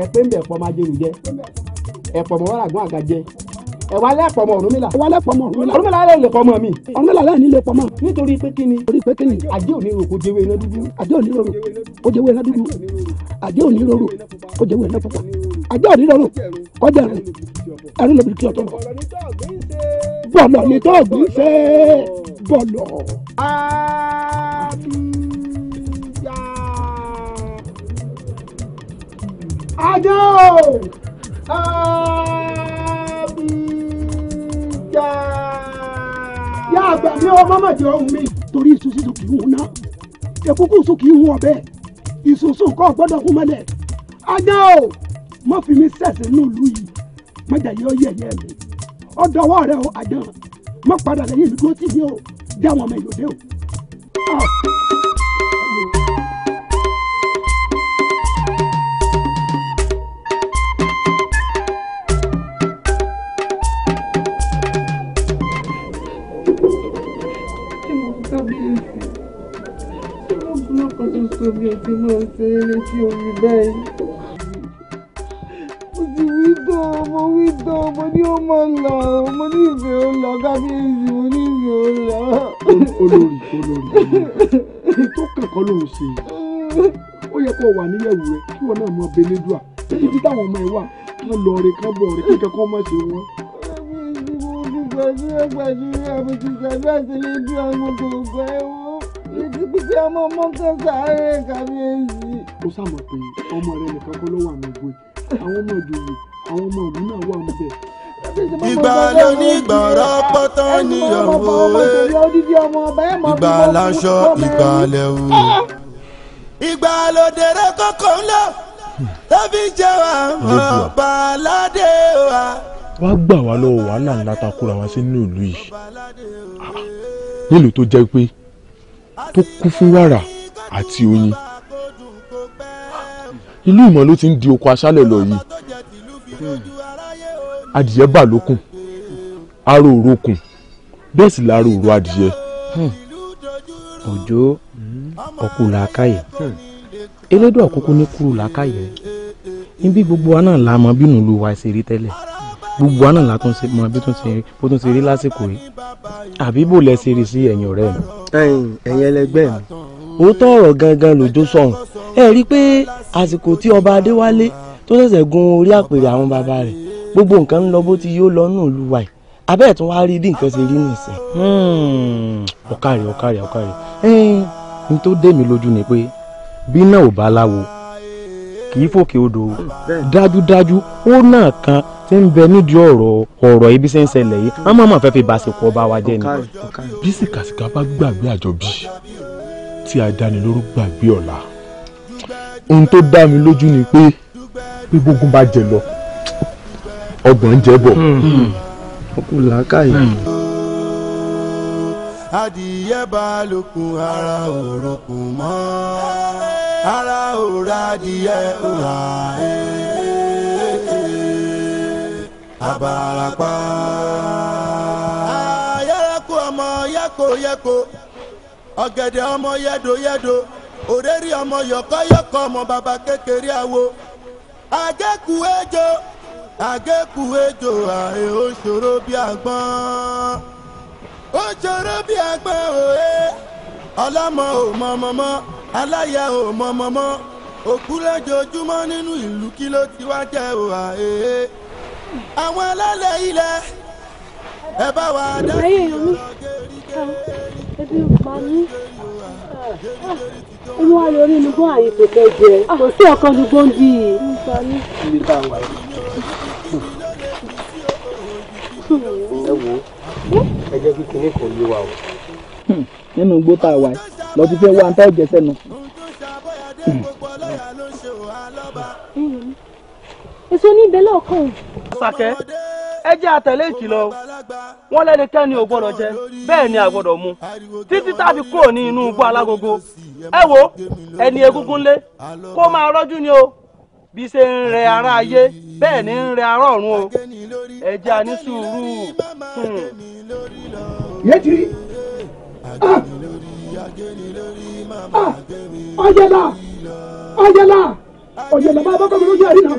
ẹ̀pẹ́ ń bẹ̀ ẹ̀pọ̀ máa jẹrù jẹ ẹ̀pọ̀ mọ̀ wọ́n àgbọ̀n àga jẹ ẹ̀wà lẹ́pọ̀ mọ̀ Ọ̀rúnmìlà ẹ̀wà lẹ́pọ̀ mọ̀ Ọ̀rúnmìlà Ọ̀rúnmìlà lẹ́yìn lè pọ̀ mọ̀ mi Ọ̀rúnmìlà lẹ́yìn lè pọ̀ mọ̀ nítorí pé kíni torí pé kíni àjẹ́ òní rò kò jẹ́wé iná dúdú àjẹ́ òní rò kò jẹ́wé iná dúdú àjẹ́ òní rò kò jẹ́wé iná pupa àjẹ́ òní rò kò jẹ́rù ẹ̀rú lóbi kí ọtọ́ bọ̀lọ̀ ni tó gbé fẹ́ bọ̀lọ̀. ajá o abijá. yá àgbà mi ọmọ mọ̀ jẹ́ ohun mi torí iṣu sísun kì í hun ná èkúkú sùn kì í hun ọ̀bẹ iṣu sùn kọ́ gbọ́dọ̀ hun mọ́lẹ̀ ajá o fi mi sẹ̀sẹ̀ nínú ìlú yìí mọ̀jà yẹ ọ yẹ̀yẹ́ mi ọ̀dọ̀wọ́ rẹ o àjàn mọ̀ padà lẹ́yìn ìlú tó ti ní o dá àwọn ọmọ ìlú dé o. Ah! Omi ẹ̀dùn náà ṣe é létí omi báyìí. Mo ti wí tán, mo wí tán, mo ní ó máa là, mo ní ìfẹ́ ó là, kábíyèsí, mo ní ìfẹ́ ó là. Olórí olórí tó kẹ́kọ̀ọ́ ló ń ṣe ó yẹ kó wà níyẹ̀wò rẹ̀ kí wọn náà mọ belédùà títí táwọn ọmọ ẹ̀ wà kán lọ rè kán bọ̀ rè kíkẹ́ kán má ṣe wọn gbàdúrà gbàdúrà mo ti gbàdúrà sí lójú àwọn gbogbo ẹ̀wọ̀n ìdíkùtì ọmọ ọmọ kan sáré kábíyèsí. ó sàmọ̀ pé ọmọ rẹ nìkan kọ́ ló wà nùgbò àwọn ọmọ ìjòyè àwọn ọmọ mi náà wà níbẹ̀. ìgbà ló ní gbọ̀rọ̀ pọ́tọ́ ní ọ̀wọ́ ìgbà láṣọ ìgbà lẹ́wù. ìgbà ló dèrè kókó ńlọ tàbí jẹ́wọ́ àwọn ọba aládé wa. wàá gbà wá lọ́wọ́ wàhálà ńlá ta wá sínú ìlú yìí ah, nílùú tó jẹ́ pé tó kún fún wàrà àti oyin ìlú ìmọ̀ ló ti ń di oko aṣálẹ̀ lọ yìí adìyẹ bà lókùn aró òrokùn bẹ́ẹ̀ sì láàárọ̀ òru adìyẹ. Hmm. òjò hmm. ọkù làákàyè hmm. elédò àkókò ní kúrú làákàyè níbi gbogbo wa náà la mọ bínú lu wa ṣe rí tẹ́lẹ̀ gbogbo àná la tún ṣe mọ bí tún ṣe bó tún ṣe rí lásìkò yìí àbí bò lẹ ṣe rí sí ẹ̀yìn ọ̀rẹ́ mi. ẹ̀yin ẹ̀yin ẹlẹgbẹ́ mi òótọ́ ọ̀rọ̀ gangan lòjó sọ̀hún ẹ rí i pé àsìkò tí ọba adéwálé tó ṣẹ̀ṣẹ̀ gun orí àpèrè àwọn bàbá rẹ̀ gbogbo nǹkan ń lọ bó ti yó lọ nù lù wáì abẹ́ẹ̀ tún wáá rí bí nǹkan ṣe rí nìsín. Hmm, ọ̀kàrẹ̀ ọ̀kàrẹ̀ ọ̀kàrẹ̀ ẹ̀ẹ́n ní tó dé mi lójú ni pé bí náà ò bá láwo kì í fòkè odò dájúdájú ó náà kan tí ń bẹ nídìí ọ̀rọ̀ ọ̀rọ̀ ibi ṣe ń ṣẹlẹ̀ yìí a máa máa fẹ́ fi bàṣepọ̀ ọba wa jẹ́ ni. bí sìkàsìkà bá gbàgbé àjọbí tí adánilóró gbàgbé ọ̀la ohun tó dá mi lójú ni pé bí gbógun bá jẹ lọ ọgbọ̀n jẹ bọ̀. ọkùnrin hmm. hmm. làákàyè. Hmm adìyẹ bá lókun ara òrò kùn mọ́ ara òrò adìyẹ òhà abarapa. ayẹ́rẹ́kù ọmọ yẹ́kọ̀yẹ́kọ̀ ọ̀gẹ̀dẹ̀ ọmọ yẹ́dọ̀yẹ́dọ̀ òrèrè ọmọ yọ̀kọ́yọ̀kọ́ ọmọ bàbá kékeré àwo àgẹ́kù ejò àìhó ṣòro bí àgbọn ó jọrọ bí agbọ́n òye ọlọ́mọ ò mọ mọ́mọ́ aláya ò mọ mọ́mọ́ òkú lójoojúmọ́ nínú ìlú kí ló ti wá jẹ́ òhà ee àwọn alálẹ̀ ilẹ̀ ẹ bá wa dá sí ọ̀rọ̀ gẹ́rígẹ́rí inú wa lórí inú bó àyè kò kẹjẹ ah, kò sí ọkàn ní gbòǹdì. ẹ wo ẹgbẹ́ bíi kìnìún kò wa hmm, nínú igbó tá a wà lọ ti fẹ́ wá ń sẹ́nu. Hmm. èso ní ibẹ̀ lọ́ọ̀kan. ẹ jẹ́ àtẹ̀lé ìkìlọ̀ wọn lẹ́nikẹ́ni ò gbọ́dọ̀ jẹ bẹ́ẹ̀ ni a mu títí kúrò ní inú igbó alágogo ẹ wo ẹni lé kó máa rọ́jú ni o. bí ṣe ń rẹ ara ayé bẹ́ẹ̀ ni ń rẹ ara ọ̀run o ẹ jẹ́ a ní sùúrù. Hmm. yéètì ọ̀yẹ̀là ah. ah. ọ̀yẹ̀là ọ̀yẹ̀là bá bọ́kọ̀ mi lójú ẹ̀rí náà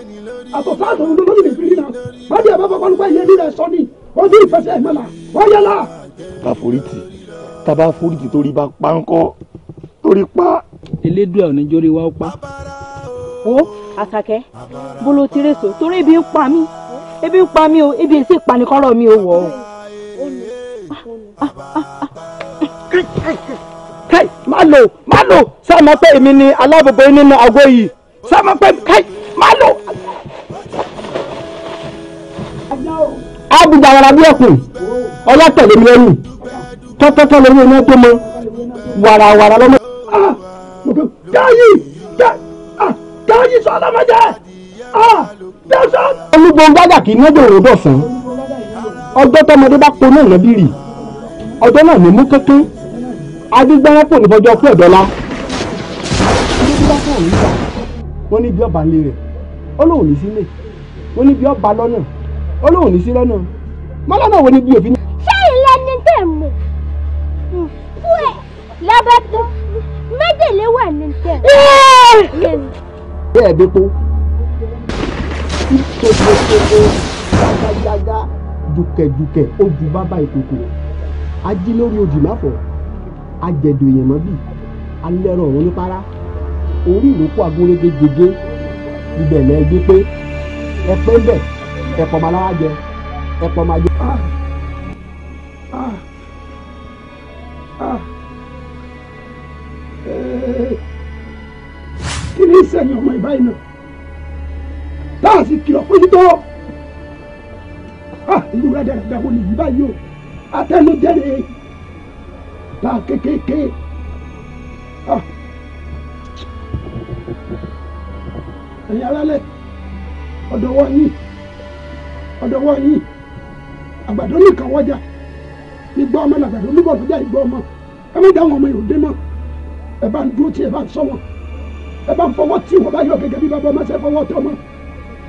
àtọ̀tà àtọ̀run ló lójú ìfìrí náà má bí àbá bọ́kọ̀ lópa ìyẹn nílẹ̀ sọ ni ojú ìfẹsẹ̀ ìmọ̀là ọ̀yẹ̀là. ká foríjì tá torí bá pa ń kọ́ torí pa. elédùn ẹ̀ ò ní jórí wa ó pa. wo àṣàkẹ́ bolo ti rèso torí ebi ń pa mí ebi ń pa mí o ebi ń sì panikọ́rọ̀ mi ò wọ̀ o. kai má lò má lò sọ́mọ pé èmi ni alábòbò nínú àgọ́ yìí sọ́mọ pé kai má lò. àgùdà wàrà bí ẹkùn ọlọ́tẹ̀lẹ̀ mi lẹ́yìn tọ́tọ́tọ́ lórí iná tó mọ wàràwàrà lọ́mọ. Ah, mo fẹ́ dáyé dáyé jẹ́ oyin sọ ọlọ́mọdé dẹ́sọ́. Ah, olúgbòhùn gbájà kì í nọ́dọ̀ òrò dọ̀sán ọjọ́ tọmọdé bá po náà lẹ́bìrì ọjọ́ náà ló mú kékeré adigbẹ́rẹ́ kò ní fọjọ́ pé ọ̀dọ́lá. ilé bí wọ́n sọ̀rọ̀ nígbà wọ́n ní bí ọba lé rẹ̀ ó lóun ní sílé wọ́n ní bí ọba lọ́nà ó lóun ní sí lọ́nà mọ́lọ́nà wo ni bí òfin. ṣé ìlà ni bẹ́ẹ̀ mọ̀ fún ẹ̀ lábẹ́ tó méjèlé wà ní tẹ̀ bẹ́ẹ̀ bí kó ìtòkòtòkò yágáyágá jùkẹ̀jùkẹ̀ ó ju bábà ìkòkò ají lórí ojì máfọ̀ ajẹ̀dò èèyàn mọ́ bì alẹ́rọ̀ ọ̀run ní para orí ìrókò agúnrégé gègé ibẹ̀ lẹ́ gbé pé ẹ pé ń bẹ̀ ẹ̀pọ̀ máa lára jẹ ẹ̀pọ̀ máa jẹ. Ah! Ah! Hey! Ah! Eh! kí ni ìṣẹ̀lẹ̀ ọmọ ìbáyìí náà tá a sì kìlọ̀ fún yìí tó ah, irú rẹ̀ dẹ̀rẹ̀dẹ̀ wo lè yí báyìí o atẹnudẹ́rẹ́ bá kékèké. Ah. ẹ̀yin alálẹ̀ ọ̀dọ̀wọ́ yín ọ̀dọ̀wọ́ yín àgbàdo nìkan wọ́jà igbó ọmọ làgbàdo níbọ̀ lọ́jà igbó ọmọ ẹ má dáhùn ọmọ yòó dé mọ́ ẹ bá ń dúró tí ẹ bá ń sọ wọn ẹ bá ń fọwọ́ tí wọ́n bá yọ gẹ́gẹ́ bí bàbá ọmọ ṣe fọwọ́ tọ́ ọmọ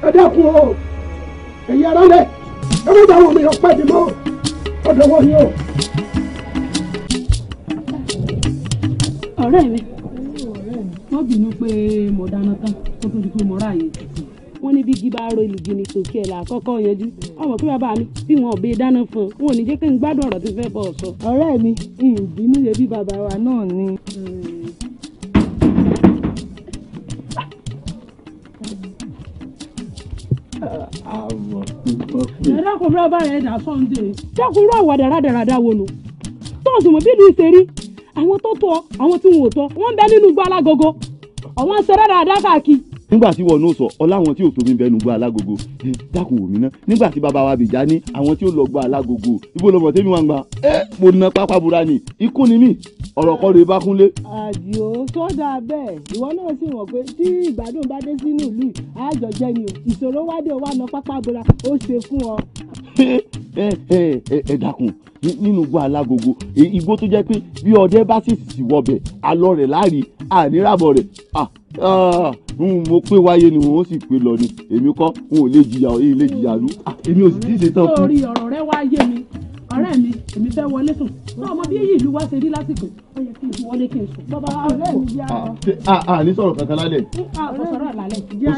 ẹ dákun o ẹ̀yin ara lẹ̀ ẹ bá wọn mi ọ̀pẹ́ mi mọ́ ọ̀dọ̀ wọn ni o. ọ̀rẹ́ mi wọ́n bínú pé mo dáná tán kó tó di pé mo ráàyè wọ́n ní bí igi bá ro ìlùgì sòkè ẹ̀ là yanjú ọmọ pé bàbá mi bí wọn ò dáná fún un wọn ò ní jẹ́ kí n gbádùn ọ̀rọ̀ tí fẹ́ bọ̀ sọ. ọ̀rẹ́ mi ìbínú yẹ bí bàbá wa náà ni. Hmm. ẹ̀rọ kò fẹ́ báyẹn dà Sunday dákun irú àwàdà rádaràda wo nu tọ́ọ̀sì mọ̀ bí ìlú ṣe rí àwọn tó tọ́ àwọn tí wọn ò tọ́ wọ́n ń bẹ nínú igbó alágogo àwọn ń ṣe rádaràda káàkiri nígbà tí wọn náà sọ ọláwọn tí òtòmí bẹnu gba alágogo dákun wò mí ná nígbà tí bàbá wa bìjà ní àwọn tí ó lọ gba alágogo ibo lọmọ tẹmí wa gbà ẹ mo na pápá bura ni ikú ni mí ọ̀rọ̀ kọ́ rèé bá kúnlé. àdìo tó dáa bẹ́ẹ̀ ìwọ náà sì wọ̀n pé tí ìgbádùn bá dé sínú ìlú àjọjẹ ni o ìṣòro wádìí wa na pápá bura ó ṣe fún ọ. ẹ ẹ ẹ dákun nínú igbó alágogo igbó tó jẹ́ pé bí ọdẹ bá sì sì wọbẹ̀ alọ rẹ̀ láàrin àníràbọ̀ rẹ̀ Ah, mo pé wáyé ni wọ́n sì pé lọ ni èmi kọ́ n ò lè jìyà èyí lè jìyà lú ah, èmi ò sì tí ì ṣe tán kú. ọ̀rọ̀ rẹ wáyé mi ọ̀rẹ́ mi èmi fẹ́ wọlé sùn náà ọmọ bí èyí ìlú wa ṣe rí lásìkò ó yẹ kí n wọlé kí n sùn. bàbá ah, ọ̀rẹ́ mi yá ọ. a a ní sọ̀rọ̀ kankan lálẹ́. kò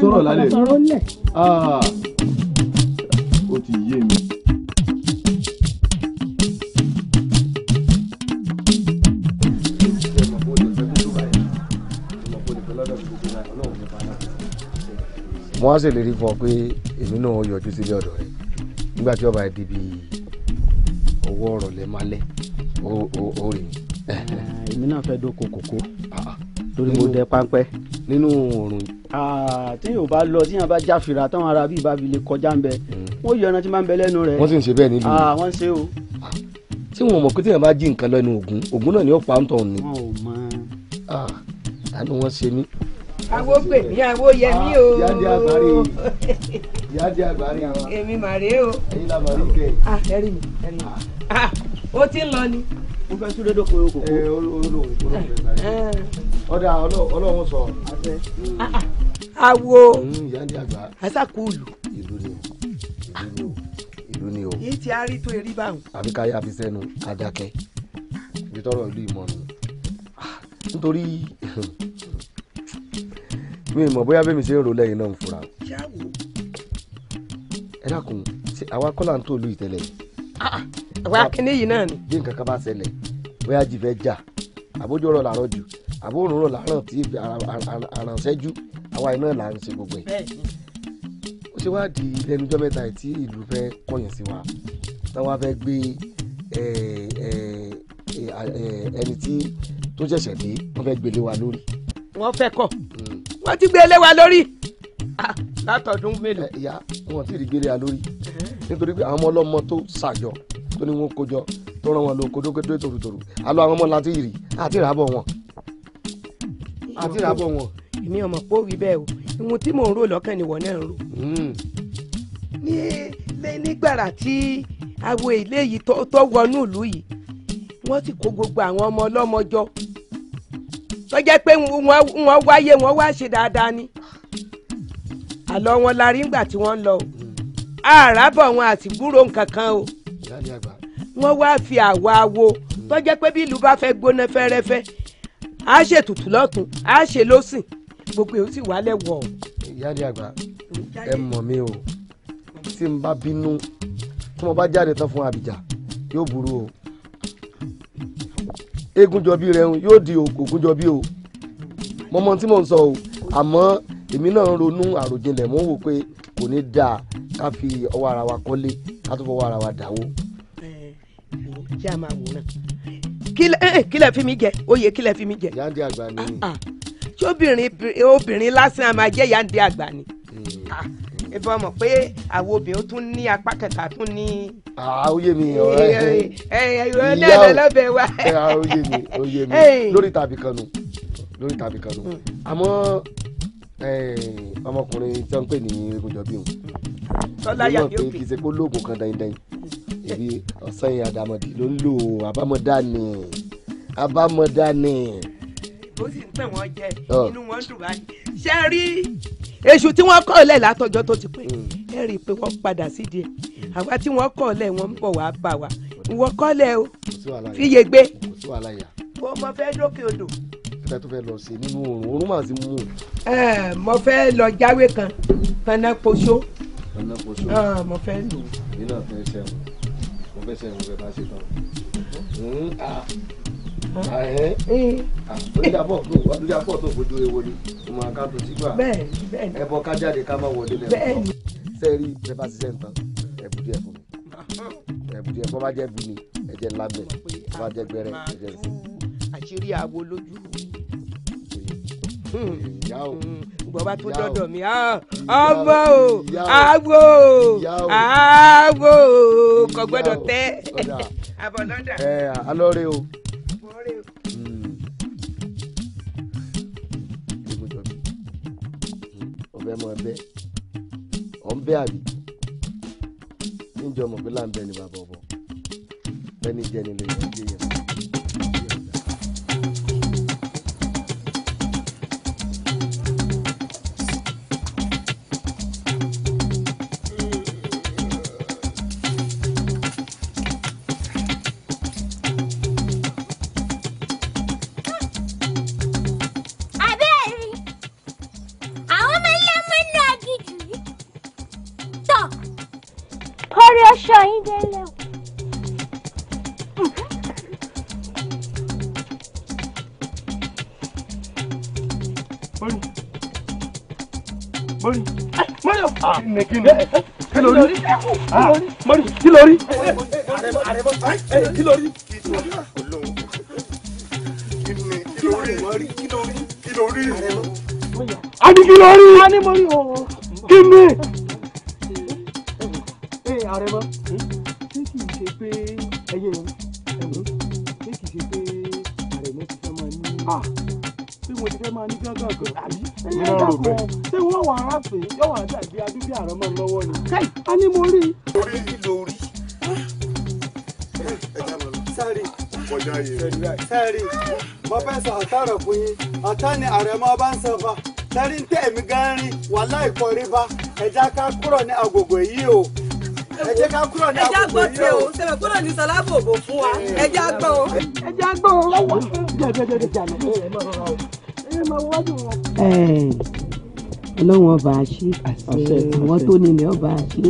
sọ̀rọ̀ sọ̀rọ̀ lálẹ́. ó ti yé mi. mo wá ṣèlérí fún ọ pé èmi náà yọjú sílé ọ̀dọ̀ rẹ nígbà tí ọba di bí owó ọ̀rọ̀ lẹ máa lẹ ó rè mí. èmi náà fẹ́ dóko kòkó ah, ah. lórí mo dẹ páńpẹ́. nínú oòrùn. tí yóò bá lọ tí yàn bá jáfira táwọn ará bíi bá fi lè kọjá ń bẹ hmm. wọn yọ ẹran tí máa ń bẹ lẹ́nu rẹ. wọ́n sì ń ṣe bẹ́ẹ̀ nílùú. wọ́n ṣe o. tí wọn mọ̀ pé tí yàn bá jí nǹkan lọ ògún ògún náà ni ó pa ń tọ̀ ni awo pè mí awo yẹ mí o. yáde àgbáre yáde àgbáre àwọn. èmi màrè o. ẹyin la màrè kẹ. ah ẹrí mi ẹrí mi ah o ti ń lọ ni. o fẹ́ súré dóko yòókù. ẹ olóòwò olóòwò sáré. ọ̀dà ọlọ́run sọ. awo asakuulu. ìlú ni o ìlú ni o. yìí ti arí tó erí báwọn. àbí ká yá fi sẹ́nu ká dákẹ́ ibi tọ́rọ̀ ìlú ìmọ̀ nù nítorí mi mọ̀ bóyá bẹ́ẹ̀ mi ṣe ń ro lẹ́yìn náà ń fura. ẹ dákun ṣe àwa kọ́là ń tó olú ìtẹ́lẹ̀. Ah, àwa kìíní yìí náà ni. bí nǹkan kan bá ṣẹlẹ̀ bóyá jì fẹ́ jà àbójú ọ̀rọ̀ làárọ̀ jù àbóòrùn ọ̀rọ̀ làárọ̀ tí àràǹṣẹ́jú àwa iná là ń ṣe gbogbo ẹ̀. ó ṣe wá di lẹ́nujọ́ mẹ́ta yìí tí ìlú fẹ́ kọ̀yìn sí wa táwa fẹ́ gbé ẹni tí tó ṣẹ̀ṣẹ̀ dé wọ́n fẹ́ gbélé wa lórí. wọ́n fẹ́ kọ̀ wọ́n ti gbé ẹlẹ́wà lórí ah, látọ̀dún mélòó. Eh, ìyá wọn ti rí gbére a lórí nítorí pé àwọn ọmọ ọlọ́mọ tó ṣàjọ tó ní wọn kójọ tó rán wọn lọ kódókódó tòrùtòrù àlọ àwọn ọmọ láti yìrì àti ìràbọ̀ wọn àti ìràbọ̀ wọn. èmi ọmọ pò wí bẹ́ẹ̀ o ìwọ̀n tí mò ń rò lọ́kàn ni wọ́n náà ń rò. Hmm. ní nígbàrà tí awo ilé yìí tó wọnú ìlú yìí wọ́n ti kó gbogbo àwọn ọmọ ọlọ́mọ jọ tó jẹ́ pé wọ́n wáyé wọ́n wá ṣe dáadáa ni àlọ́ wọn la rí ngbà tí wọ́n lọ o àràbọ̀ wọn àti gbúrò nǹkan o wọ́n wá fi àwa wo tó jẹ́ pé bí ìlú bá fẹ́ gbóná fẹ́rẹ́fẹ́ á ṣètùtù lọ́tún á ṣe lọ́sìn gbogbo èyí wálẹ̀ wọ̀. ìyáàdì àgbà ẹ mọ̀ mi o tí n bá bínú tí mo bá jáde tán fún Àbíjà yóò burú o eégúnjọbí rẹ ń yóò di ògúnjọbí o mo mọ tí mò ń sọ o àmọ́ èmi náà ń ronú àròjinlẹ̀ mò ń wò pé kò ní dáa ká fi ọwọ́ ara wa kọ́lé ká tó fọwọ́ ara wa dàwó. kílẹ̀ eh, eh, fi mi jẹ oyè kílẹ̀ fi mi jẹ. yáǹdí àgbà ni. Ah, ah. ṣé obìnrin obìnrin lásán a máa jẹ́ yáǹdí àgbà ni. Hmm. Ah ebi ọmọ pé àwọn obìnrin tún ní apá kẹta tún ní. ó ah, mi eh, ọ̀rẹ́ eh, eh, ìyá ó ah, yé mi ó mi lórí tàbí kanu lórí tàbí kanu hmm. àmọ́ ọmọkùnrin tí wọ́n pè ní egunjọ́bí òun tọ́lá yà bí òkè kì í ṣe pé olóògùn kan dandan dandan èyí ọ̀sán yẹn àdàmọ̀dì ló ń lò àbámọ̀dá ni àbámọ̀dá ni. bó sì ń tẹ̀ wọ́n jẹ oh. inú wọn dùn báyìí ṣé rí èṣù tí wọ́n kọ́ lẹ̀ látọjọ́ tó ti pé mm. ẹ rí i pé wọ́n padà sídìí ẹ̀ àwa tí wọ́n kọ́ lẹ̀ wọ́n ń bọ̀ wá bá wa ìwọ kọ́ lẹ̀ o fìyè gbé bó mo fẹ́ lókè odò. ìfẹ́ tó fẹ́ lọ sí nínú oòrùn oòrùn máa ti mú un. mo fẹ́ lọ jáwé kan panaposo mo fẹ́ lò. nínú àfẹ́ sẹ́wọ̀n mo fẹ́ sẹ́wọ̀n mo fẹ́ bá ṣe tán. Hmm, ah lójúdàpọ̀ tó wà lójúdàpọ̀ tó fojú ewo ni mo máa ká tó sígbà ẹbọ ká jáde ká má wọlé lẹ́nu sẹ́ẹ̀rí bẹ́ẹ̀ ṣiṣẹ́ nǹkan ẹ̀bù díẹ̀ fún mi ẹ̀bù díẹ̀ fún mi bá jẹ́ bu ni ẹ̀jẹ̀ ńlá bẹ̀ bá jẹ́ gbẹrẹ ẹ̀jẹ̀ ńsẹ̀. àṣírí àwo lójú hmm. bàbá tó dọ́dọ̀ mi ọmọ ah, o àgbo o àgbo o kò gbọ́dọ̀ tẹ́ abọ̀dọ́dà. ẹ alọ́rẹ́ o. fẹ́ mọ bẹ́ ọ̀ ń bẹ́ àbí níjọ́ mọ̀ pé láǹbẹ́ ni bàbá ọ̀bọ̀ bẹ́ẹ̀ ni jẹ́ ni lè yẹn. ni kí ni kí ló rí mọ́rí kí ló rí kí ló rí ah, kí ló rí kí ló rí kí ló rí. a ní kí ló rí kí ni. ìkọríba ẹ jẹ́ ká kúrò ní agbègbè yìí o ẹ jẹ́ ká kúrò ní agbègbè yìí o. ẹ jẹ́ àgbọ̀ tẹ o sẹ̀rẹ̀ kúrò ní sọlábòbò fún wa ẹ jẹ́ àgbọ̀ o. ẹ jẹ́ àgbọ̀ ọlọ́run ọba àṣì àwọn tó nílẹ̀ ọba àṣì.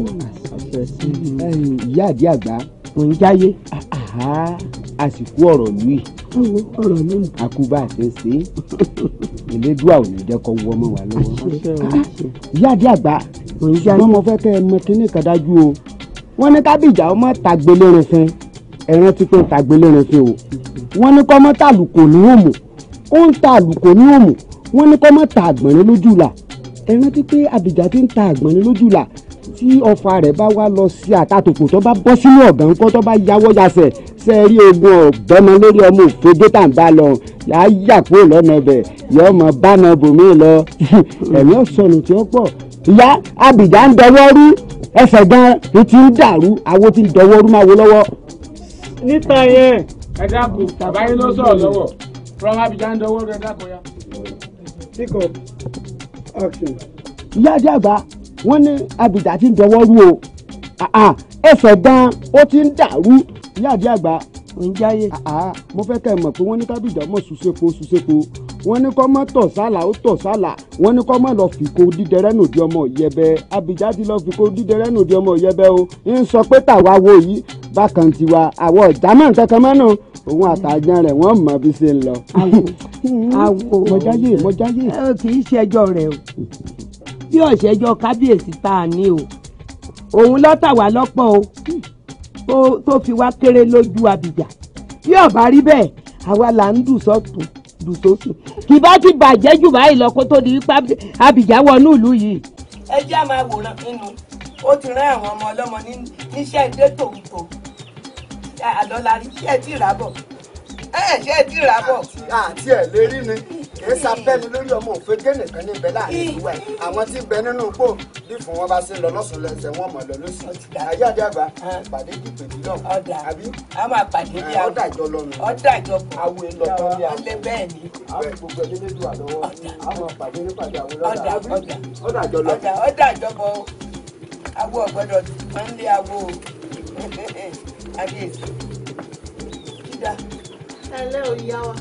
ìyá àdí àgbà. ń jáyé. àsìkò ọ̀rọ̀ lùi. àkúbà àti ṣe é elédùà ò ní jẹ́ kó wọ́ ọmọ wa lọ́wọ́. ìyá àgbà wọ́n fẹ́ kẹ́ ẹ mọ kíní kan o wọ́n ní kábíjà ọmọ tàgbélé rẹ̀ ẹ̀rán ti pé tàgbélé rẹ̀ o wọ́n ní kọ́ mọ́ tàlùkò ní òmù ó ń ta àlùkò ní òmù wọ́n ní kọ́ mọ́ ta lójú la ẹ̀rán ti pé àbíjà ti ń ta àgbọ̀nrín lójú la tí ọfà rẹ̀ bá wá lọ sí àtàtòkò tó bá bọ́ sínú ọ̀gá ńkọ́ tó bá yáwọ́ yasẹ̀ ṣe rí ogun ọ̀gbọ́mọ lórí ọmọ òfegé tà ń bá lọ yà á yà kúrò lọ́nà ẹbẹ̀ yọ ọmọ bánà bòmí lọ ẹ̀mí ọ̀sọ̀nù tí ó pọ̀ ìyá abìjà ń dọwọ́ rú ẹsẹ̀ gan ni ń dàrú àwo ti ń dọwọ́ rú máa wo lọ́wọ́. níta yẹn ẹ dákun bàbá yín ló sọ̀rọ̀ lọ́wọ́ from abìjà ń rú ẹ dákun ya. ìyá àti wọ́n ní abidà ti ń dọwọ́ rú o ẹsẹ̀ gan ó ti ń dàrú ìyá àdí àgbà ń jáyé mo fẹ́ kẹ́ ẹ mọ̀ pé wọ́n ní kábíjà mọ̀ ṣùṣepo ṣùṣepo wọ́n ní kọ́ mọ́ tọ̀ sálà ó tọ̀ sálà wọ́n ní kọ́ mọ́ lọ fìkó dídẹrẹ́ nòdì ọmọ ìyẹbẹ abidà ti lọ fìkó dídẹrẹ́ nòdì ọmọ ìyẹbẹ o ń sọ pé tàwa wo yìí bákan tiwa àwọ̀ ìdámọ̀ nǹkan kan mọ́nà òun àtàjàn rẹ wọn mọ bí ṣe ń lọ. àwò mọjáyé mọjáyé. kì í ṣe ẹjọ́ rẹ o tí ọ̀ṣẹ́jọ́ kábíyèsí tá a ní o òun lọ́tà wá lọ́pọ̀ o tó fi wá kéré lójú àbíjà bí ọ̀bá rí bẹ́ẹ̀ àwa là ń dùn sọ́tún dùn sósùn kì bá ti bàjẹ́ jù báyìí lọ kó tó di wípé àbíjà wọnú ìlú yìí. ẹ jẹ́ àmà wòran nínú ó ti rán àwọn ọmọ ọlọ́mọ níṣẹ́ ilé tòwútò àdọ́lárí ṣé ẹ ti rà bọ̀ ẹ ṣé ẹ ti rà bọ̀. àti ẹ lérí ni kìí sàbẹ́mi lórí ọmọ òfegè nìkan níbẹ̀ láàrin ìlú wa àwọn tí bẹ nínú igbó bí fún wọn bá ṣe lọ lọ́sùn lẹ́sẹ̀ wọn mọ̀ lọ lọ́sùn àyà dàgbà pàdé dìpè bí náà àbí àwọn àpàdé bí àwọn ọ̀dà ìjọ lọ nù àwọn èèlò kan bí àwọn ọ̀lẹ́ bẹ́ẹ̀ ni. àwọn gbogbo ẹgbẹ́ àwọn àpàdé máa ń lé awo àbí èsì. ẹ lẹ́ òyìnbá wa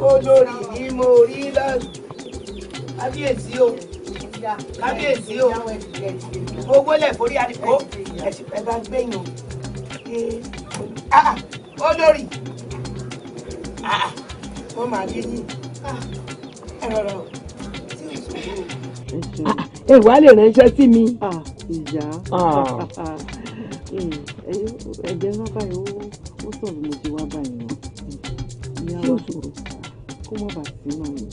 olórí ni mo rí lọ́sùn kábíyèsí o kábíyèsí o owó lẹ̀ forí àdìpọ̀ ẹ bá gbẹ̀yìn olórí mo máa rí yín ẹ rọrọ ẹ wàá lè ránṣẹ́ sí mi. Ah, ìyá. Ah, ah, ẹ̀jẹ̀ náà báyìí ó sọ̀rọ̀ mo ti wá báyìí wọn ìyá wa sọ̀rọ̀ kó má bàa sí náà ni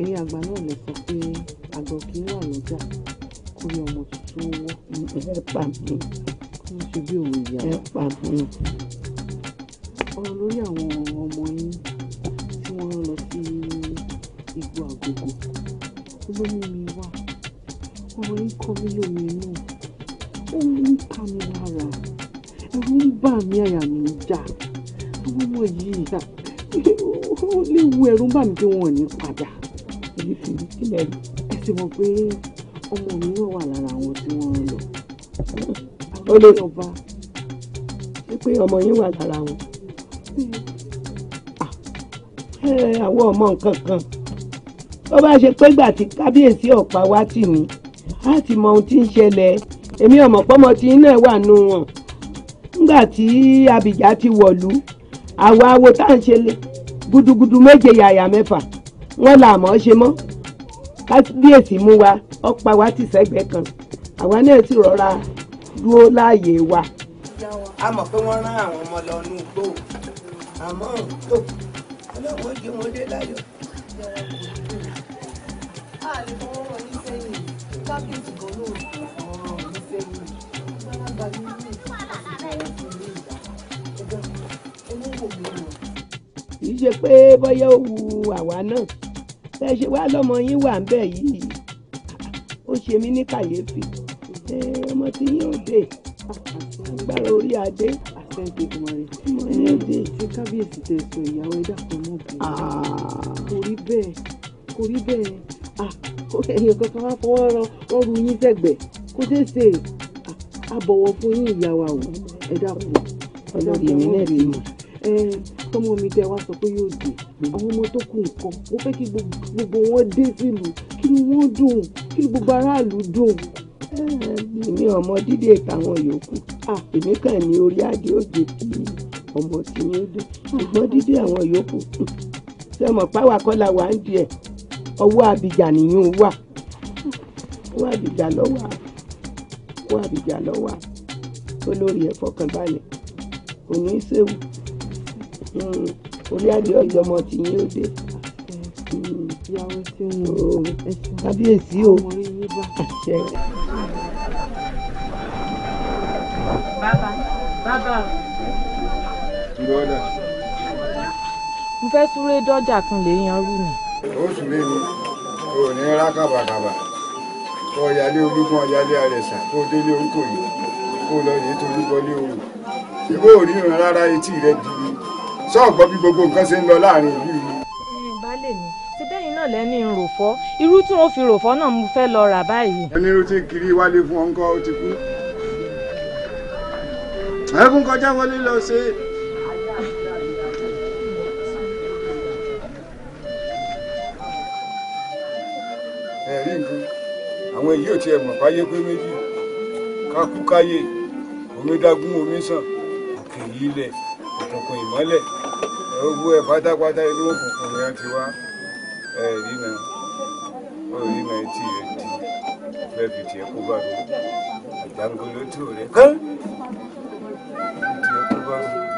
ẹ̀yin àgbà náà lè sọ pé àgbọ̀ kì í wà lọ́jà kó rí ọmọ tuntun wọ́ ẹ pa mi kó ṣe bí òun ìyá ẹ pa mi. ọ̀rọ̀ lórí àwọn ọmọ yín tí wọ́n lọ sí igbó àgògò ó ló mi wá ọmọ yín kọ́ mí lómi inú orí ń ta mi lára ẹ̀rù ń bà mí àyà mi ń já ọmọ yìí ó léwu ẹ̀rù ń bà mí pé wọn ní padà ẹ sì mọ̀ pé ọmọ mi náà wà lára àwọn tí wọ́n ń lọ ó lè ọba pé ọmọ yín wà lára wọn ah. àwọn ọmọ nǹkan kan ó bá ṣe pé gbà tí kábíyèsí ọ̀pá wá tì mí láti mọ ohun tí ń ṣẹlẹ̀ èmi ọmọ pọ́mọ tí iná wà nù wọn nígbà tí abìjà ti wọ̀lú àwa awo tá à ń ṣe gudugudu méje yàyà mẹ́fà wọ́n là mọ́ ṣe mọ́ kábíyèsí mú wa ọ̀pá wa ti sẹ́gbẹ̀ẹ́ kan àwa náà sì rọra dúró láàyè wa. a mọ̀ pé wọ́n rán àwọn ọmọ lọ inú igbó àmọ́ tó ọlọ́wọ́ yé wọn dé láyọ̀ kì ṣe pé bóyá ó wu àwa náà ẹ ṣe wá lọ́mọ yín wà ń bẹ̀ yìí ó ṣe mí ní kàyéfì ọmọ tí yín ò dé agbára orí adé àtẹ̀ǹtì ìmọ̀ràn ìmọ̀ ní èdè ṣé kábíyèsí tẹ̀ sọ ìyàwó ẹ̀dá kan náà bí kò rí bẹ́ẹ̀ kò rí bẹ́ẹ̀ èèyàn ah, kankan wá fọwọ́ rọrùn yín sẹ́gbẹ̀ẹ́ kó ṣeé ṣe a bọ̀wọ̀ fún yín ìyá wa o ẹ dákun ọlọ́dẹ mi náà rí mi tọmọ mi tẹ wá sọ pé yóò dé àwọn ọmọ tó kù nǹkan mo fẹ́ kí gbogbo wọn dé sílùú kí ni wọ́n dùn kí ni gbogbo aráàlú dùn. èmi ọmọ dídé táwọn yòókù ah. èmi kàn ní orí adé òde kí ọmọ tí yín dùn ṣùgbọ́n dídé àwọn yòókù sẹ́mọ̀ páwa kọ́lá wà ń di ẹ̀ ọwọ́ àbíjà nìyẹn wà ọwọ́ àbíjà lọ́wọ́ àbí èkó àbíjà ló wà tó lórí ẹ̀ fọkànbalẹ̀ òní ṣéwù hmm, orí adé ọyọ ọmọ tìyín ó dé hmm, kábíyèsí o àṣẹ. bàbá bàbá mo fẹ́ súré dọ́jà kan lè yan rú ni. ó sì lé mi ò ní rákàbàkàbà ọ̀yàlé olúkún ọ̀yàlé àrẹ̀sà kó o délé òǹkòyí kó o lọ yìí tó orúkọ lé òun ìwé òríran rárá etí rẹ dìbò sọ́ọ̀gbọ́n bí gbogbo nǹkan ṣe ń lọ láàrin ìlú yìí. baálé mi ti bẹ́yìn náà lẹ́ni ròfọ́ irú tí wọ́n fi ròfọ́ náà mo fẹ́ lọ rà báyìí. onírú tí kiri wálé fún ọ ńkọ́ ó ti kú. ẹkún kọjá wọlé lọ ṣe àwọn èyí ò tiẹ̀ mọ̀ fáyé pé méjì kákú káyè omi dágún omi sàn òkè yìí lẹ̀ òkùnkùn ìmọ́lẹ̀ gbogbo ẹ̀ pátápátá inú òkùnkùn ni a ti wá ẹ̀rí náà orí náà etí rẹ̀ di ìfẹ́ fi tiẹ̀ kó bá mi ìgbàngolo tó rẹ̀ kán tiẹ̀ kó bá mi.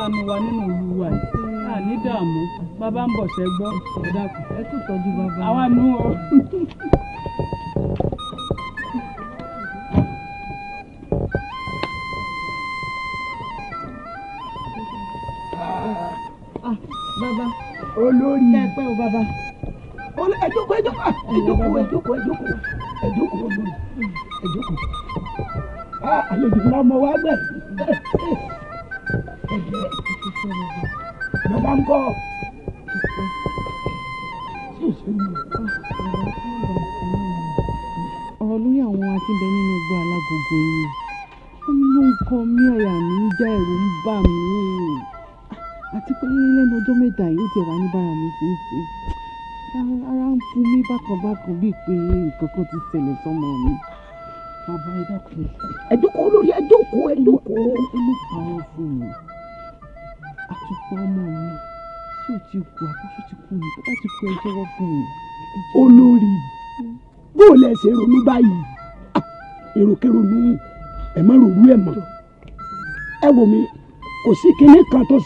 ṣàánú wa nínú ìlú wa yìí àní dààmú bàbá ń bọ̀ ṣẹ́gbọ́ ẹ tún tọ́jú bàbá. àwa nù ú.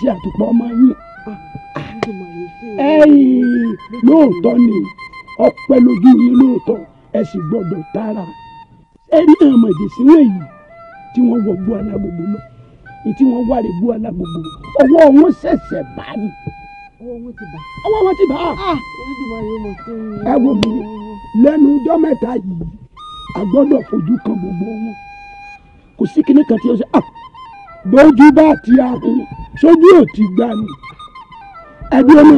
ṣe àtùpà ọmọ yín ah, ah, ẹ̀yìn ah, lóòótọ́ ni ọpẹ́ lójú yín lóòótọ́ ẹ sì gbọ́dọ̀ tààrà ẹni àmọ̀dé sílẹ̀ yìí tí wọ́n wọ bú alágbogbo lọ tí wọ́n wárí bú alágbogbo ọwọ́ wọn ṣẹ̀ṣẹ̀ bá ní. ọwọ́ wọn ti bá. ọwọ́ ẹ wò mí lẹ́nu ọjọ́ mẹ́ta yìí a fojú kan gbogbo wọn kò sí kinní kan tí ó ṣe ah bójú bá ti ahun sójú ò ti gbà ní. ẹbí ọmọ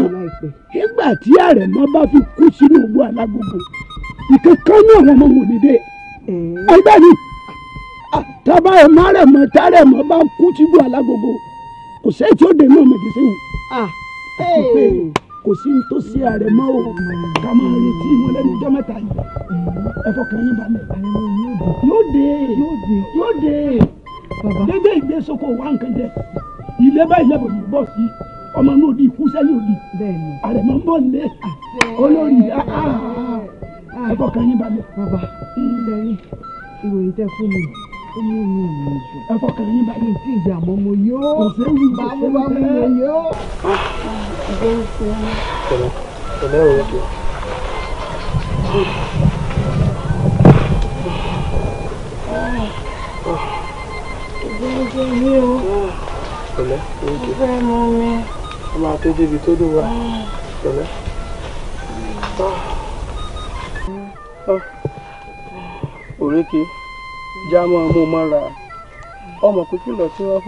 nígbà tí àrẹ̀mọ bá fi kú sínú ògbó alágbogbo ìkankan ní àwọn ọmọ mòlídé ẹgbẹ́ ni tábà ẹ̀ má rẹ̀mọ tárẹ̀mọ bá kú sígbó alágbogbo kò sẹ́yìn tí ó dé náà mọ̀jẹ̀ sẹ́yìn kò sí tó sí ààrẹ o ká máa retí wọn lẹ́nu ọjọ́ mẹ́ta yìí ẹ fọkàn balẹ̀ yóò dé yóò dé dédé ìgbésókò wá nǹkan jẹ ilé báyìí lẹ́bùn ní bọ̀ sí ọmọ náà di ikú sẹ́yìn òdì àrẹ̀mọ́ ń bọ̀ nílé olórí ẹ̀kọ́ kan yín balẹ̀. bàbá ìdẹ́rẹ́ ìròyìn tẹ fún mi ó mú mi ìrìn jù. ẹ̀kọ́ kan yín balẹ̀. kì í ti ìjà mọ́ mo yó. kò séwu kò séwu bámu mo yó. tẹ̀lé tẹ̀lé òwe tó. Oh. pẹ̀lẹ́ oúnjẹ a máa tó débi tó dùn wá pẹ̀lẹ́. òrékè já mọ́ ọmọ mọ́ra ọmọ pínpín tí fún wa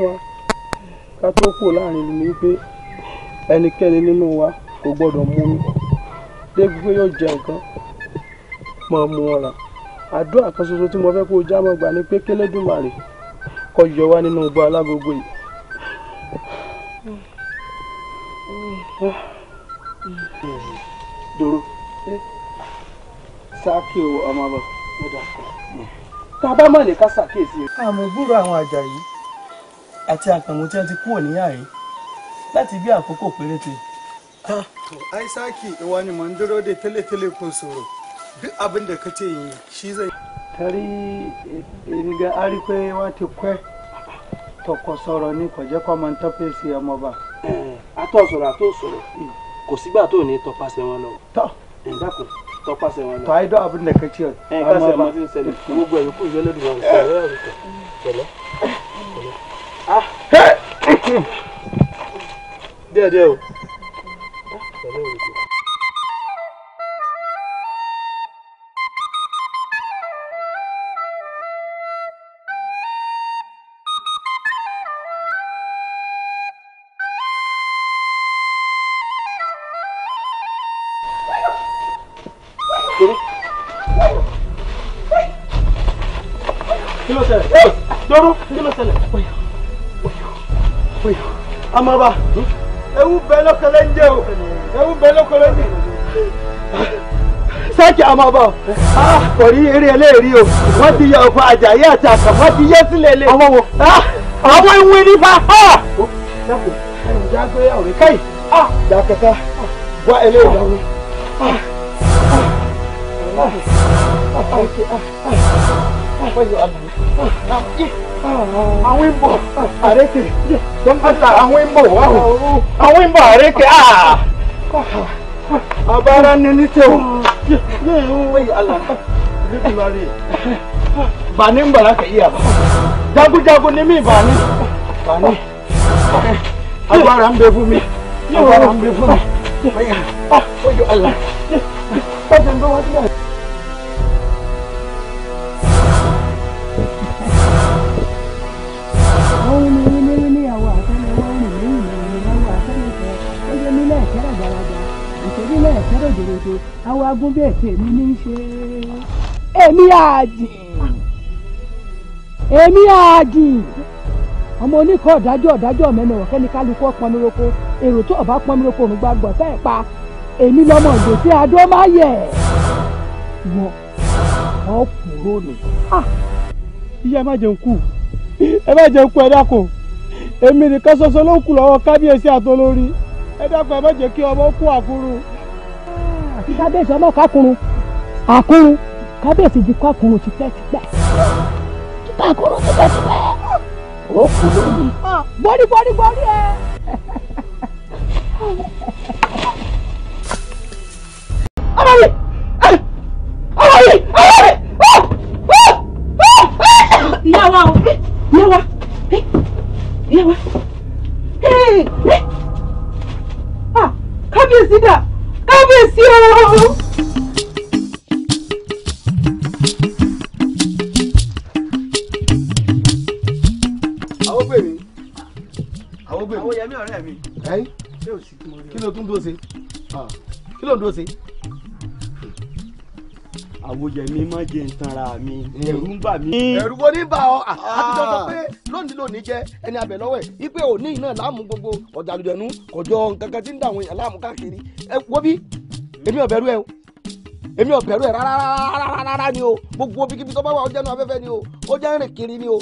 ká tó kù láàrin ìlú ni pé ẹnikẹ́ni nínú wa kò gbọ́dọ̀ mú mi débi pé yóò jẹ nǹkan ọmọ àdúrà kan ṣoṣo tí mo kó o gbà ni pé kélédùmarè kọ́kọ́ yọ wá nínú igbó alágogo yìí. dòrò sáàkì o ọmọ bọ mẹ́ta tá a bá mọ̀ ní ká ṣàkíyèsí. àmọ́ gbúrò àwọn Àjàyí àti àkànmú tí wọ́n ti kúrò níyàrí láti bí àkókò péréte. Aisaki ìwà ni mò ń dúró de tẹ́lẹ̀tẹ́lẹ̀ kò sọ̀rọ̀ duk abin da kace yi tẹ́rí ìrìgà arípé wọ́n ti pẹ́ tọkọ sọ̀rọ̀ ní kọ̀jẹ́ eh máa ń tọ́pẹ́ sí ọmọọba. atọ́ sọ̀rọ̀ atọ́ sọ̀rọ̀ to hmm. sígbà tó ní tọpasẹ̀ wọn lọ. tọ́ ẹ̀ dákun tọpasẹ̀ wọn lọ. tọ́ àìdọ́ àbúrò nìkan tí o. ẹ̀ ká sẹ́ ọmọ tí ń ṣẹlẹ̀ gbogbo ẹ̀ yòókù ìjọ lẹ́dùn wọn sọ̀rọ̀ ẹ̀ pẹ̀lẹ́ pẹ̀lẹ́. díẹ̀ díẹ̀ o. pẹ̀lẹ́ ah, òrìkò. amaba ewu bẹ lọkọlẹ ń jẹ o ewu bẹ lọkọlẹ ń jẹ sẹ́ẹ̀kì amaba kò rí eré ẹlẹ́ẹ̀rí o wọ́n ti yọ ọ̀pọ̀ àjàyè àti àkàn wọ́n ti yẹ sílẹ̀ lé ọwọ́ wọn àwọn ìwé nípa. ah, ah, káyì ah, ah, ẹlẹ́yìn lọ́wọ́. Ah, you àwọn ìbò àrékè dókítà àwọn ìbò wà ó àwọn ìbò àrékè áà abara nínú tẹ o ba ni n bara ka iya ba jagunjagun ni mi ba ni ba ni agbára ń bẹ fún mi agbára ń bẹ fún mi oyo Allah. òdòdó àwọn agún bẹ́ẹ̀ tèmi ní í ṣe èmi àjìn èmi àjìn ọmọ oníkọ́ ọ̀dájọ́ ọ̀dájọ́ mẹ́nu ọ̀rọ̀ kẹ́ni kálukú ọ̀pọnuroko èrò tó ọ̀bá pọnuroko òun gbàgbọ́ tẹ́ ẹ̀ pa èmi lọ́mọ ìlú tí adó má yẹ̀ wọ́n ọ̀ kúrò nù. iye ah! má jẹun kù ẹ má jẹun kù ẹ dákun èmi nìkan ṣoṣo ló kù lọ́wọ́ kábíyèsí àtolórí ẹ dákun ẹ má jẹ́ kí ọmọ kú àkúrú ti kábíyèsí ọmọ kákùnrún àkùnrún kábíyèsí di kákùnrún tipẹ́tipẹ́ kákùnrún tipẹ́tipẹ́ ó kù lónìí. borí borí borí ẹ. ọmọ mi ọmọ mi ọmọ mi ìyá wa o ìyá wa ìyá wa ah, kábíyèsí dà kábíyèsí o. àwọn gbè mí àwọn gbè mí. àwọn yẹmí ọ̀rẹ́ mi. kí ló tún dúró ṣe ah. kí ló ń dúró ṣe àwòyẹmí má jẹ ìtanra mi mm. ẹ̀rù ń bà mí. Mm. ẹ̀rù wo ní bá ọ àtijọ́ sọ ah. pé lónìí lónìí jẹ ẹni abẹ lọ́wọ́ ẹ̀ ipe òní iná láàmú gbogbo ọ̀dàlùjẹ̀nu kọjọ nǹkan kan tí ń dà àwọn èèyàn láàmú káàkiri ẹ wo bí èmi ò bẹ̀rù ẹ o èmi ò bẹ̀rù ẹ̀ rárá ni o gbogbo bíkíbi tó bá wà ó jẹ́nu afẹ́fẹ́ ni o ó jẹ́ rìn kiri ni o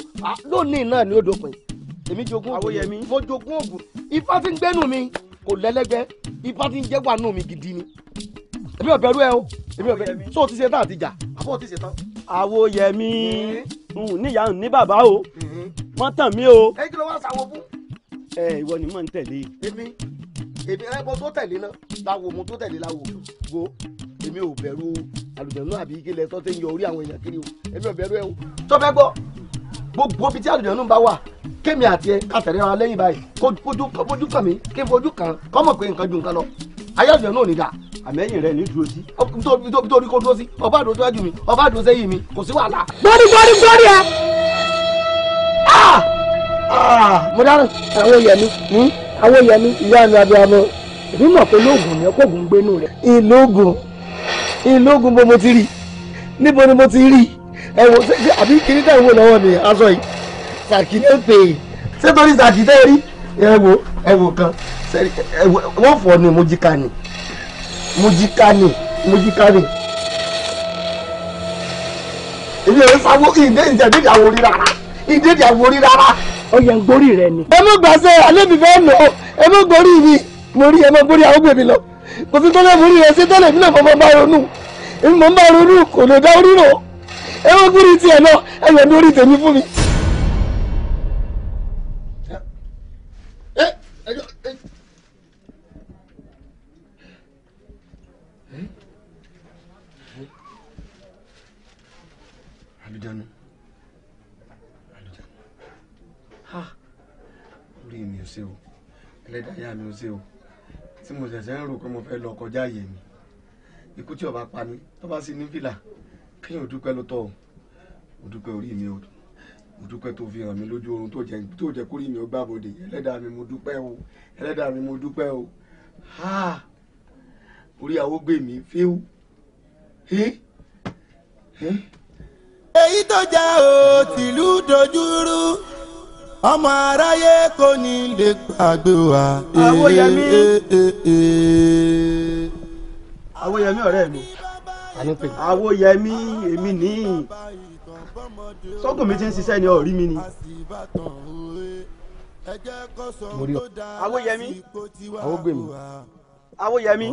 lónìí náà ni ó dópin èmi jogún ògùn mo jogún ògùn ifá ti ń gbẹ́nu mi kò lẹ́lẹ́gbẹ́ ifá ti ń jẹ́wàá nù mi gidi ni èmi ò bẹ̀rù ẹ o èmi ò bẹ̀rù tó o ti ṣe tán àti jà àbọ̀ ti ṣe tán. àwo yẹmi níyà ń ní bàbá o mọ mm-hmm. tàn mí o. ẹ kí ló wá sáwọ fún. ẹ ìwọ ni mò ń tẹ̀lé. èmi èmi ẹbọ tó tẹ̀lé náà láwo mo tó tẹ̀lé láwo wo èmi ò bẹ̀rù àlùjọ̀nù àbí kílẹ̀ tó ti ń yọ orí àwọn èèyàn kiri o èmi ò bẹ̀rù ẹ o. tó fẹ́ gbọ́ gbogbo bíi tí àlùjọ̀nù bá wà kémi àti ẹ kàtẹ́rẹ́ ara lẹ́yìn báyìí kójú kàn mí kémi ojú kan kọ́mọ̀ pé nǹkan ju nǹkan lọ ayáfẹ́ náà ò ní dà àmẹ́yìn rẹ̀ ní dúró sí nítorí kó dúró sí ọba àdó síwájú mi ọba àdó sẹ́yìn mi kò sí wàhálà. gbọ́dí gbọ́dí gbọ́dí ẹ. Ah! Ah! mo dára àwọn yẹmi hmm? àwọn yẹmi ìyá mi abiyamọ èmi mọ̀ pé lóògùn ni ọkọ̀ọ̀gùn ń gbénu rẹ̀. ìlóògùn ìlóògùn bó mo ti rí níbo ni mo ti rí ẹ̀wọ̀n ṣẹ́ṣẹ́ àbí kiri tẹ̀ wọ́n lọ́wọ́ mi aṣọ yìí ṣàkíyèsí pé ṣé torí ṣàkíyèsí rí ẹ̀wọ̀n ẹ̀wọ̀n kan wọ́n fọ ni mojika ni mojika ni mojika ni èmi ò sáwó ìdé ìjẹ̀dí ìyàwó rí rárá ìdé ìyàwó rí rárá. ọyẹ ń gorí rẹ ni. ẹ mú gbàsẹ alẹ́ mi fẹ́ nù ọ́ ẹ mú gorí mi mo rí ẹ mú gorí àwọn gbèmí lọ kò sí tọ́lẹ̀ mórí rẹ sí tọ́lẹ̀ mi náà mo máa ronú mo máa ronú kò lè dá orí rò ẹ mú gorí tiẹ̀ náà ẹ yẹ mi orí tèmi fún mi. ẹlẹ́dàá mi ò ṣe o tí mo ṣẹ̀ṣẹ̀ ń rò pé mo fẹ́ lọ kọjá àyè mi ikú tí ó pa mí tó bá sì ní fìlà kéèyàn ò dúpẹ́ ló tọ́ o mo dúpẹ́ orí mi o mo dúpẹ́ tó fi hàn mí lójú oorun tó jẹ́ tó jẹ́ kórìí mi ó gbàbọ̀dé ẹlẹ́dàá mi mo dúpẹ́ o ẹlẹ́dàá mi mo dúpẹ́ o orí àwògbè mi fíw èyí tó já o tìlú dojúrú ọmọ aráyé kò ní lè gbàgbé wa. àwòyẹmí àwòyẹmí eh, eh, eh, ọ̀rẹ́ mi àwòyẹmí èmi ní sọ́kùn mi ti ń ṣiṣẹ́ ní ọ̀rí mi ni. mo rí ọ. àwòyẹmí. àwògbèmí. àwòyẹmí.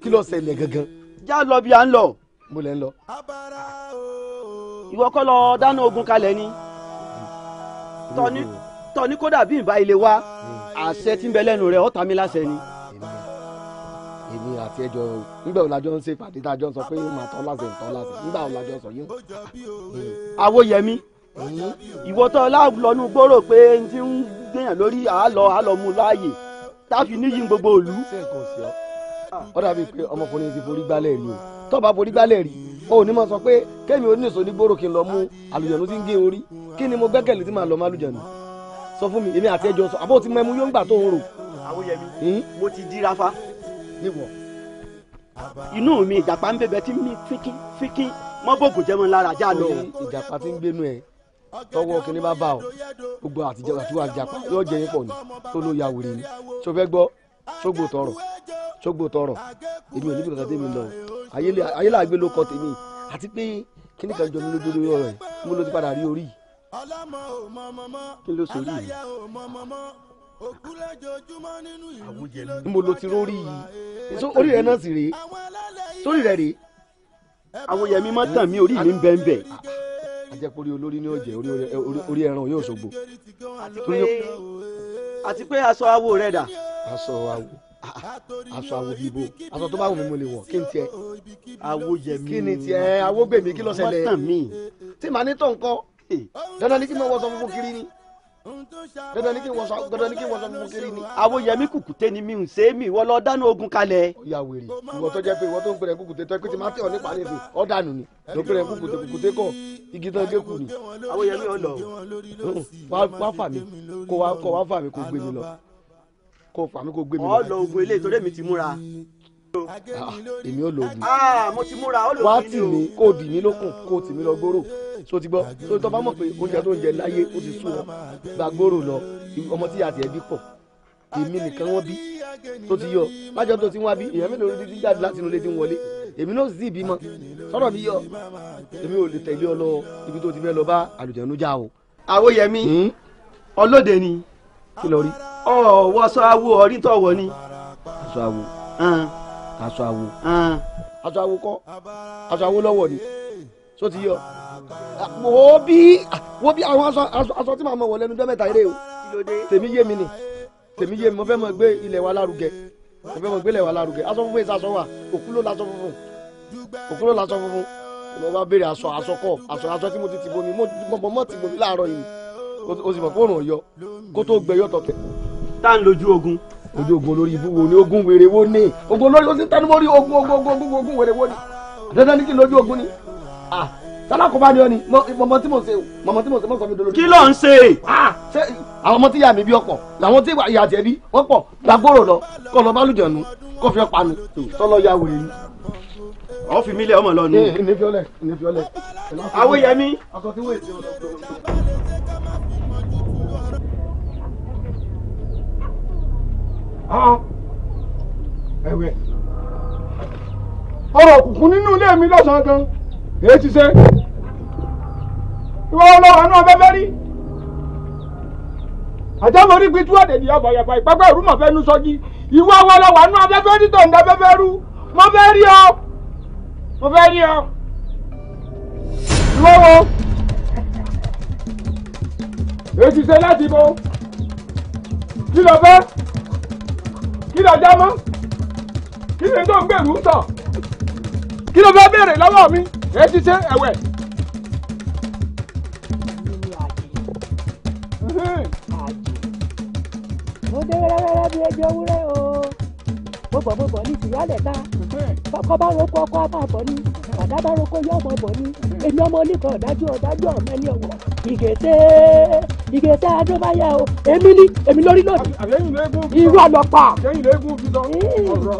kí ló ṣẹlẹ̀ gangan. já lọ bí a ń lọ. mo lè ń lọ. ìwọ kọ́ lọ dáná ogun kalẹ̀ ni tọ́ni tọ́ni kódà bí ìbá ilé wa àṣẹ tí ń bẹ lẹ́nu rẹ̀ ọ̀tá mi láṣẹ ni. èmi àti ẹjọ nígbà wo lajọ ń ṣe pàdé tá a jọ sọ pé yóò máa tọ́ láṣẹ tọ́ láṣẹ nígbà wo lajọ sọ yóò. àwo yẹmi ìwọ tó lọ́nu gbòòrò pé n ti ń gbìyàn lórí àálọ àálọ mu láàyè táfi níyì gbogbo òlu. ó dàbí pé ọmọkùnrin ti forí gbálẹ̀ rí o tó forí gbálẹ̀ rí o ní mọ sọ pé kémi oníṣòwò ní gbòòrò kí n lọ mú àlùjọ̀nù tí ń gé orí kí ni mo gbẹ́kẹ̀lé tí màá lọ má àlùjọ̀nù sọ fún mi èmi àti ẹjọ sọ àbọ̀ tí mo ẹmu yóò ń gbà tó ń rò. àwòyẹmí hmm? mo ti di rafa níwọ inú mi ìjàpá ń bẹbẹ tí mi fíkí fíkí mọ bògùn jẹmọ lára já lọ. ìjàpá ti ń gbénu ẹ tọwọ kí ni bá bá ọ gbogbo àtijọ́ àtiwọ àjàpá yóò jẹ yín pọ̀ ni tó ló ya wèrè ni sọ fẹ́ gbọ́ sógbó tọrọ sógbó tọrọ èmi ò níbi kankan tẹ́mi lọ ayé làgbé ló kọ tèmi àti pé kí ni kan jọ mi lójú lórí ọ̀rọ̀ yìí mo ló ti padà rí orí kí ló sọ orí yìí mo lo ti rórí So ori rẹ náà sì rèé sórí rẹ rèé àwọn yẹmi má tàn mí orí mi ń bẹ́ẹ̀ bẹ́ẹ̀ ajẹpori olórí ní ọjẹ orí ẹran yóò ṣògbò. àti pé aṣọ awo rẹ dà aṣọ àwò ah, aṣọ àwò bíbò aṣọ tó bá wù mí mo lè wọ̀ kí n tiẹ̀. àwo yẹ mí kí ni tiẹ̀ àwo gbè mí kí ló ṣẹlẹ̀ tí màá ní tọ̀ nǹkan dandan ni kí n máa wọṣọ funfun kiri ni dandan ni kí n wọṣọ dandan ni kí n wọṣọ funfun kiri ni. àwo yẹ mí kùkùté ni mi ò ṣe é mi ìwọ lọ dáná ogun kalẹ̀. ìyá wèrè ìwọ tó jẹ pé ìwọ tó ń pèrè kùkùté tó pé tí máa tẹ ọ nípa lẹsẹ ọ dànù ni ló pèrè kùkùté kùkùté kọ igi tó ń gé kù ni. àwo yẹ mí ọ lọ. wá fà mí kó wá fà mí kó gbé mi lọ kó fà kó gbé mi ọ lọ oògùn ilé ìtọ́jú mi ti múra. èmi ò lo oògùn. mo ti múra ó lò ó ní o. wá tì mí kó dì mí lókun kó tì mí lọ gbòòrò so ti gbọ́ so tó bá mọ̀ pé oúnjẹ tó ń jẹ láyé ó ti sú gba gbòòrò lọ ọmọ tí àti ẹbí pọ̀ èmi nìkan wọ́n bí tó ti yọ lájọ tó ti wá bí èèyàn mélòó ló ti jáde láti inú ilé tí ń wọlé èmi náà sì bímọ sọ̀rọ̀ mi yọ èmi ò lè tẹ̀lé ọ lọ ibi tó ti fẹ́ lọ bá àlùjẹ̀nu já o. àwòyẹmí hmm? ọlọ́dẹ ni kí ló rí ọwọ́ aṣọ awo ọ̀rí tọ̀wọ̀ ni aṣọ awo aṣọ awo aṣọ awo kọ́ aṣọ awo lọ́wọ́ ni só ti yọ wo bí wo bí àwọn aṣọ tí màá mọ̀ wọ̀ lẹ́nu jọ́ mẹ́ta eré o tèmi yé mi ni tèmi yé mi mo fẹ́ mọ̀ gbé ilẹ̀ wa lárugẹ mo fẹ́ mọ̀ gbé ilẹ̀ wa lárugẹ aṣọ funfun èso aṣọ wa òkú ló laṣọ funfun òkú ló laṣọ funfun mo bá béèrè aṣọ aṣọ kọ aṣọ aṣọ tí mo ti ti bomi mo mọ̀ mọ̀ ti bomi láàárọ̀ yìí o sì mọ̀ fóònù ọ̀yọ́ kó tó gbẹ yọ̀tọ̀ tẹ̀. tá à ń lójú ogun. ojú ogun olórí ibú wo ni ogun wèrè wo ni ogun olórí ó sì tẹnu mọ́ rí ogun ogun ogun ogun ogun wèrè wo ni dandan ní kí lójú ogun ni sálákòbá ni ọ ni mọmọ tí mo ṣe mọmọ tí mo ṣe mọ sọ mi dolórí. kí ló ń ṣe. àwọn ọmọ tí ìyá mi bí ọ̀pọ̀ làwọn tí ìyá tiẹ̀ bí ọ̀pọ̀ gbàgbóró lọ kọ lọ bálùjọ nu kọ fi ọpa nu tọlọ ya wèrè ni. ọ fi mi lẹ ọmọ lọ nu. ní eh, ìfiọlẹ ní ìfiọlẹ. àwòyẹmí. ọkọ tí wọ́n èsì ọ̀dọ́ ẹ̀wẹ̀ ọ̀rọ̀ òkùnkùn nínú ilé mi lọ́sàn-án gan èyí ti ṣe ìwọ ọlọ́wọ́ àánú abẹ́fẹ́ rí àjẹmọ́rí gbin túwọ́ dèdè yàgbàyàgbà ìpápá ìrúmọ̀ fẹ́ nu sọ́jí ìwọ ọlọ́wọ́ àánú abẹ́fẹ́ rí tó ń da abẹ́fẹ́ rú mo fẹ́ rí ọ mo fẹ́ rí ọ ìwọ wo èyí ti ṣe láti bo kí ló fẹ́ kí ló já mọ́ kí ni tó ń gbèrú ń tàn kí ló fẹ́ béèrè lọ́wọ́ mi ẹ ti ṣe ẹ̀wẹ̀. mo dé wẹ́rẹ́wẹ́rẹ́ bí ẹjọ́ wúrẹ́ o mo bọ̀ ní tìyálẹ̀ ká kọ́kọ́ bá roko ọkọ́ àbàbọ̀ ni ọ̀dábàrúkọ yọ ọmọ bọ̀ ni èmi ọmọ oníkan ọ̀dájú ọ̀dájú ọ̀mọ ẹni ọ̀wọ̀ ìgètè ìgètè adébáyà o èmi ni èmi lórí lónìí irú ọlọpà. àtẹ̀yìn lẹ́gùn fi sọ hmm. ọ̀rọ̀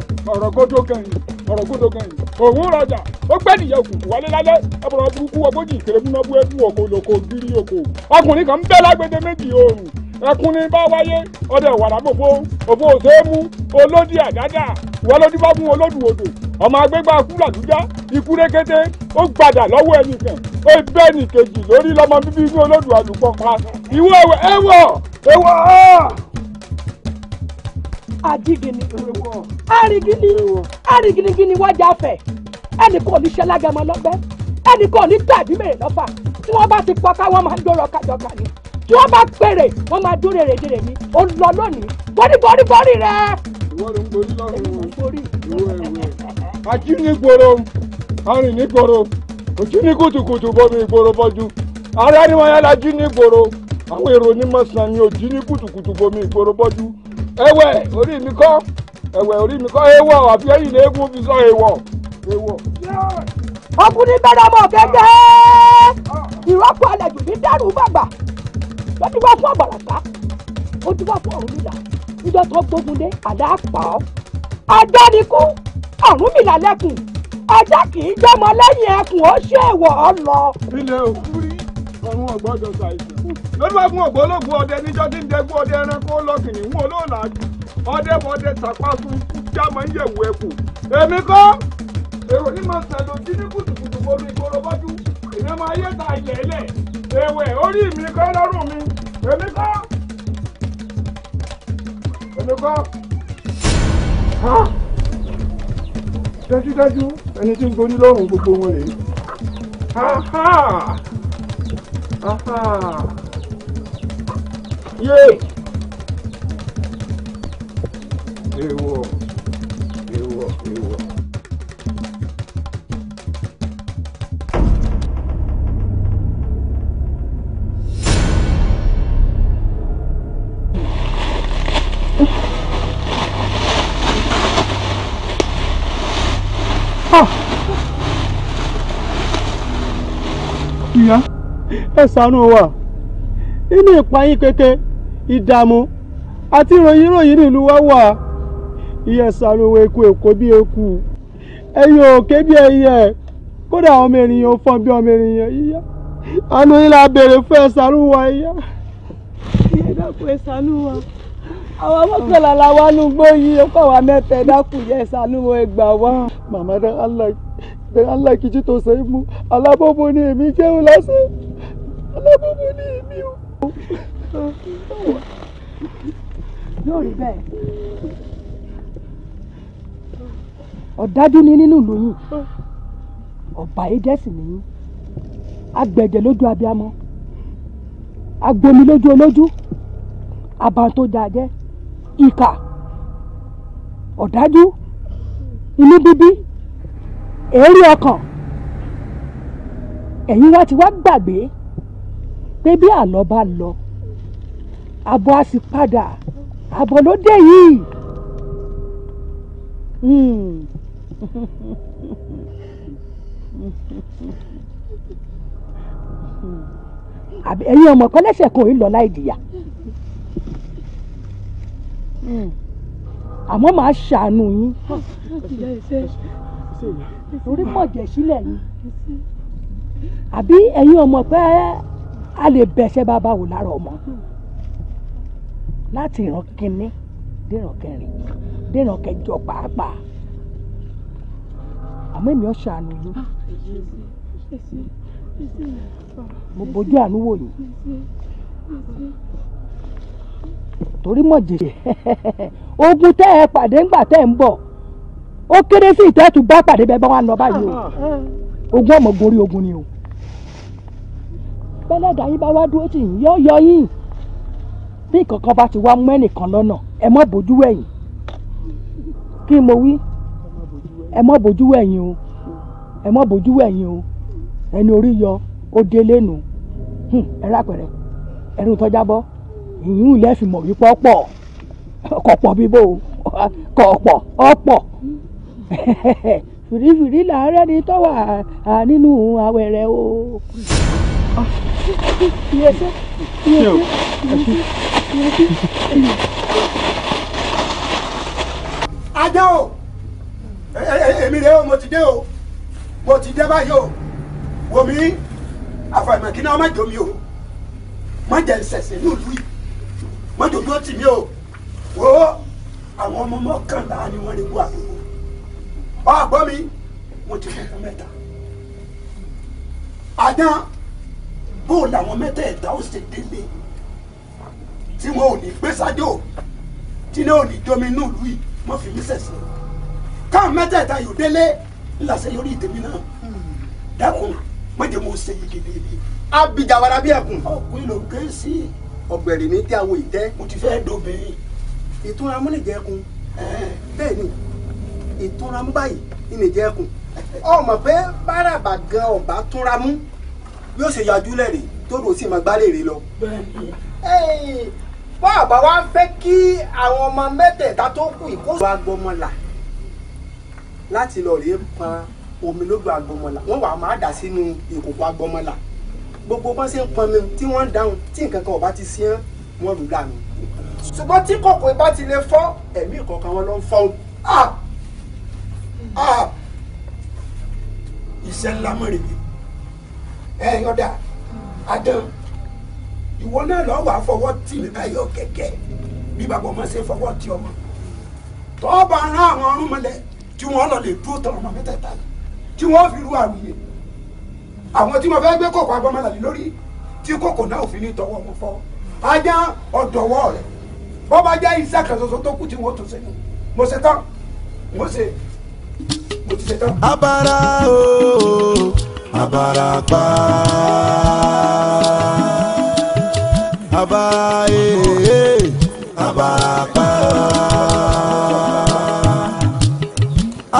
gbọ́dọ̀ kẹyìn ọ̀rọ̀ gbọ́dọ̀ kẹyìn òun rajà ó gbẹ́ nìyẹn kù wálé lálẹ́ ọ̀pọ̀lọpọ̀ burúkú ọgbọ́jì ìkẹrẹ́fúnná bú ẹ̀kú ọkọ̀ olóko gírí oko ọkùnrin kan bẹ́ lágbèdè méjì oòrùn ẹkún ní bá wáyé ọdẹ wàrà gbogbo òfò òṣèémú olódì àdáda ìwọlódì bá fún olódùwòdò ọmọ agbégbá kúlàdújá ikú rékété ó gbàdà lọ́wọ́ ẹnìkan ó bẹ́ ẹnìkejì lórí lọ́mọ bíbí inú olódù àlùpọ̀ pa ìwọ ẹwọ ẹwọ ẹwọ adigini arigini ariginigini wájà fẹ ẹnì kò ní ṣẹlágàmọ lọgbẹ ẹnì kò ní tàbí mèrè lọfà tí wọn bá ti pọ káwọn máa ń dọrọ kájọka ni. tí wọ́n bá pèrè wọ́n máa dúró rèdèrè ni ó lọ lónìí gbórígbórígbórí rẹ. ìwọ ló o àjí ní gbòòrò arìn ní gbòòrò òjì ní kùtùkùtù bomi ìgboro bọ́jú ara ni wọ́n yá ní gbòòrò àwọn èrò ní mọ̀sán ni òjì ní kùtùkùtù mi kọ, orí mi kọ, àfi fi sọ ọkùnrin ọmọ kẹ́kẹ́ ìrọ́pọ̀ ní bàbà wọ́n ti wá fún àgbàlagbà ó ti wá fún Ọ̀rúnmìlà níjọ́ tó gbógun dé àdá pa ọ́ ajá ni kú Ọ̀rúnmìlà lẹ́kùn ajá kì í jọmọ lẹ́yìn ẹkùn ó ṣe èèwọ̀ ọ lọ. ilé òkú rí ọ̀run ọ̀gbọ́dọ̀ ṣàìsàn lọ́dún wàá fún ògbólógún ọdẹ níjọ́ tí ń dẹ́gbọ́ ọdẹ ẹranko lọ́kìnrin wọn olóòlà ọdẹ bọ́dẹ sàpá fún jámọ́ ń yẹ̀wò ẹ̀kọ́ èmi kọ́ èrò ní màá sàlòjì ní kùtùkùtù bomi ìkóró bọ́jú ìnáwó ayé ta ilẹ̀ ẹlẹ́ẹ̀ èwè orí mi kọ́ lọ́rùn mi èmi kọ́ èmi kọ́ dájúdájú ẹni tí ń gorí lọ́rùn gbogbo wọn rèé yé èèwọ̀ èèwọ̀ èèwọ̀. ẹ wa nínú ìpayín kéke ìdààmú àti ìròyìn ìròyìn nílùú wa wà iye wa eku èkó bí eku òkè bí kódà ọmọ ènìyàn fọ́n bí ọmọ ènìyàn yíyá àánú la wa yíyá. wa àwọn la ọkọ̀ wa yẹ ṣàánú wa màmá dá alákìjí tó ṣe mú alábòbò ni èmi jẹun lásán. alábòbò ni èmi o. yóò rí bẹ́ẹ̀ ọ̀dájú ni nínú ìlú yìí ọ̀bà ẹ̀dẹ́sì nìyí agbẹ̀jẹ̀ lójú abiyamọ agbomi lójú olójú àbàntó jàjẹ́ ìkà ọ̀dájú inú bíbí èérí ọkàn ẹ̀yin wá ti wá gbàgbé pé bí àlọ́ bá lọ àbọ̀ á sì padà àbọ̀ ló dé yìí. Hmm. ẹ̀yin ọmọ kan lẹ́sẹ̀ kan ò ń lọ láì dìyà hmm. àmọ́ màá ṣàánú yín orí pọ̀ jẹ̀ sílẹ̀ ni àbí ẹ̀yin ọmọ pẹ́ẹ́ a lè bẹ̀ṣẹ́ bàbá wò lára ọmọ láti ìran kínní dèrò kẹrin dèrò kẹjọ pàápàá àmọ́ èmi ọ̀ ṣàánú yín mo bójú àánú wò yín torí mọ̀jẹ̀ ogun tẹ́ ẹ pàdé ńgbà tẹ́ ẹ ń bọ̀ ó kéré sí ìtẹ́tù bá pàdé bẹ́ẹ̀ bá wà lọ báyìí o ogun ọmọ gorí ogun ni o bẹ́lẹ́dà yín bá wá dúró tì yín yóò yọ yín bí kankan bá ti wá mú ẹnìkan lọ́nà ẹ mọ́ bójú wẹ̀yìn kí mo wí ẹ mọ́ bójú wẹ̀yìn o ẹ mọ́ bójú wẹ̀yìn o ẹni orí yọ ó dé lẹ́nu ẹ rápẹ̀rẹ̀ ẹnu tọ́já bọ́ ìyún ilẹ̀ fi mọ̀ wípé ọ̀pọ̀ ọ̀pọ̀ bíbó ọ̀pọ̀ ọ̀pọ̀ fìrífìrí làárẹ̀ ni tọ́wà nínú àwẹ̀rẹ̀ o. Yes, sir. Yes, sir. Yes, Adé o! Èmi rèé o, mo ti dé o. Mo ti dé báyìí o. Wò mí, àfàìmọ̀ kí náà má jò mí o. Má jẹ́ ìṣẹ̀ṣẹ̀ ní ìlú yìí. Má jòjú ó tì mí o. Wò ó, àwọn ọmọ mọ́kànlá ni wọ́n lè wú àbúrò. Ọ̀ àgbọ́ mi, mo ti fún fún mẹ́ta. Àdán bó làwọn mẹ́tẹ̀ẹ̀ta ó ṣe délé tí wọn ò ní gbé sájò tí náà ò ní domi inú ìlú yìí wọ́n fi mí sẹ̀sẹ̀ káwọn mẹ́tẹ̀ẹ̀ta yóò délé ńlàṣẹ yọrí ìtẹ̀mí náà dákun mọ̀jẹ̀ mo ṣe yìí gidigidi. abijawara bí ẹkùn. ọkùnrin ló gé sí. ọgbẹ̀rì mi tí a wo ìtẹ́. mo ti fẹ́ dóbin. ìtura mú nìjẹ́ kun. bẹ́ẹ̀ ni ìtura mú báyìí nìjẹ́ kun. ọmọ pé bárabà bí ó ṣe yájú lẹ́rìí tó lò ó sì máa gbálẹ̀ rè lọ. bá a bá wá fẹ́ kí àwọn ọmọ mẹ́tẹ̀ẹ̀ta tó kù ìkó. wọ́n á gbọ́mọlà láti lọ rèé pọn omi lójú agbọ́mọlà wọ́n wàá máa dà sínú ìkòkò agbọ́mọlà gbogbo bọ́n ṣe ń pọnmi tí wọ́n ń dáhùn tí nǹkan kan ò bá ti sí ẹ́ wọ́n lù dànù. ṣùgbọ́n tí kòkò ìbá ti lè fọ́ ẹ̀mí ìkọ̀ọ̀kan wọn ló ń fọ́ ah! Ah! iṣẹ́ ńlá mọ̀rẹ̀ mi ẹ yọ̀dà adán ìwọ náà lọ wà fọwọ́ tì mí báyọ̀ kẹ̀kẹ́ bí bàbá ọmọ ṣe fọwọ́ tì ọmọ tọ́ọ̀bà rán àwọn ọ̀rúnmọlẹ̀ tí wọ́n lọ lè dúró tọrọ ọmọ mẹ́tẹ̀ẹ̀ta tí wọ́n fi ru àwùyẹ àwọn tí wọ́n fẹ́ gbé kòkó agbọ́mọlàlì lórí tí kòkó náà ò fi ní tọwọ́ wọn fọ́ ajá ọ̀dọ̀wọ́ rẹ̀ bọ́ bá já iṣẹ́ kan ṣoṣo tó kù tí wọ́n tó ṣe ni mo ṣe tán mo ṣe mo ti ṣe tán. abara ooo abarapa abaye abarapa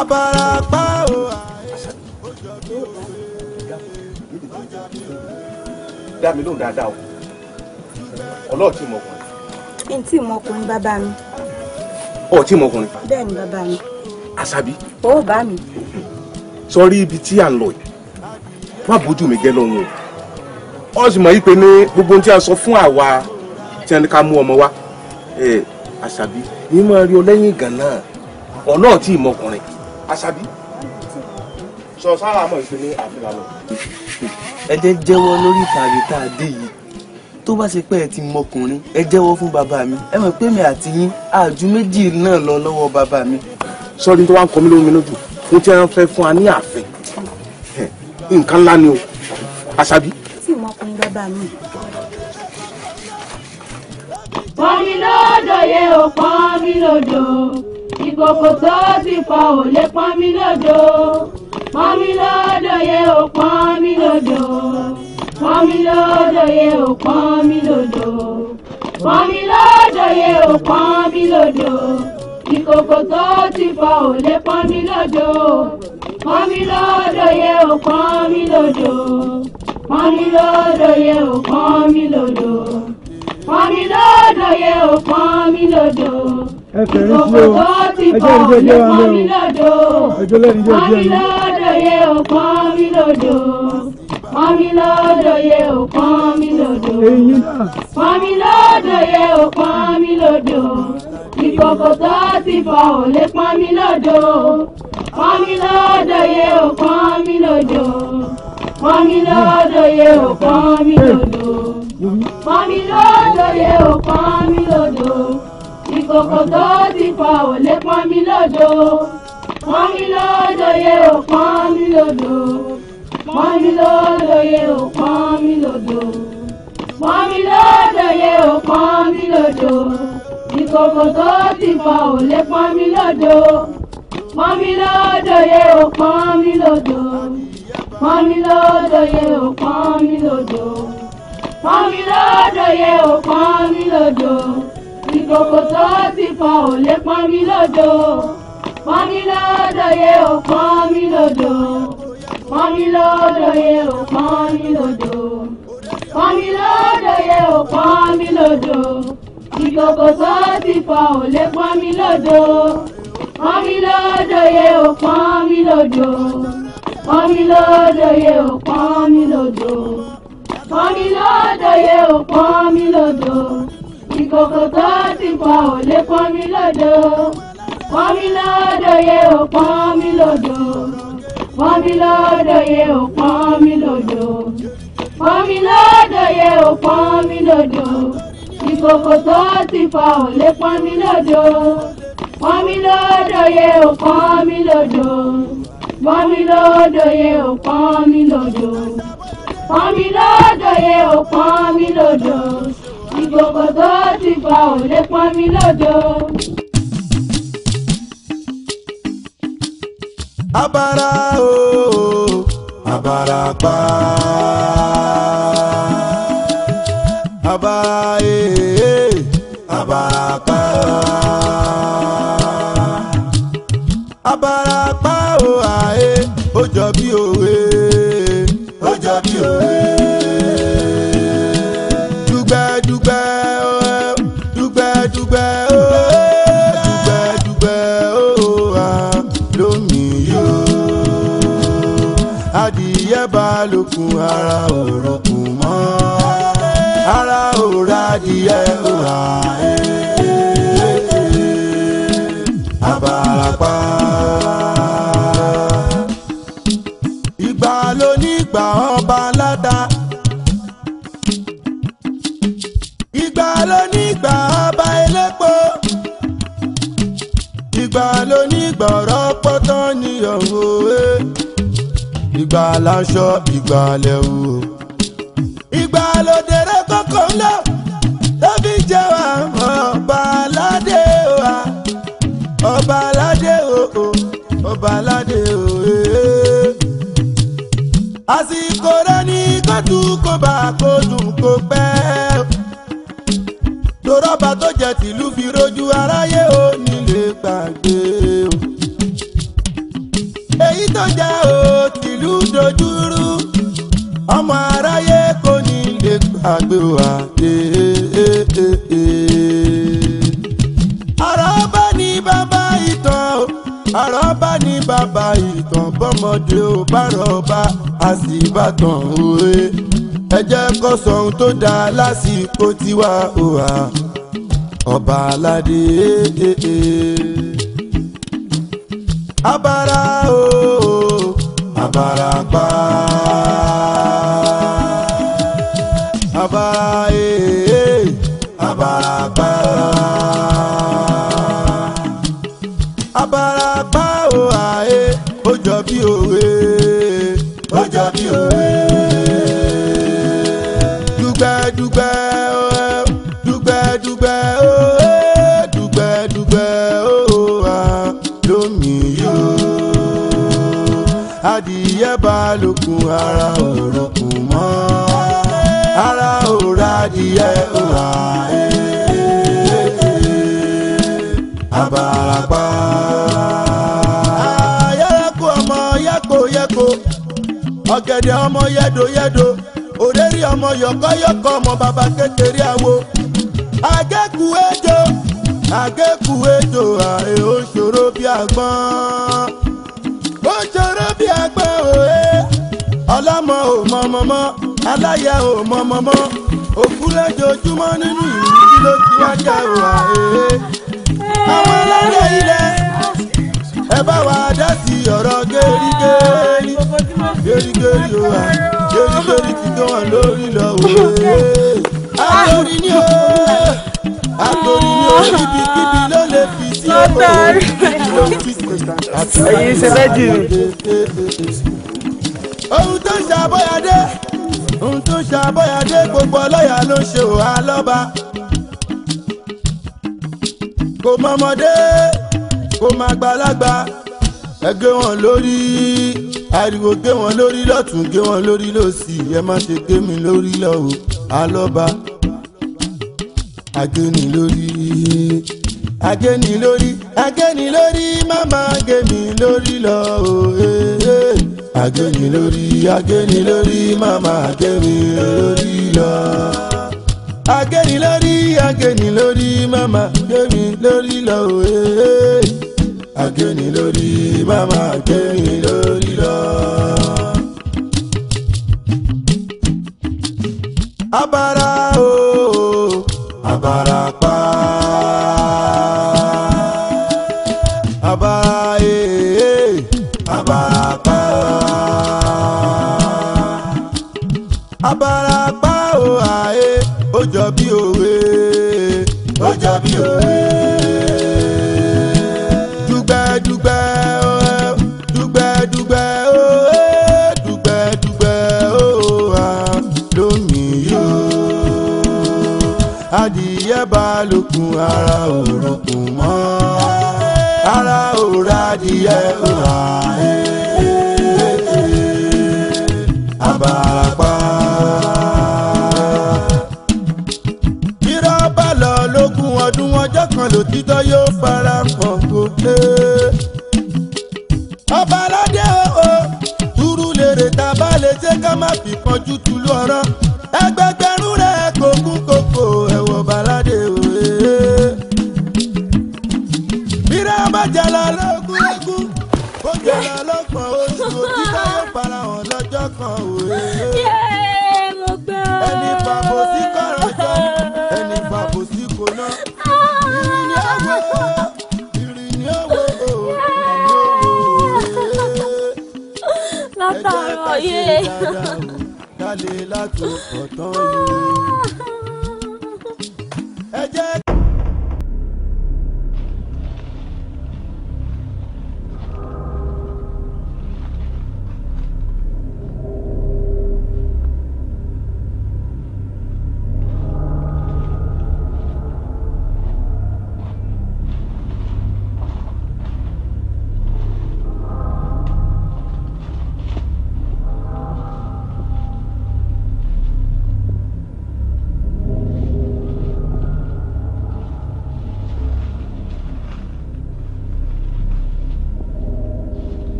abarapa o. dá mi lóhùn dáadáa o ọlọ́ọ̀tì mọ̀kùnrin. kí n tí mọ̀kùnrin bàbá mi. ọ̀ọ́tì mọ̀kùnrin. bẹ́ẹ̀ ni bàbá mi. àṣàbí. ó bá mi. sọ ibi tí à ń lọ yìí má bójú mi gẹ́ lọ́hùn o wọ́n sì mọ̀ yí pé ní gbogbo ohun tí a sọ fún àwa tí a ní ká mú ọmọ wa àṣàbí ní máa rí ọ lẹ́yìn ìgàn náà ọ̀nà tí ì mọkùnrin àṣàbí sọ sára mọ̀ ìpè ní àfihàn lọ. ẹ jẹ́ jẹ́wọ́ lórí ìtàgé tá a dé yìí tó bá ṣe pé ẹ ti mọkùnrin ẹ jẹ́wọ́ fún bàbá mi ẹ mọ̀ pé mi àti yín àjù méjì náà lọ lọ́wọ́ bàbá mi. sọ́ọ́ni tó wá ń kọ mí lómi lójú mo ti ń fẹ́ fún wa ní ààfin nǹkan ńlá ni o àṣàbí. tí mo kún bàbá mi. pọ́nmi lódò yẹ ò pọ́nmi lódò ìkòkò tó ti fọ ò lè pọ́nmi lódò pọ́nmi lódò yẹ ò pọ́nmi lódò pọ́nmi lódò yẹ ò pọ́nmi lódò pọ́nmi lódò yẹ ò pọ́nmi lódò ìkòkò tó ti fọ ò lè pọ́n mi lódò pọ́n mi lódò yẹ ò pọ́n mi lódò pọ́n mi lódò yẹ ò pọ́n mi lódò pọ́n mi lódò yẹ ò pọ́n mi lódò ìkòkò tó ti fọ ò lè pọ́n mi lódò pọ́n mi lódò yẹ ò pọ́n mi lódò. Pọ́nmi lọ́dọ̀ yẹ ò pọ́nmi lódò. Pọ́nmi lọ́dọ̀ yẹ ò pọ́nmi lódò. Ìkòkò tó ti fọ ò lè pọ́nmi o Pọ́nmi lọ́dọ̀ yẹ ò pọ́nmi lódò. Pọ́nmi lọ́dọ̀ yẹ ò pọ́nmi lódò. Pọ́nmi lọ́dọ̀ yẹ ò pọ́nmi lódò. Ìkòkò tó ti fọ ò lè pọ́nmi lódò. Pọ́nmi pọ́n mi lódòye ò pọ́n mi lódò pọ́n mi lódòye ò pọ́n mi lódò ìkòkò tó ti fọ́ ò lè pọ́n mi lódò pọ́n mi lódòye ò pọ́n mi lódò pọ́n mi lódòye ò pọ́n mi lódò pọ́n mi lódòye ò pọ́n mi lódò ìkòkò tó ti fọ́ ò lè pọ́n mi lódò pọ́n mi lódòye ò pọ́n mi lódò pọ́n mi lódòye ò pọ́n mi lódò pọ́n mi lódòye ò pọ́n mi lódò ìkòkò tó ti fọ ò lè pọ́n mi lódò pọ́n mi lódòye ò pọ́n mi lódò pọ́n mi lódòye ò pọ́n mi lódò pọ́n mi ò pọ́n mi ìkòkò tó ti fọ ò lè pọ́n mi lódò pọ́n mi ò pọ́n mi Fọ́mi lódòye ò pọ́n mi lódò. Fọ́mi lódòye ò pọ́n mi lódò. Ìkòkò tó ti fọ́ ò lè pọ́n mi lódò. Fọ́mi lódòye ò pọ́n mi lódò. Fọ́mi lódòye ò pọ́n mi lódò. Fọ́mi lódòye ò pọ́n mi lódò. Ìkòkò tó ti fọ́ ò lè pọ́n mi lódò. abara o oh, abarapa aba ee eh, eh, abarapa. aláṣọ ìgbàlẹ̀ o. ìbátan òwe ẹ jẹ́ kó sọ ohun tó dáa lásìkò tiwa òwà ọba aládé. abara ògèdè ọmọ yẹ́dọ̀yẹ́dọ̀ òrèrè ọmọ yọ̀kọ́yọ̀kọ́ ọmọ bàbá kékeré àwo. àgékù ejò àgékù ejò àrè ó ṣòro bí àgbọn. ó ṣòro bí àgbọn òye ọlọ́mọ ò mọ ọmọ mọ́ aláya ò mọ ọmọ mọ́ òkú lójoojúmọ́ nínú ìlú kí ló ti wá jẹ́ òwà èé. àwọn alálẹ̀ ilẹ̀ ẹ bá wa dá sí ọ̀rọ̀ gẹ́rígẹ́ lórí o wa lórí lórí ti tó wọn lórí lọ o. àtòrí ni o àtòrí ni o kíbikíbi ló lè fi sí ọ̀pọ̀ ẹ̀yin ṣe méjì ni. ohun tó ń ṣàbọ̀yàdé ohun tó ń ṣàbọ̀yàdé gbogbo ọlọ́yà ló ń ṣe òhà lọ́ba kò mọ ọmọdé kò mọ àgbàlagbà ẹgbẹ́ wọn lórí ariwo gé wọn lórí lọ́tún gé wọn lórí lọ́sì ẹ má ṣe gé mi lórí lọ́wọ́ alọ́ba agéni lórí agéni lórí agéni lórí má má gé mi lórí lọ́wọ́ agéni lórí agéni lórí má má gé mi lórí lọ́wọ́ agẹ́ni lórí agẹ́ni lórí mama gẹ́mi lórí lọ́wọ́ agẹ́ni lórí mama gẹ́mi lórí. yé. kálẹ̀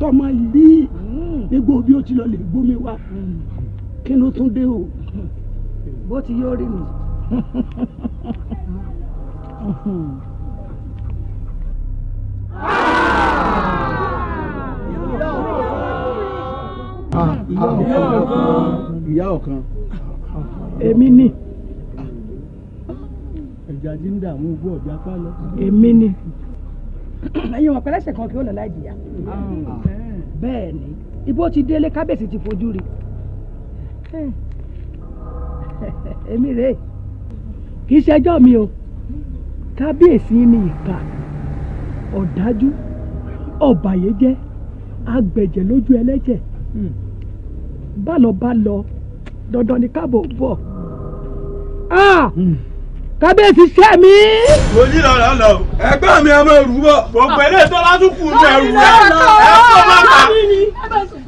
tọmọ yìí rí hmm. nígbà bí ó ti lọ lè gbómi wá hmm. kí ló tún dé o bó ti yọ rí mi. Ah, ah, ah, ìyá ọ̀kan. èmi ni. ẹ̀jà ń dààmú ogún ọ̀jà pálọ̀. èmi ni. ẹ̀yin wọn pẹ̀lẹ́sẹ̀ kan kí ó lọ láì jìyà bẹ́ẹ̀ ni ibo ti délé kábíyèsí ti fojú rí èmi rèé kì í ṣẹjọ́ mi o kábíyèsí ni ìkà ọ̀dájú ọ̀bàyéjẹ́ agbẹ̀jẹ̀ lójú ẹlẹ́jẹ̀ bá lọ bá lọ dandan ni káàbọ̀ bọ̀. Ah! Hmm kábíyèsí sẹ́ mi. mo jí lọ lọ ẹgbẹ́ mi ọmọ òru bọ̀. mo pè é tó bá tún kù ní ẹrù rẹ ẹ kó má bà.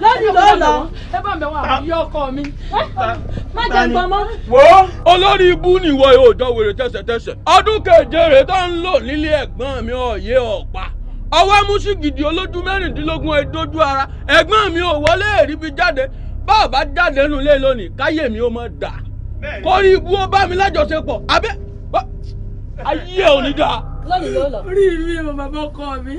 lẹ́yìn ló lọ ẹ bá mi wà yọ ọkọ mi. má jẹ gbọ́n mọ́. wo olórí ibú nìwọ yóò jọ wèrè tẹsẹtẹsẹ ọdún keje rẹ tó ń lò nílé ẹ̀gbọ́n mi ọ̀yẹ́ ọ̀pá ọwọ́ múṣígìdì olójú mẹ́rìndínlógún ẹ̀dójú ara ẹ̀gbọ́n mi ò wọlé èríbi jáde bá a bá jáde nulẹ̀ lónìí káyé mi ó mọ̀ dà kórí ibú ó bá mi lájọṣepọ̀ abẹ́ ayé ò ní dáa. lónìí ló lọ. orí mi ò bàbá ọkọ mi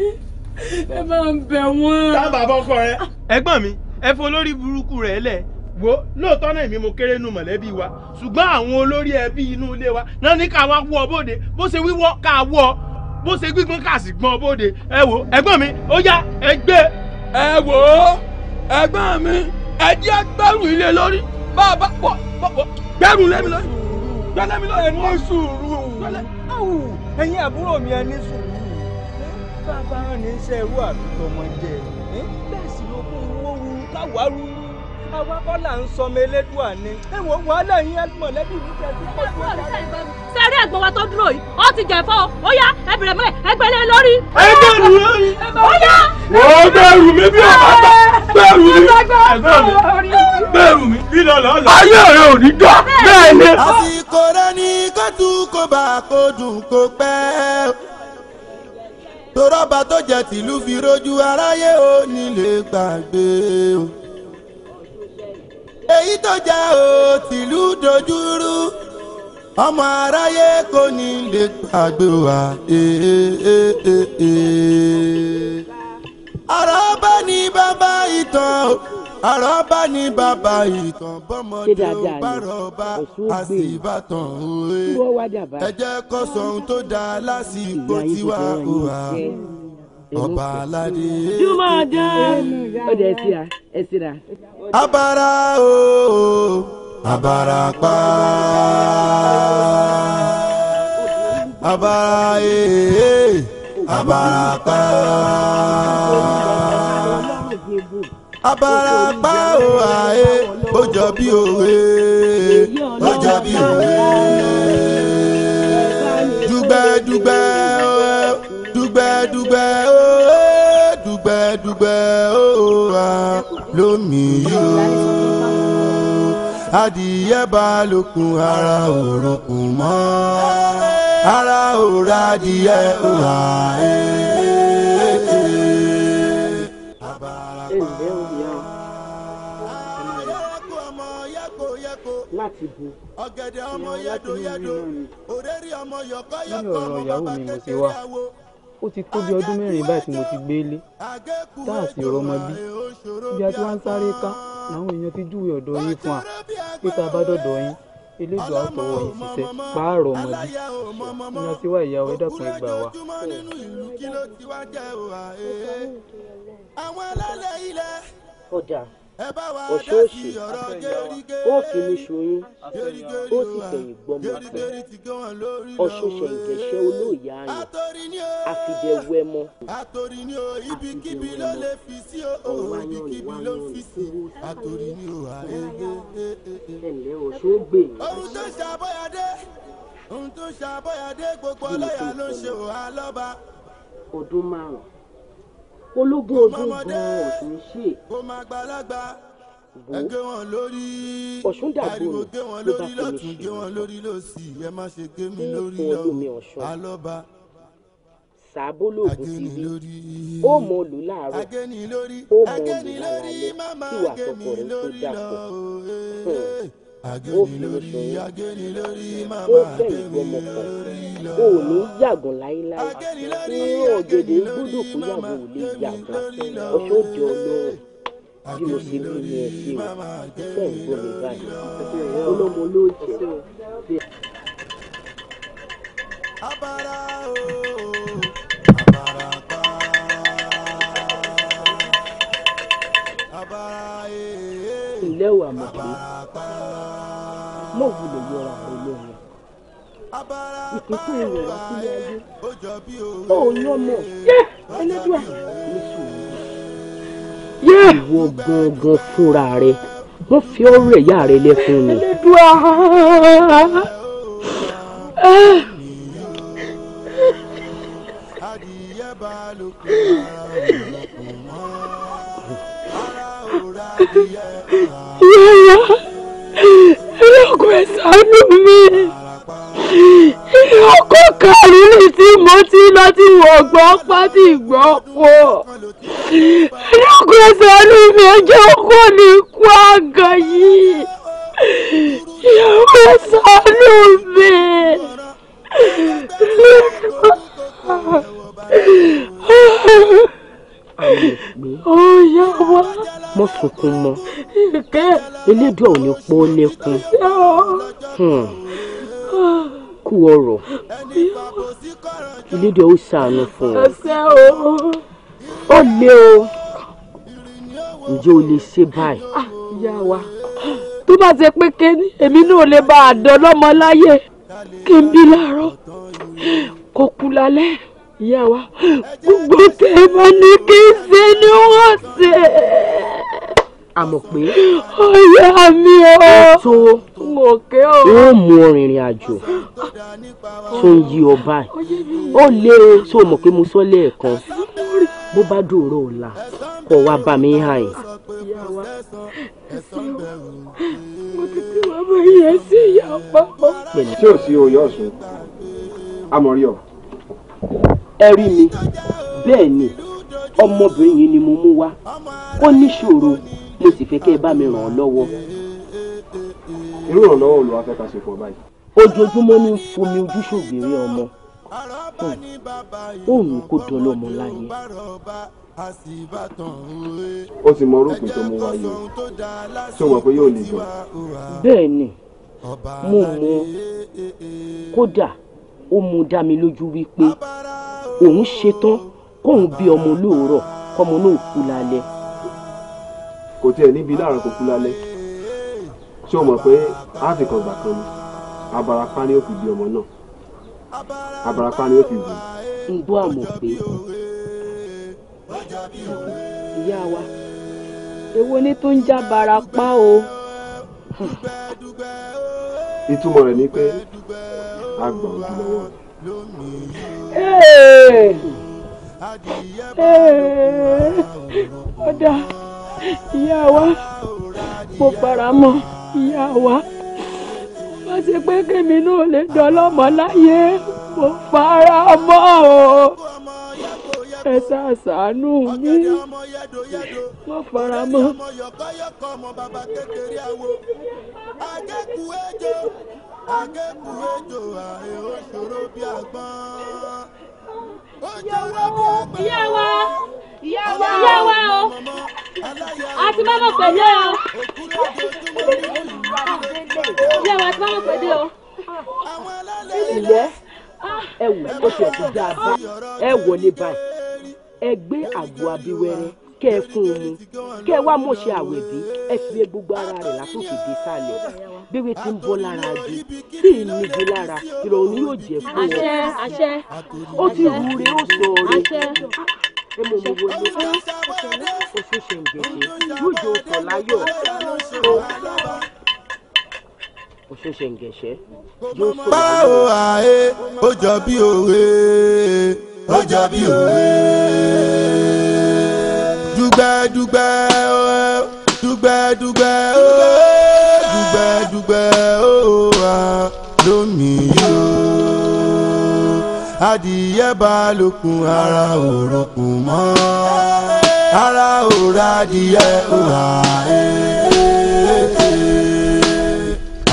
ẹ máa ń bẹ̀ wọ́n. tá bàbá ọkọ rẹ. ẹ̀gbọ́n mi ẹ fọ olórí burúkú rẹ lẹ wo lóòótọ́ náà èmi mo kéré nu mọ̀lẹ́bí wa ṣùgbọ́n àwọn olórí ẹbí inú ilé wa náà ní ká wá wọ bóde bó ṣe wíwọ́ ká wọ bó ṣe gbígbọ́n ká sì gbọ́n bóde ẹ wo ẹ̀gbọ́n mi ó yá ẹ gbé. ẹ wò ó ẹ̀gbọ́n mi ẹ jẹ́ gbẹ́rù ilé lórí bá a bá pọ̀ pọ̀ gbẹ́rù lẹ́mi lórí gbẹ́lẹ́mi lórí ẹ̀ ní sùúrù gbẹ́lẹ́mi sùúrù ẹ̀yin àbúrò mi ẹ ní sùúrù bàbá rán ní iṣẹ́ irú àbí tọmọ jẹ bẹ́ẹ̀ sì ló kún owó wu káwárù àwa kọ́ là ń sọmọ elédùà ni ẹ wò wàhálà yín mọ̀lẹ́bí mi tẹ̀ sí pọ̀ tó yára. sẹ́rí ẹ̀gbọ́n wa tó dúró yìí ó ti jẹ̀fọ́ ó yá ẹ bẹ̀rẹ̀ mọ́lẹ̀ ẹ gbẹ́lẹ̀ lórí. ẹ bẹ̀rù lórí. ó yá. ó bẹ̀rù mi bí ọba gbà bẹ̀rù mi bẹ̀rù mi lílọ lọ́lọ́. ayé rẹ ò ní dọ́ bẹ́ẹ̀ ni. àsìkò rẹ ni kóòtù kò bá kó dùn pẹ́ torọ́ba tó jẹ tìlú fi rojú aráyé ò ní gbàgbé o èyí tó jà ó tìlú dojúrú ọmọ aráyé kò ní lè gbàgbé wa. ọ̀rọ̀ bá ní bàbá ìtàn ọ̀rọ̀ bá ní bàbá ìtàn bọ́mọdé ó bárọ̀ bá a sì bàtàn òwe ẹ jẹ́ kó tó dáa lásìkò tiwa òwà ọba aládé. jùmọ̀ ọjọ́ ọdẹ ẹ ti ra ẹ ti ra. abara ooo abara pa abara ee abara pa abara pa o aye ó jọ bí òwe ó jọ bí òwe dùgbẹ́ dùgbẹ́ dùgbẹ́ dùgbẹ́dùgbẹ́ ó wà lómi yóò adìyẹ bá lókun ara òrokùn mọ́ ara òrà adìyẹ òhà ẹ̀. láti bo ọmọ yẹdo yẹdo òrèrè ọmọ yọkọ yọkọ ọmọ bàbá kékeré àwo ó ti tó bí ọdún mẹ́rin báyìí tí mo ti gbé lé tá a sì rọmọ bí bí a ti wá ń sáré ká làwọn èèyàn ti júwe ọ̀dọ̀ yín fún wa pé tá a bá dọ̀dọ̀ yín elédùn àtọwọ́ yín ṣiṣẹ́ pààrọ̀ ọmọ bí ní a ti wá ìyàwó ẹ dákun ẹgbà wa. ọjà ọ̀ṣọ́ọ̀ṣì kóòkì ní ṣoyún o sì fẹ̀yìn gbọ́mọ pẹ́ ọ̀ṣọ́ọ̀ṣì ìjẹ̀ṣẹ́ olóòyà yẹn àfìdẹ̀wẹ̀mọ àfìdẹ̀wẹ̀mọ ọ̀wá yan ìwà yan ìkúrò àtòrí ní òhà ẹ̀lẹ́ ọ̀ṣọ́ọ̀gbè yẹn. ohun tó ṣàbọ̀yàdé ohun tó ṣàbọ̀yàdé gbogbo ọlọ́yà ló ń ṣe òhà lọ́ba. ọdún márùn-ún ológun ọdún gan ọ̀sùn ṣe wo ọ̀sùn dàgbò ló bá fi mi ṣe ní ọdún mi ọ̀sùn sàbó lóògùn ti rí ó mọ lù láàárọ̀ ó mọ lù lálẹ́ tí wàá sọ̀kọ̀ rẹ̀ tó dàpọ̀ agéni lórí agéni lórí màmá agéni lórí lọ. o ò ní yàgàn láéláé tí ọ̀gẹ̀dẹ̀ ń gbọ́dọ̀ kó yàgò ò lè yàgàn ọ̀ṣọ́ òjò ọlọ́run bí mo ṣe bí mi ẹ̀ ṣe o ṣe ń gbọ́ mi báyìí ọlọ́mọ ló jẹ́. abara ooo. Bye ǹlẹ́ o àmọ̀dé mọ̀ wulẹ̀ yọra olóhùn ìpínpín rẹ̀ wá sílẹ̀ ayé ó yán mọ̀ yé ẹlẹ́dùn àmì sùúrù yé ìwọ gangan fúnra rẹ wọ́n fi ọ̀rọ̀ ẹ̀yà rẹ lẹ́kùn ni. ẹlẹ́dùn àá. adìyẹ ah! balùwẹ̀ yàrá ẹlẹ́kùn ẹ̀ ṣàánú mi ọkọ̀ kàrílì tí mo ti lọ tí wọ́n gbọ́ pátì gbọ́ pọ̀ ẹlẹ́kùn ẹ̀ ṣàánú mi ẹjẹ́ ọkọ̀ ní kú àgà yìí ìyàwó ẹ̀ ṣàánú mi. Oh, ọ̀yá hmm. wa mo sunkún mọ́ elédùn ò ní pọ́ lẹ́kùn kú ọ̀rọ̀ elédùn ó ṣàánú fún ọ ó lé o ǹjẹ́ o lè ṣe báyìí. ìyá wa tó bá ti pé kéde èmi náà lè bá àdán lọ́mọ láyé kí n bí láàárọ̀ kó kú lálẹ́ ìyá wa gbogbo tẹ̀mọ́ ní kí n ṣe ni wọ́n ṣe. àmọ̀ pé. ọ̀yá mi o. ètò mọ̀kẹ́ o. ó mú ọrìnrìn àjò tó ń yí ọ báyìí ó lé e tó mọ̀ pé mo sọ lẹ́ẹ̀kan bó bá dòrò ọ̀la kọ̀ wá bá mi hàn yìí pẹ̀lú tí ò sí oyè ọ̀sùn amọ̀rí ọ̀ ẹ rí mi bẹ́ẹ̀ ni ọmọbìnrin yìí ni mo mú wá ó níṣòro mo sì fẹ́ kẹ́ ẹ bá mi ràn án lọ́wọ́. irú ìrànlọ́wọ́ olùwà fẹ́ ká ṣe fún ọ báyìí. ojoojúmọ́ ní fomi ojú ṣògbèrè ọmọ ó mú kó dọlọ́mọ láyé. ó ti mọ orúkọ tó mú wáyé o tó mọ̀ pé yóò lè gbọ́. bẹ́ẹ̀ ni mo mọ kódà ó mú dá mi lójú wípé òun ṣetán kóun bí ọmọ olóòrọ̀ kọ́mọ náà kú lálẹ́. kò tiẹ̀ níbi láàárọ̀ kò kú lálẹ́ ṣé o mọ̀ pé áfíkan gbà kan ni abarapá ni ó fi bí ọmọ náà abarapá ni ó fi bù. ń bọ́ àmọ̀ pé ìyá wa èwo ni tó ń já barapá o. ìtumọ̀ rẹ̀ ni pé á gbà ojú lọ́wọ́ rẹ̀. ọ̀dà ìyá wa mo fara mọ́ ìyá wa wọ́n ti pé kémi náà lè dán lọ́mọ láyé mo fara mọ́ o ẹ ṣàṣàánú mi wọ́n fara mọ́. akẹ́kọ̀ọ́ ejò ààyè ó ṣòro bí àgbọn. ìyá wa ìyá wa ìyá wa o a ti bá mọ̀ pẹ̀lú o ìyá wa ti bá mọ̀ pẹ̀lú o. ìyẹ́ ẹ wò ó ṣe ti dáa bá ẹ wọlé báyìí ẹ gbé àgbo abíwẹ́rẹ́ kẹ́ ẹ fún un mu kẹ́ ẹ wá mọ̀ ṣe àwẹ̀bí ẹ fi wé gbogbo ara rẹ̀ látòkè dé sálẹ̀ bíwé ti ń bọ́ lára ju tí ì níbi lára ìrọ̀rùn yóò jẹ́ fún ọ. àṣẹ àṣẹ. ó ti wù rẹ ó sọ rẹ. ẹ mọ̀ mọ̀ wọlé fún oṣù ṣèǹgẹ̀ṣẹ̀ yóò jẹ́ láyọ̀ kò ṣe ṣe ń gẹ̀ṣẹ́. báwo àyè ó jọ bí òwe ó jọ bí òwe. dùgbẹ́ dùgbẹ́ dùgbẹ́ dùgbẹ́ dùgbẹ́ dùgbẹ́ òwà lómi yó. adìyẹ bá lókun ara ò rọkùn mọ́ ara ò ra adìyẹ òwà ẹ̀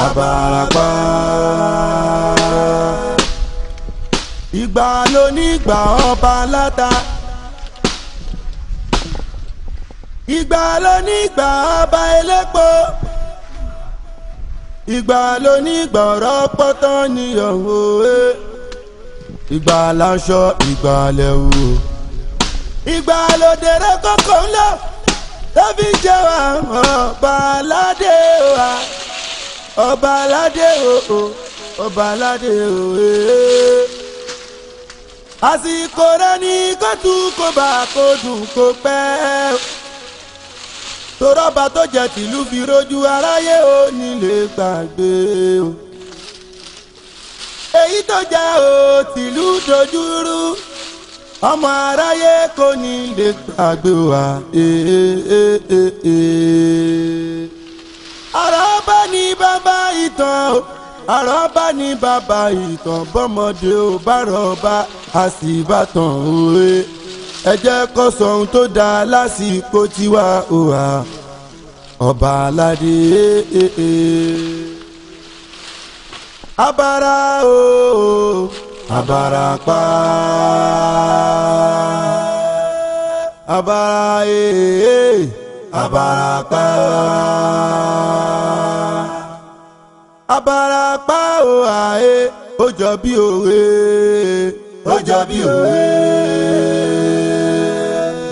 abarapa ìgbà lónígbà ọba láta ìgbà lónígbà ọba elépo ìgbà lónígbà ọ̀rọ̀ pọ́tán níyàn òwe ìgbà láṣọ ìgbà lẹ́wù ìgbà lòdèrè kókó ńlá tàbí jẹ́ ọba aládé wa ọba aládé o ọba aládé o. Eh àsìkò rẹ ní kóòtù kó bá kó dùn kó pẹ́ torọ́ba tó jẹ tìlú fi rojú aráyé ò nílé gbàgbé o èyí tó jẹ ò tìlú dojú rú ọmọ aráyé kò ní gbàgbé wa. àràbà ni bàbá ìtàn o àròbá ni Baba ìtàn bọ́mọdé ò bá rọ̀bá a sì bá tàn òwe ẹ jẹ́ kó sọ ohun tó dáa lásìkò tiwa òwà ọba aládé. abara o abara pa abara ee abara pa abarapá o aye, ó jọ bí òwe ó jọ bí òwe.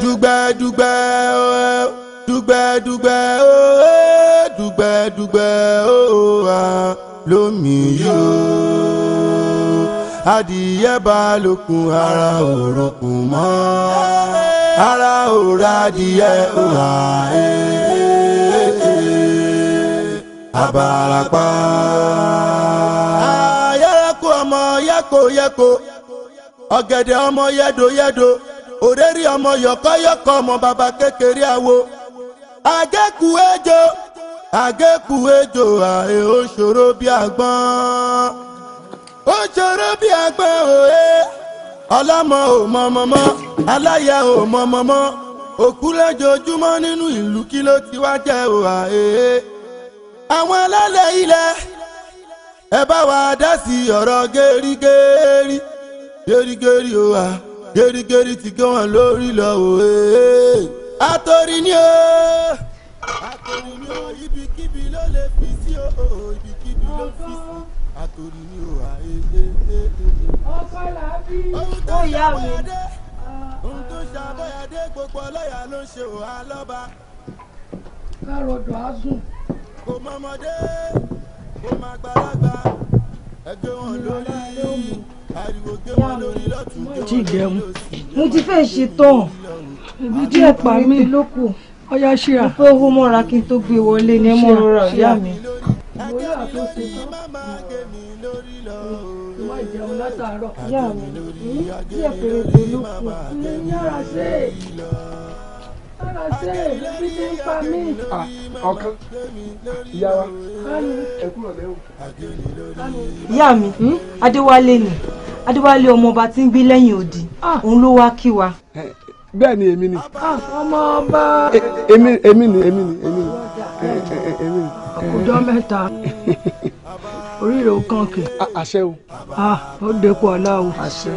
dùgbẹ́dùgbẹ́ o dùgbẹ́dùgbẹ́ o dùgbẹ́dùgbẹ́ o wa lómi yóò adìyẹ bá lókun ara ò rọkùn mọ́ ara ò ra o àyè abarapa. ayẹ́rẹ́kù ọmọ yẹ́kọ̀yẹ́kọ̀ ọ̀gẹ̀dẹ̀ ọmọ yẹ́dọ̀yẹ́dọ̀ òrèrè ọmọ yọ̀kọ́yọ̀kọ́ ọmọ bàbá kékeré àwo àgékù ejò àgékù ejò àè ó ṣòro bí àgbọn ó ṣòro bí àgbọn òye ọlọ́mọ ò mọ ọmọ mọ́ aláya ò mọ ọmọ mọ́ òkú lójoojúmọ́ nínú ìlú kí ló ti wá jẹ́ òhà èé àwọn alálẹ̀ ilẹ̀ ẹ bá wa dá sí ọ̀rọ̀ gẹ́rígẹ́rí gẹ́rígẹ́rí o wa gẹ́rígẹ́rí ti gé wọn lórí lọ o ee eh. àtòrí ni o àtòrí ni o ibikíbi ló lè fi sí o oh, ibikíbi ló fi sí àtòrí ni o wa ee eh, ee eh, ee. ọkọ làbí ó yà wò ohun tó ṣàbọ̀yàdé ah. gbogbo ọlọ́yà ló ń ṣe òhà lọ́ba. ká rọ̀dọ̀ á sùn kò mọmọdé kò má gbàlagbà ẹgbẹ́ wọn lórí ariwo gbé wọn lórí lọ́tún gbé wọn lórí mo ti fẹ́ ṣe tán ìbí ẹ̀pà mi ló kù ọyá ṣíra mo fẹ́ owó mọ́ra kí n tó gbé wọlé ní mo rọra ìyá mi. ìwòyà tó ṣe tán ìwà ìjẹun látàárọ̀ ìyá mi ní ìyá pèrè tó ló kù ní yàrá ṣe é ara ṣe ẹbí tí ń pa mí. ọ̀kan ìyá wa ẹ̀kúrọ̀ lẹ́wọ̀n. ìyá mi hmm? adéwálé ni adéwálé ọmọọba tí ń gbé lẹ́yìn odi òun ló wá kí wa. bẹ́ẹ̀ ni èmi ni. ọmọọba. E, èmi èmi ni èmi ni èmi ni èmi ni. àkùdọ́ mẹ́ta oríire ò kàn kì. àṣẹ o. ó dẹ́kun ọ̀la o. àṣẹ.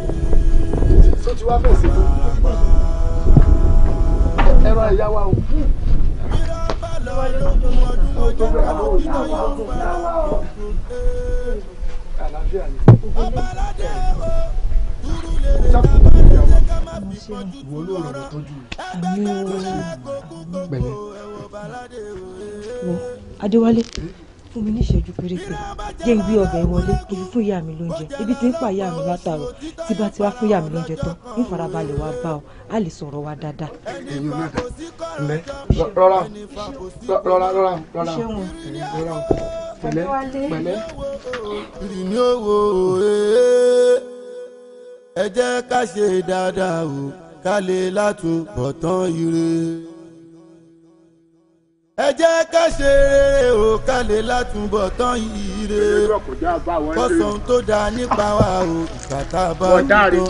tó ti wá fèsì fún ẹran ìyá wa o. Adéwálé fún mi ní ìṣẹ́jú péréte jẹ́ ìgbé ọbẹ̀ wọlé kò fún ìyá mi lóúnjẹ ibi tí ń pa ìyá mi látàrọ̀ tí bá ti wá fún ìyá mi lóúnjẹ tán ń farabalẹ̀ wá bá ọ á lè sọ̀rọ̀ wa dáadáa. ẹyin olóòdà ǹlẹ́ rọra rọra rọra rọra rọra pẹ̀lẹ́ pẹ̀lẹ́. ìrìnnì owó eh. ẹ jẹ́ ká ṣe dáadáa o ká lè látún bọ̀tán ire ẹ jẹ́ ká ṣe rere o ká lè látúbọ̀ tán yìí re kọ́sàn tó dáa nípa wa o ìgbàtà bá ń lọ.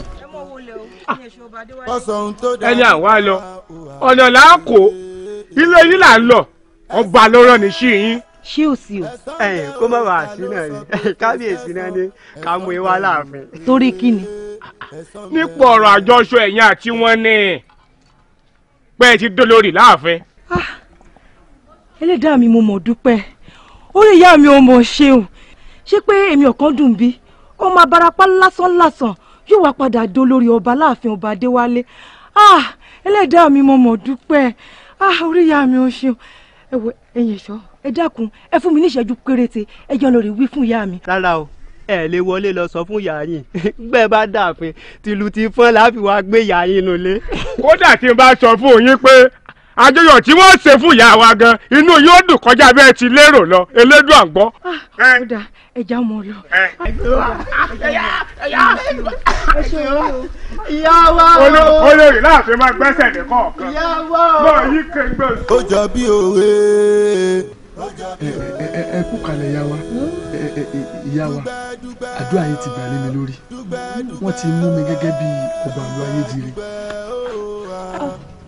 kọ́sàn tó dáa nípa wa o ọ̀nà là á kó ilé yìí là ń lọ ọba lọ́rọ̀ ní sí yín. ṣé o sì o. ẹ kó má bàa sí náà ni kábíyèsí náà ni ká mú iwá láàfin. torí kí ni. nípa ọ̀rọ̀ àjọṣọ ẹ̀yìn àti wọn ni pé ẹ ti dó lórí láàfin. Ah ẹlẹ́dàá mi mo mọ̀ dúpẹ́ orí ìyá mi ò mọ̀ ṣeun ṣé pé èmi ọ̀kan dùn bí ọmọ abarapá lásán lásán yóò wá padà dó lórí ọba láàfin ọba adéwálé ah ẹlẹ́dàá mi mo mọ̀ dúpẹ́ ah orí ìyá mi ò ṣeun ẹ wò ẹ̀yin ẹ̀ṣọ́ ẹ dákun ẹ fún mi ní ìṣẹ́jú péréte ẹ lórí wí fún ìyá mi. rárá o ẹ lè wọlé lọ sọ fún ìyá yín bẹ́ẹ̀ bá dàfin tìlù ti fọn láfi wá gbé ìyá nulẹ. kódà tí n bá sọ fún yín pé àjọyọ̀ tí wọ́n ṣe fún ìyá wa gan inú yóò dùn kọjá bẹ́ẹ̀ ti lérò lọ elédùn àgbọ́. kódà ah, ẹja mọ lọ. ìyá wa o. olórí láàfin máa gbẹ́sẹ̀ ní kọ̀ọ̀kan. ìyá wa o. náà yí kẹgbẹ́. ó jọ bí òwe. ẹ kú kalẹ̀ ìyá wa hmm? ìyá wa àdúrà yìí ti gbà lé mi lórí wọ́n ti mú mi gẹ́gẹ́ bí ọba àlọ́ ayé jire. Ah.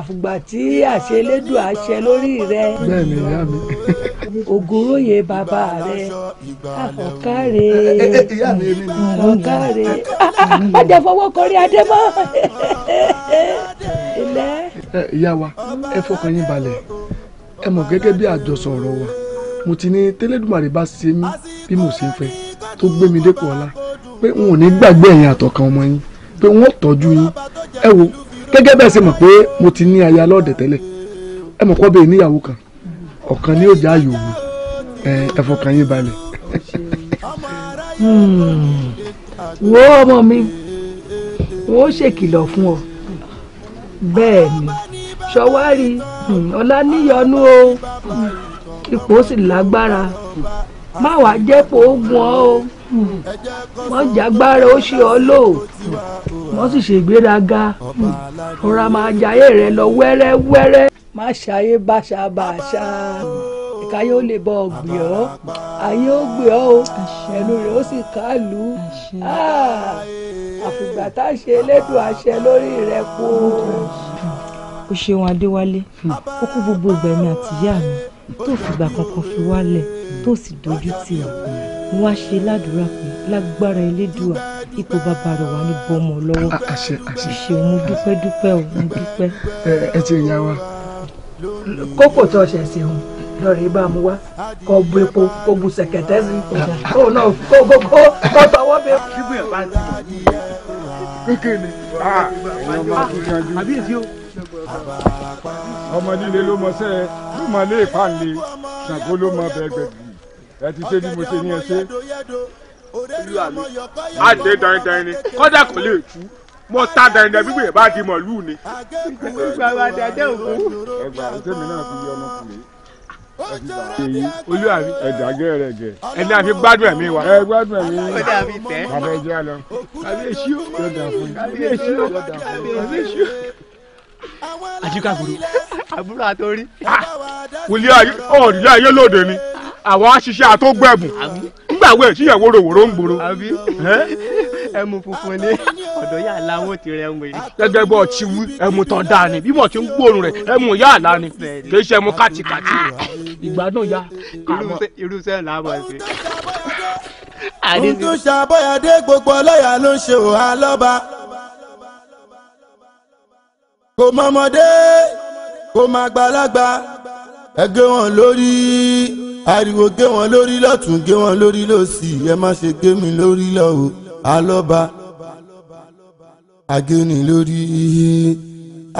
àfùgbà tí àṣẹ elédùà àṣẹ lórí rẹ ògúnróyè bàbá rẹ àfọkàrè àfọkàrè ọjà fọwọ́ kọrí adé mọ́ ilẹ̀. ìyá wa ẹ fọkàn yín balẹ̀ ẹ mọ̀ gẹ́gẹ́ bí àjọsọ ọ̀rọ̀ wa mo ti ní tẹ́lẹ̀dùmarè bá ṣe mí bí mo ṣe ń fẹ́ tó gbé mi dépò ọlá pé n ò ní gbàgbé ẹ̀yin àtọ̀kan ọmọ yín pé wọ́n tọ́jú yín ẹ wo gẹ́gẹ́ bẹ́ẹ̀ ṣe mọ̀ pé mo ti ní aya lọ́ọ̀dẹ̀ tẹ́lẹ̀ ẹ mọ̀ kọ́ bẹ́ẹ̀ níyàwó kan ọ̀kan ni ó jẹ́ ààyò mi ẹ fọkàn yín balẹ̀. Hmm. wo ọmọ mi wọ́n ṣèkìlọ̀ fún ọ bẹ́ẹ̀ ni ṣọwárì hmm, ọlá o ipò sì lágbára má wàá jẹ́ pé ó gun ọ o wọ́n jágbára ó ṣe ọ́ lò wọ́n sì ṣègbéraga rọra máa jayé rẹ lọ wẹ́rẹ́wẹ́rẹ́ má ṣayé báṣà báṣà káyé ó lè bọ ọgbẹ ọ ayé ó gbẹ ọ o ẹnu rẹ ó sì kálù àfìgbà tá a ṣe elédùn àṣẹ lórí rẹ kó. o ṣeun adéwálé ó kú gbogbo ìgbà mi àtìyá mi tó fìgbà kankan fi wálẹ̀ tó sì dojú tì wá mo wá ṣe ládùúrà pé lágbára elédùà ipò bàbá rẹ̀ wà ní bọ́mọ lọ́wọ́ àṣẹ àṣẹ ìṣeun mo dúpẹ́ dúpẹ́ ò mo dúpẹ́. ẹ ti ìyá wa. kókò tó ṣẹ̀ sí òun lọ́ọ̀rẹ́ bá mu wá kọ́ bu epo kó bu sẹ̀kẹ̀tẹ́ sí kó náà kó kó kó kó tọwọ́ bẹ́ẹ̀. kíkú ẹ̀ bá ti kékeré ni ah, ah, ah, àbí o ọmọ líle ló mọ sẹ ló mọ lé ìpàlè ṣàgó ló mọ bẹẹ gbẹgbẹ ẹ ti ṣe bí mo ṣe ní ẹ ṣe. olúwa mi má dé ni kọ́dà kò lè tú mo ta dandan gbígbé bá di mọ̀lú ni. gbogbo àwọn àdàdà náà fi yọ ọmọkùnrin olúwa mi ẹ̀dá gẹ́rẹ́ gẹ́ ẹni àfi gbádùn ẹ̀mí wa. ẹ gbádùn ẹ̀mí wa bàbá ẹjẹ lọ. kábíyèsí o kábíyèsí o kábíyèsí o. àjíkàgbòrò àbúrò àtọrí. Ah! Oh, wòlíì ayé lóde ni àwọn aṣiṣẹ́ àtọ́gbẹ̀bùn nígbàwé ìṣiyẹ̀wò ròwòrò ń gbòòrò. ẹmu funfun ni ọ̀dọ̀ yà láwọn ti rẹ̀ wẹ̀. gẹ́gẹ́ bọ́ ọtí wú ẹmu tán dáa ni bí mo ti ń gbóòórùn rẹ̀ ẹmu yà lá ni kì í ṣe ẹmu kátikáti ìgbádùn ya. irúṣẹ́ là á máa ṣe. ohun tó ṣàbọ̀yàdé gbogbo ọlọ́yà ló ń ṣe òhà lọ́ba kò mọ̀mọ́dé kò má gbàlagbà ẹgbẹ́ wọn lórí ariwo gé wọn lórí lọ́tún gé wọn lórí lọ́sì ẹ má ṣe gé mi lórí lọ́wọ́ alọ́ba agéni lórí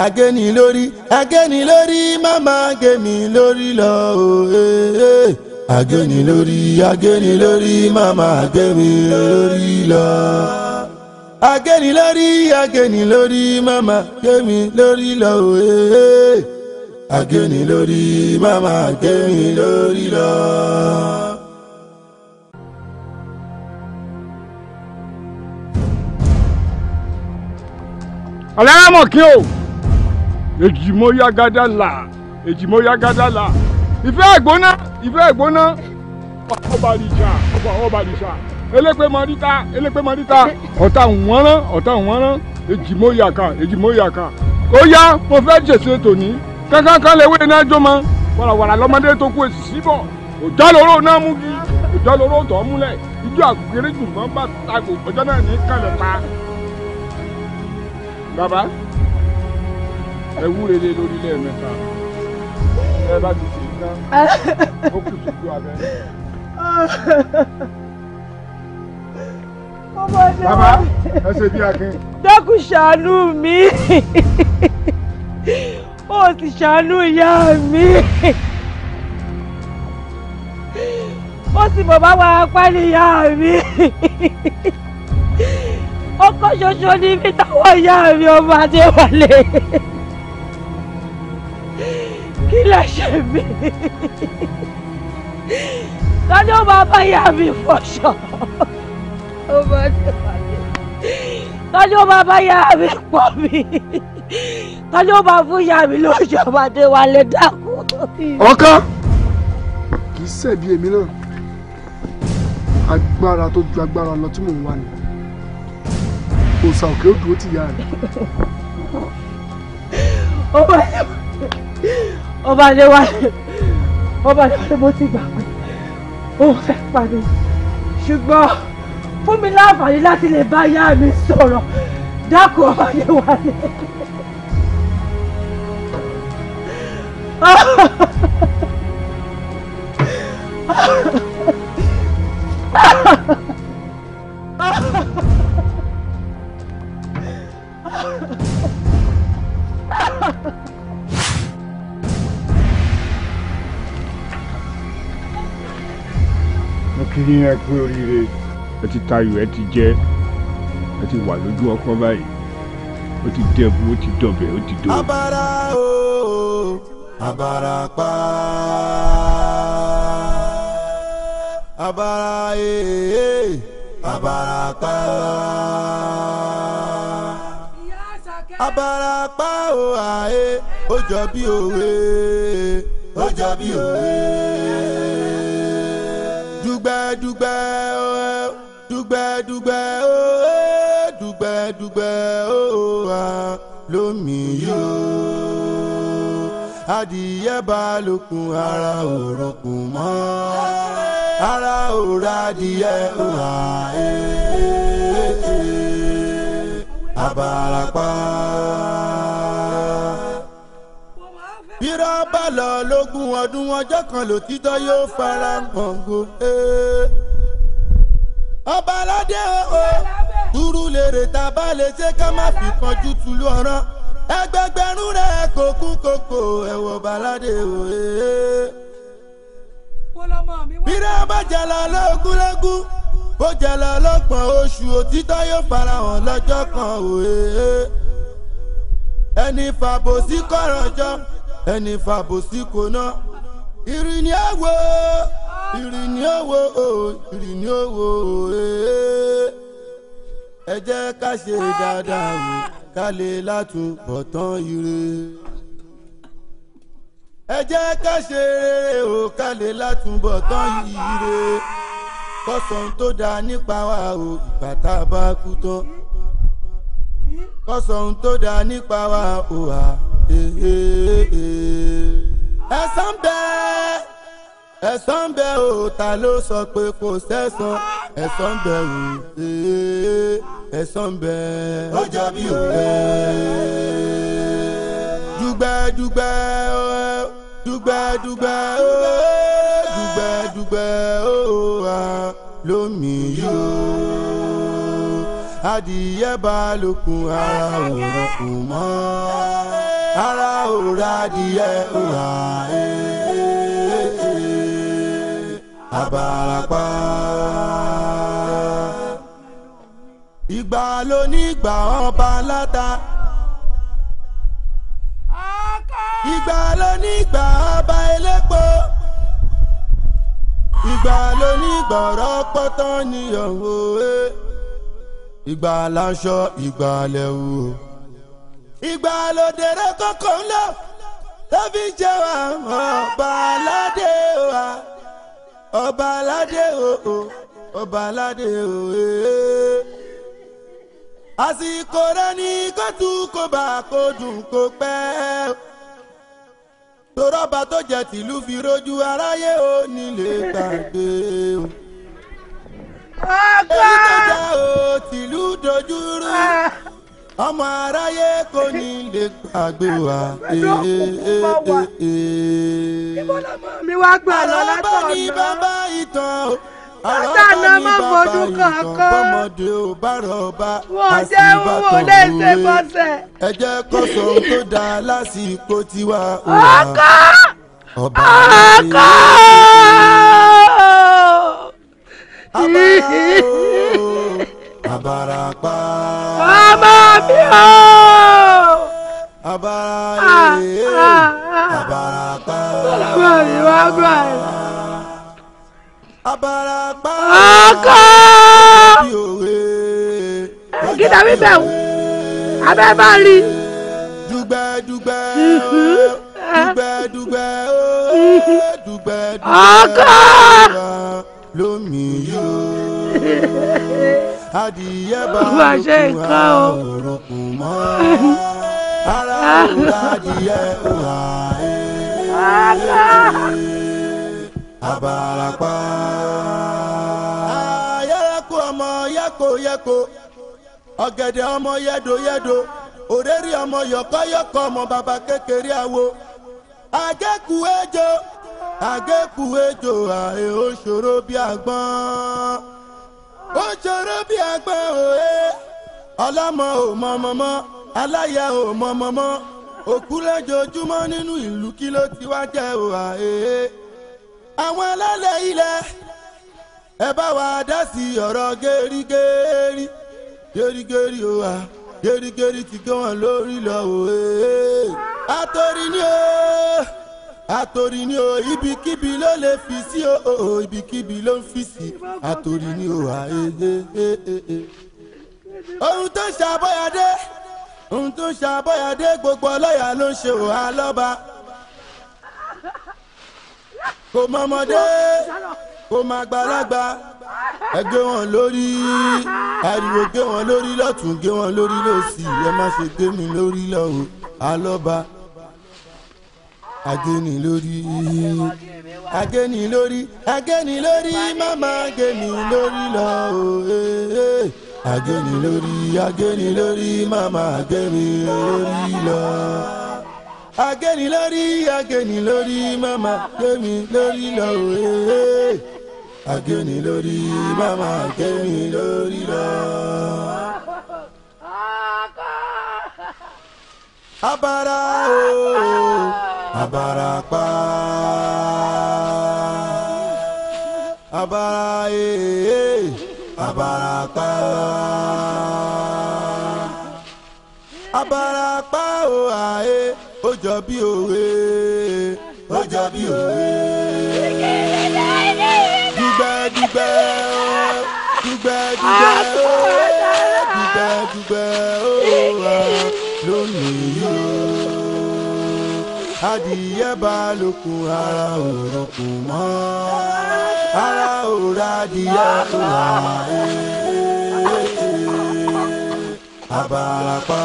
agéni lórí agéni lórí mama gémi lórí lọ́wọ́ agéni lórí agéni lórí mama mi lórí lọ́wọ́ agéni lórí agéni lórí mama gémi lórí lọ́wọ́ agéni lórí mama agéni lórí lọ. alámọ̀ kí o èjìmọ́ yagada là èjìmọ́ yagada là ìfẹ́ ẹ̀gbóná ìfẹ́ ẹ̀gbóná ọba rìṣà ọba ọba rìṣà elépè mọ́ríta elépè mọ́ríta ọ̀tá wọ́nrán ọ̀tá wọ́nrán èjìmọ́ yàkà èjìmọ́ yàkà ó yá mo fẹ́ jèsè tòní kankan kan lè wé iná jó mọ wàràwàrà lọmọdé tó kú èsì síbọ òjò lóró náà mú kí òjò lóró tọ múlẹ̀ ijó àgbèrè jù mọ bá tagò ọjọ́ náà ní kàlẹ pa. bàbá ẹ wúre lé lórí lẹ́ẹ̀mẹ́ta ẹ bá ti sì ná ó kù sí ju abẹ. bàbá ẹ ṣe bí akin. dákun ṣàánú mi ó sì ṣàánú ìyá mi ó sì mọ̀ bá wa pálí ìyá mi ọkọ ṣoṣo ní bí táwọn ìyá mi ọmọ adéwálé kí lè ṣe mí lọ́dún ó bá ìyá mi fọṣọ ọmọ adéwálé lọ́dún ó bá ìyá mi pọ̀ mí tọ́jú ó máa fún ìyá mi lóṣù ọmọdé wa lè dákú. ọ̀kan kì í ṣẹ̀bi èmi náà agbára tó ju agbára lọ tí mò ń wá ni òòsà òkè ó dúró ti yá rẹ. ọba lè wá ọba lè wá lè mo ti gbà pé òun fẹ́ pàdé ṣùgbọ́n fún mi láǹfààní láti lè bá yá mi sọ̀rọ̀ dákun ọba lè wá lè. kiri yẹn pé oríire ẹ ti tayò ẹ ti jẹ ẹ ti wà lójú ọkọ báyìí ó ti dẹbu ó ti dọbẹ ó ti dòwò abarapa abaraye eh, eh, eh. abarapa abarapa o oh, aye ah, ó jọ bí òwe ó jọ bí òwe dùgbẹ́dùgbẹ́ o oh, dùgbẹ́dùgbẹ́ o oh, dùgbẹ́dùgbẹ́ o wa ah. lómi yóò adìyẹ bá lókun ara ò rọkùn mọ́ ara ò ra adìyẹ ò hà ee abarapa. bírọ̀ bá lọ lógún ọdún ọjọ́ kan lòtítọ́ yóò fara hàn go. ọba o dúró lèrè tá a bá lè ṣe ká má fi kanjú tu lọ́rán ẹgbẹgbẹ̀rún rẹ̀ kò kún kòkò balade òye. bírẹ̀ bá jẹ̀lá lógúnlógún bó jẹ̀lá ọlọ́gbọ̀n oṣù òtítọ́ yóò farahàn lọ́jọ́ kan òye. ẹni fàbòsí kọ̀rọ̀jọ́ ẹni fàbòsí kò ná ìrìn ni ó wo ìrìn ni ó wo ìrìn ni ó wo òye ẹ jẹ́ ká ṣe dáadáa wò ká lè látúbọ̀ tán ire. ẹ jẹ́ ká ṣe rere o ká lè látúbọ̀ tán ire. kọ́sàn tó dáa nípa wa o ìgbà tá a bá kú tán. kọ́sàn tó dáa nípa wa o à. Eh, eh, eh, ẹ̀sán bẹ́ẹ̀ ẹ̀san bẹ o ta ló sọ pé kò sẹ́san ẹ̀san bẹ o eh, ẹ̀san bẹ ó jọ bí o bẹ. dùgbẹ́ dùgbẹ́ o dùgbẹ́ dùgbẹ́ o dùgbẹ́ dùgbẹ́ o wa lómi yó. adìyẹ bá lókun ara òun kò mọ́ ara òun adìyẹ òun àáyé abarapá. ìgbà ló ní ìgbà ọba láta. ìgbà ló ní ìgbà ọba elépo. ìgbà ló ní ìgbà ọ̀rọ̀ pọ́tán ni òwe. ìgbà láṣọ ìgbà lẹ́wù. ìgbà ló dèrè kókó ńlọ tó fi jẹ́ wa ọba aládé wa. Obalade o o Obalade o e Asiko re ni ko tu ko ba ko dun ko pe Toro ba to je ti lu fi roju araye o ni le gbagbe o Oga ti lu dojuru ah! ọmọ aráyé kò ní lè gbàgbé eh, eh, eh, mi wá gbọ́ ọ̀rọ̀ látọ̀ ọ̀nà. bàbá ìtàn o. Bàtà náà má fojú kankan. Wọ́n jẹ́ wò lè ṣe bọ́sẹ̀. Ẹ jẹ́ kó sọ ohun tó dáa lásìkò tiwa. Ọkọ! Ọba ọkọ! Abá o abarapa. ọmọ mi o. abara ye abarapa. ọlọ́wọ́ mi wá gbà ẹ̀. abarapa. ọkọ. kí tàbí bẹ̀ wù abẹ́ bá rí. dùgbẹ́ dùgbẹ́ mhm. dùgbẹ́ dùgbẹ́ mhm. dùgbẹ́ dùgbẹ́ ọkọ lómi yóò. adìyẹ bá òkú ha ọ̀rọ̀ kù mọ́ ara òkú adìyẹ kù ha abarapa. ayẹ́rẹ́kù ọmọ yẹ́kọ̀yẹ́kọ̀ ọ̀gẹ̀dẹ̀ ọmọ yẹ́dọ̀yẹ́dọ̀ òrèrè ọmọ yọ̀kọ́yọ̀kọ́ ọmọ bàbá kékeré àwo àgékù ejò àgékù ejò àìhó ṣòro bí àgbọn ó ṣòro bí agbọ́n òye ọlọ́mọ ò mọ mọ́mọ́ aláya ò mọ mọ́mọ́ òkú lójoojúmọ́ nínú ìlú kí ló ti wá jẹ́ òhà èé àwọn alálẹ̀ ilẹ̀ ẹ bá wa dá sí ọ̀rọ̀ gẹ́rígẹ́rí gẹ́rígẹ́rí òhà gẹ́rígẹ́rí ti gé lórí lọ òhè àtòrí ni ó àtòrí ni o ibikíbi ló lè fi sí o ibikíbi ló ń fi sí àtòrí ni o à ee. Eh, eh, eh, ohun tó ń ṣàbọ̀yàdé ohun tó ń ṣàbọ̀yàdé gbogbo ọlọ́yà ló ń ṣe òhà lọ́ba kò mọ̀mọ́dé kò má gbàlagbà ẹ gbé wọn lórí ariwo gbé wọn lórí lọ́tún gbé wọn lórí lọ́sì ẹ má ṣe gbé mi lórí lọ́wọ́ àlọ́ba. Ageni lori, ageni lori, ageni lori, mama agéni lórí lọ o eh, eh. Ageni lori, ageni lori, mama ageni lori lọ Ageni lori, ageni lori, mama agéni lórí lọ o Ageni lori, mama agéni lórí lọ. abara ooo abarapa abaraye abarapa abarapa o aye ó jọ bí òwe ó jọ bí òwe dùgbẹ́ dùgbẹ́ dùgbẹ́ dùgbẹ́ dùgbẹ́ dùgbẹ́. adìyẹ bá lókun ara ò rọkùn mọ́ ara ò rádìyẹ tó wà Abarapa.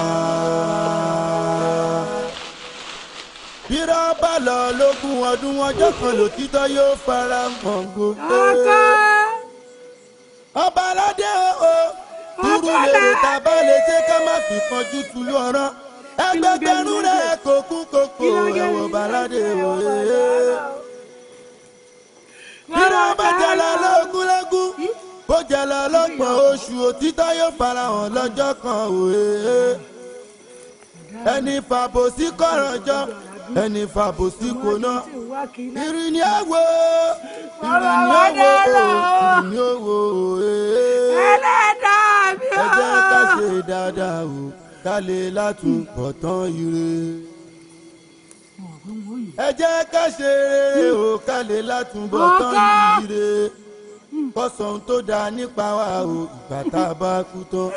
bírọ̀ bá lọ lógún ọdún ọjọ́ kan lòtítọ́ yóò fara hàn gbogbo. ọba aládé o dúró lèrè tàbá lè ṣe ká má fi kanjú tu lọ́rọ́ ẹgbẹgbẹrún rẹ kò kú kòkò ẹwọ balade òye. nínú bàjẹ́lẹ̀ lógúnlógún hmm? bójẹ́lẹ̀ lọ́gbọ̀n oṣù òtítọ́ yóò farahàn lọ́jọ́ kan òye. ẹni fàbòsí kọ̀rọ̀jọ́ ẹni fàbòsí kò ná ìrìn ní àwò ìrìn ní àwò ìrìn òwò òye. ẹ jẹ́ ká ṣe dáadáa o. ká lè látúbọ̀ ire. ẹ jẹ́ ká ṣe rere o ká lè látúbọ̀ ire. kọ́sọ̀n tó dáa nípa wa o ìgbà bá kú tán.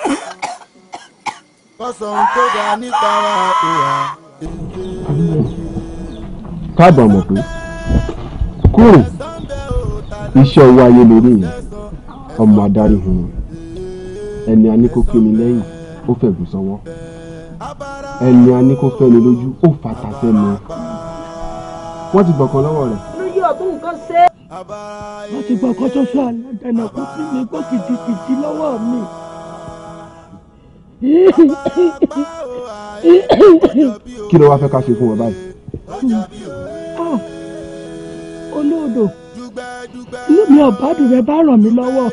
kọ́sọ̀n tó nípa wa o wà. káàbọ̀ mọ̀ pé kúrò iṣẹ́ owó ọmọ adarí ẹni a ní kó ó fẹ̀gùn sọ́wọ́ ẹni a ní kó fẹ́ni lójú ó fata sẹ́nu wọ́n ti gbọ̀kan lọ́wọ́ rẹ̀. lójú ọ̀tún nǹkan ṣe. wọ́n ti gbọ̀kan ṣoṣo àlàdànà kó sì ní gbọ́ kìjikìji lọ́wọ́ mi. kí ló wá fẹ́ ká ṣe fún wọn báyìí. Ah, olóòdò inú ọ̀bádùn rẹ bá ràn mí lọ́wọ́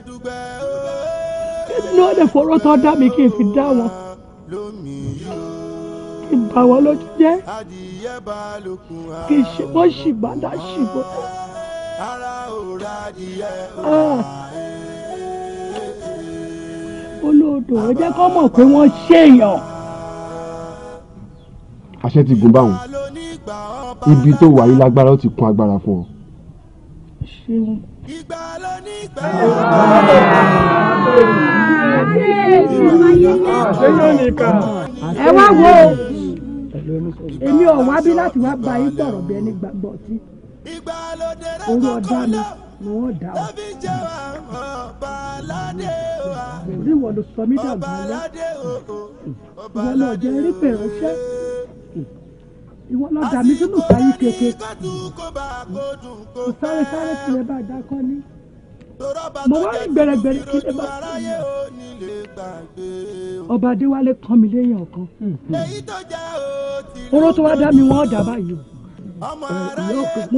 ní wọ́n dẹ̀ fọwọ́ tó dá mi kí n fi dá wọn kí n bà wọ́n lójú jẹ́ kí n ṣe wọ́n ṣì bá dá ṣì bọ́. Ah. olóòdò ẹ jẹ́ kó mọ̀ pé wọ́n ṣèyàn. àṣẹ ti gùn báwọn ibi tó wà yìí lágbára ó ti kún agbára fún ọ. ṣeun ìgbà ló ní ìgbà ẹ wá wo èmi ò wá bí láti wá bá yín sọ̀rọ̀ bí ẹni gbàgbọ́ sí orí ọ̀dá mi ni wọ́n dá ọ. orí wọn ló sọ mí dàgbà lọ ìwọ lọ jẹ eré pẹ̀ránṣẹ́ ìwọ lọ dà mí sínú ìsáyí keke sáré sáré tilẹ̀ bá dákọ́ ní mo wá rí gbẹrẹgbẹrẹ kí lè bá ọba adéwálé kàn mí lẹ́yìn ọ̀kan oró tó wá dá mi wọ́n dà báyìí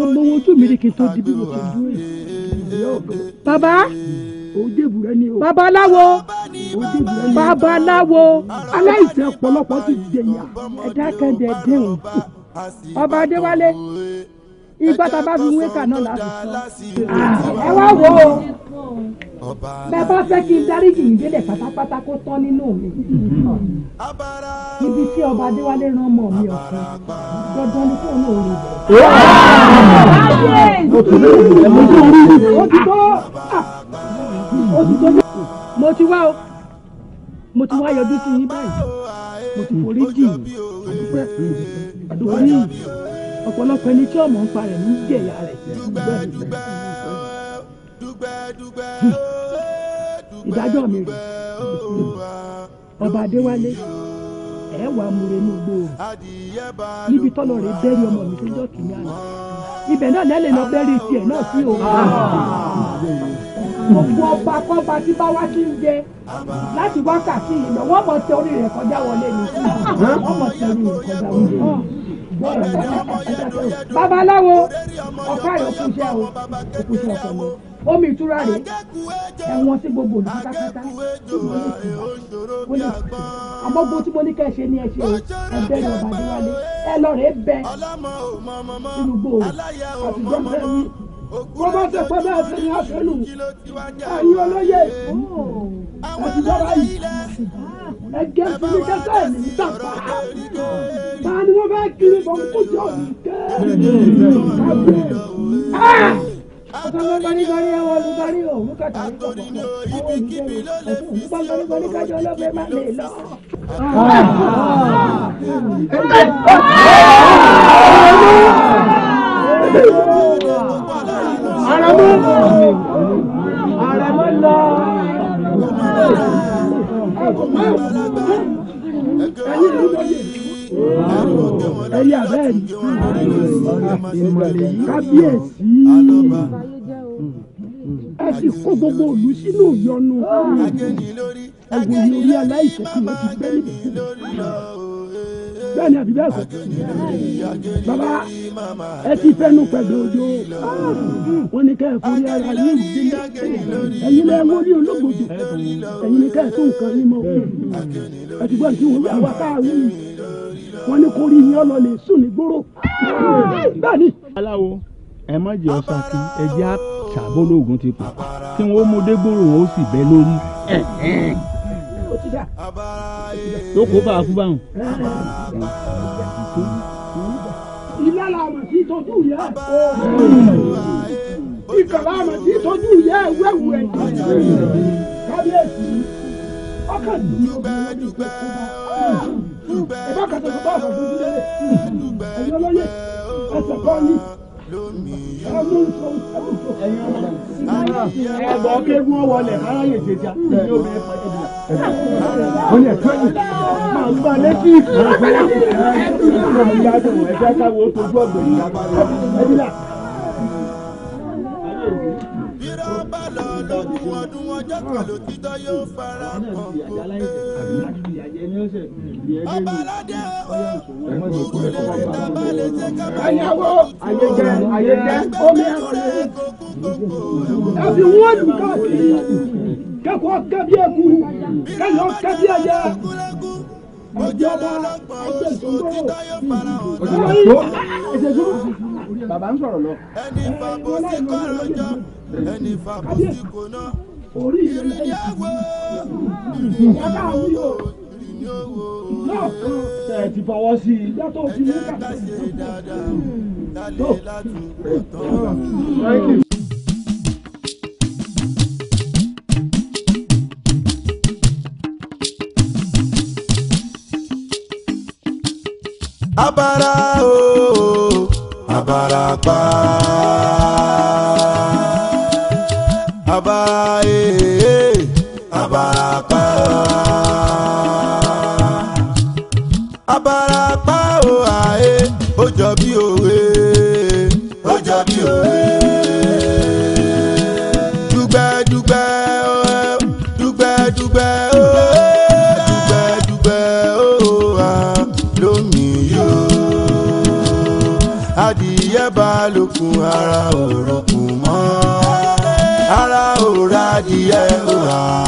o mo wo ojú mi rí kí n tó di bí mo ti dúró yìí bàbá babaláwo babaláwo aláìsàn ọ̀pọ̀lọpọ̀ ti dèyà ẹ̀dá kan ọba adéwálé ìgbà tá a bá fi wéka náà láti sọ ah, ẹ wá wò ó bẹ́ẹ̀ bá fẹ́ kí n dáríjì ìdílé pátápátá kó tán nínú mi ibi tí ọba adéwálé rán mọ́ mi ọ̀kan dandan ni kò ní òòlù rẹ̀. Ah, mo ti wá o mo ti wá yọjú sí yín báyìí mo ti forí jì yín dúpẹ́ àdúgbò ní ọ̀pọ̀lọpọ̀ ẹni tí ọmọ ń fa rẹ̀ ní jẹ̀yà rẹ̀ dúpẹ́ ìdájọ́ mi rè ọba adéwálé ẹ wà múre ní gbòòrò níbi tọ́lọ̀ rẹ̀ bẹ́rí ọmọ mi tó jọ́ kìíní àná ibẹ̀ náà lẹ́lẹ̀ lọ bẹ́rí tiẹ̀ náà sí òun. Ah gbogbo ọba kọba tí bá wá sí ń jẹ láti wákàtí yìí lọ wọ́n mọ̀ tẹ orí rẹ̀ kọjá wọlé ni wọ́n mọ̀ tẹ orí rẹ̀ kọjá wọlé ni. babaláwo ọ̀ká rẹ̀ òkúṣẹ́ o òkúṣẹ́ ọ̀kọ̀ mi omi ìtura rẹ̀ ẹ̀wọ̀n sí gbogbo olú pátápátá àmọ́ gbogbo tí mo ní kẹ́ ẹ ṣe ni ẹ ṣe o ẹ bẹ̀rẹ̀ ọ̀bàdúrà ẹ lọ rẹ̀ bẹ inú gbòòrò àtijọ́ mẹ́rin wọ́n bá tẹ pẹ́ bẹ́ẹ̀ sí ní àfẹ́lù ẹ̀yin olóyè àtijọba yìí ẹgẹ́ fúnmi kẹsẹ̀ ní tàpá ta ni wọ́n bá kiri bọ̀ nkújọ́ mi kẹ́ ẹ̀ ọ̀sán gbọ́dọ̀ gbọ́dọ̀ yẹn wọ́n lu gbọ́dọ̀ yẹn òun kàtà ní kọ̀kọ̀ ọwọ́ òun jẹ́ òun bá gbọ́dọ̀ gbọ́dọ̀ kájọ ọlọ́fẹ́ má lè lọ. Thank you àrẹ̀mú àrẹ̀mú lọ. ẹyẹ abẹ́ẹ̀ ni kábíyèsí ẹ sì kó gbogbo òlù sínú ìyọnu ẹgbẹ́ yìí orí aláìsàn tí wọ́n ti gbẹ́ níbi bẹ́ẹ̀ ni àbí bẹ́ẹ̀ kọ́ bàbá ẹ ti fẹ́nu pẹ̀lú ojo wọn ni kẹ́ ẹ forí ara yín ìdílé ẹ̀yin lẹ́ wọ́n ní olóògbòjò ẹ̀yin ni kẹ́ ẹ tó nǹkan yín mọ́ ẹ ti gbọ́dọ̀ tí wọ́n wí àwa káàwé yìí wọn ní kórìí yín ọlọ lè sùn ní gbòòrò bẹ́ẹ̀ ni. aláwo ẹ má jẹ ọsàn kí ẹ jẹ àṣàbọ̀lóògùn ti pọ̀ tí wọ́n mú dé gbòòrò ó sì bẹ́ lórí tó kó bá a kú báwọn. ilé làmà tí tọ́jú yẹ ikọ̀ làmà tí tọ́jú yẹ wẹ́wù ẹ̀ kábíyèsí ọkàn dùn ẹ̀ bá kàtàkùn bá a fọ̀ fún jíjẹ́lẹ̀ ẹ̀yọ́ lọ́yẹ̀ ẹ̀sẹ̀ kọ́ni ẹgbẹ́ ọ̀kẹ́gun ọ̀wọ́lẹ̀ aráyè jẹjà ní omi ẹ̀fọ́ ẹ̀dùn. ọ̀lẹ̀ tẹ́lẹ̀ máa bá lọ lógún ọdún ọjọ́ kan lòtítọ́ yóò fara pọ̀ kókè. ọba aládé o kúrú lórí tábà lè ṣe kábà lè kó tutù o ẹgbẹ́ rẹ̀ kókó ẹ̀wọ̀n. ẹ fi wọ́n lù káàkiri kẹ́kọ̀ọ́ kẹ́bí ẹ̀kú kẹ́yọ̀ kẹ́bí ẹ̀yẹ ìjọba ọjọ́ tó bàbá ń sọ̀rọ̀ lọ. ẹni fàbọ̀ sí kọ́rọ̀ jọ ẹni fàbùsì kò ìrì ní àwọ̀ ìrì ní àwọ̀ ìrì ní òwò ẹ̀ ti fọwọ́ sí i yàtọ̀ òfin mú kàtà sí i. tó thank you. abara o abara pa àbá ee àbá pẹ́. 돌아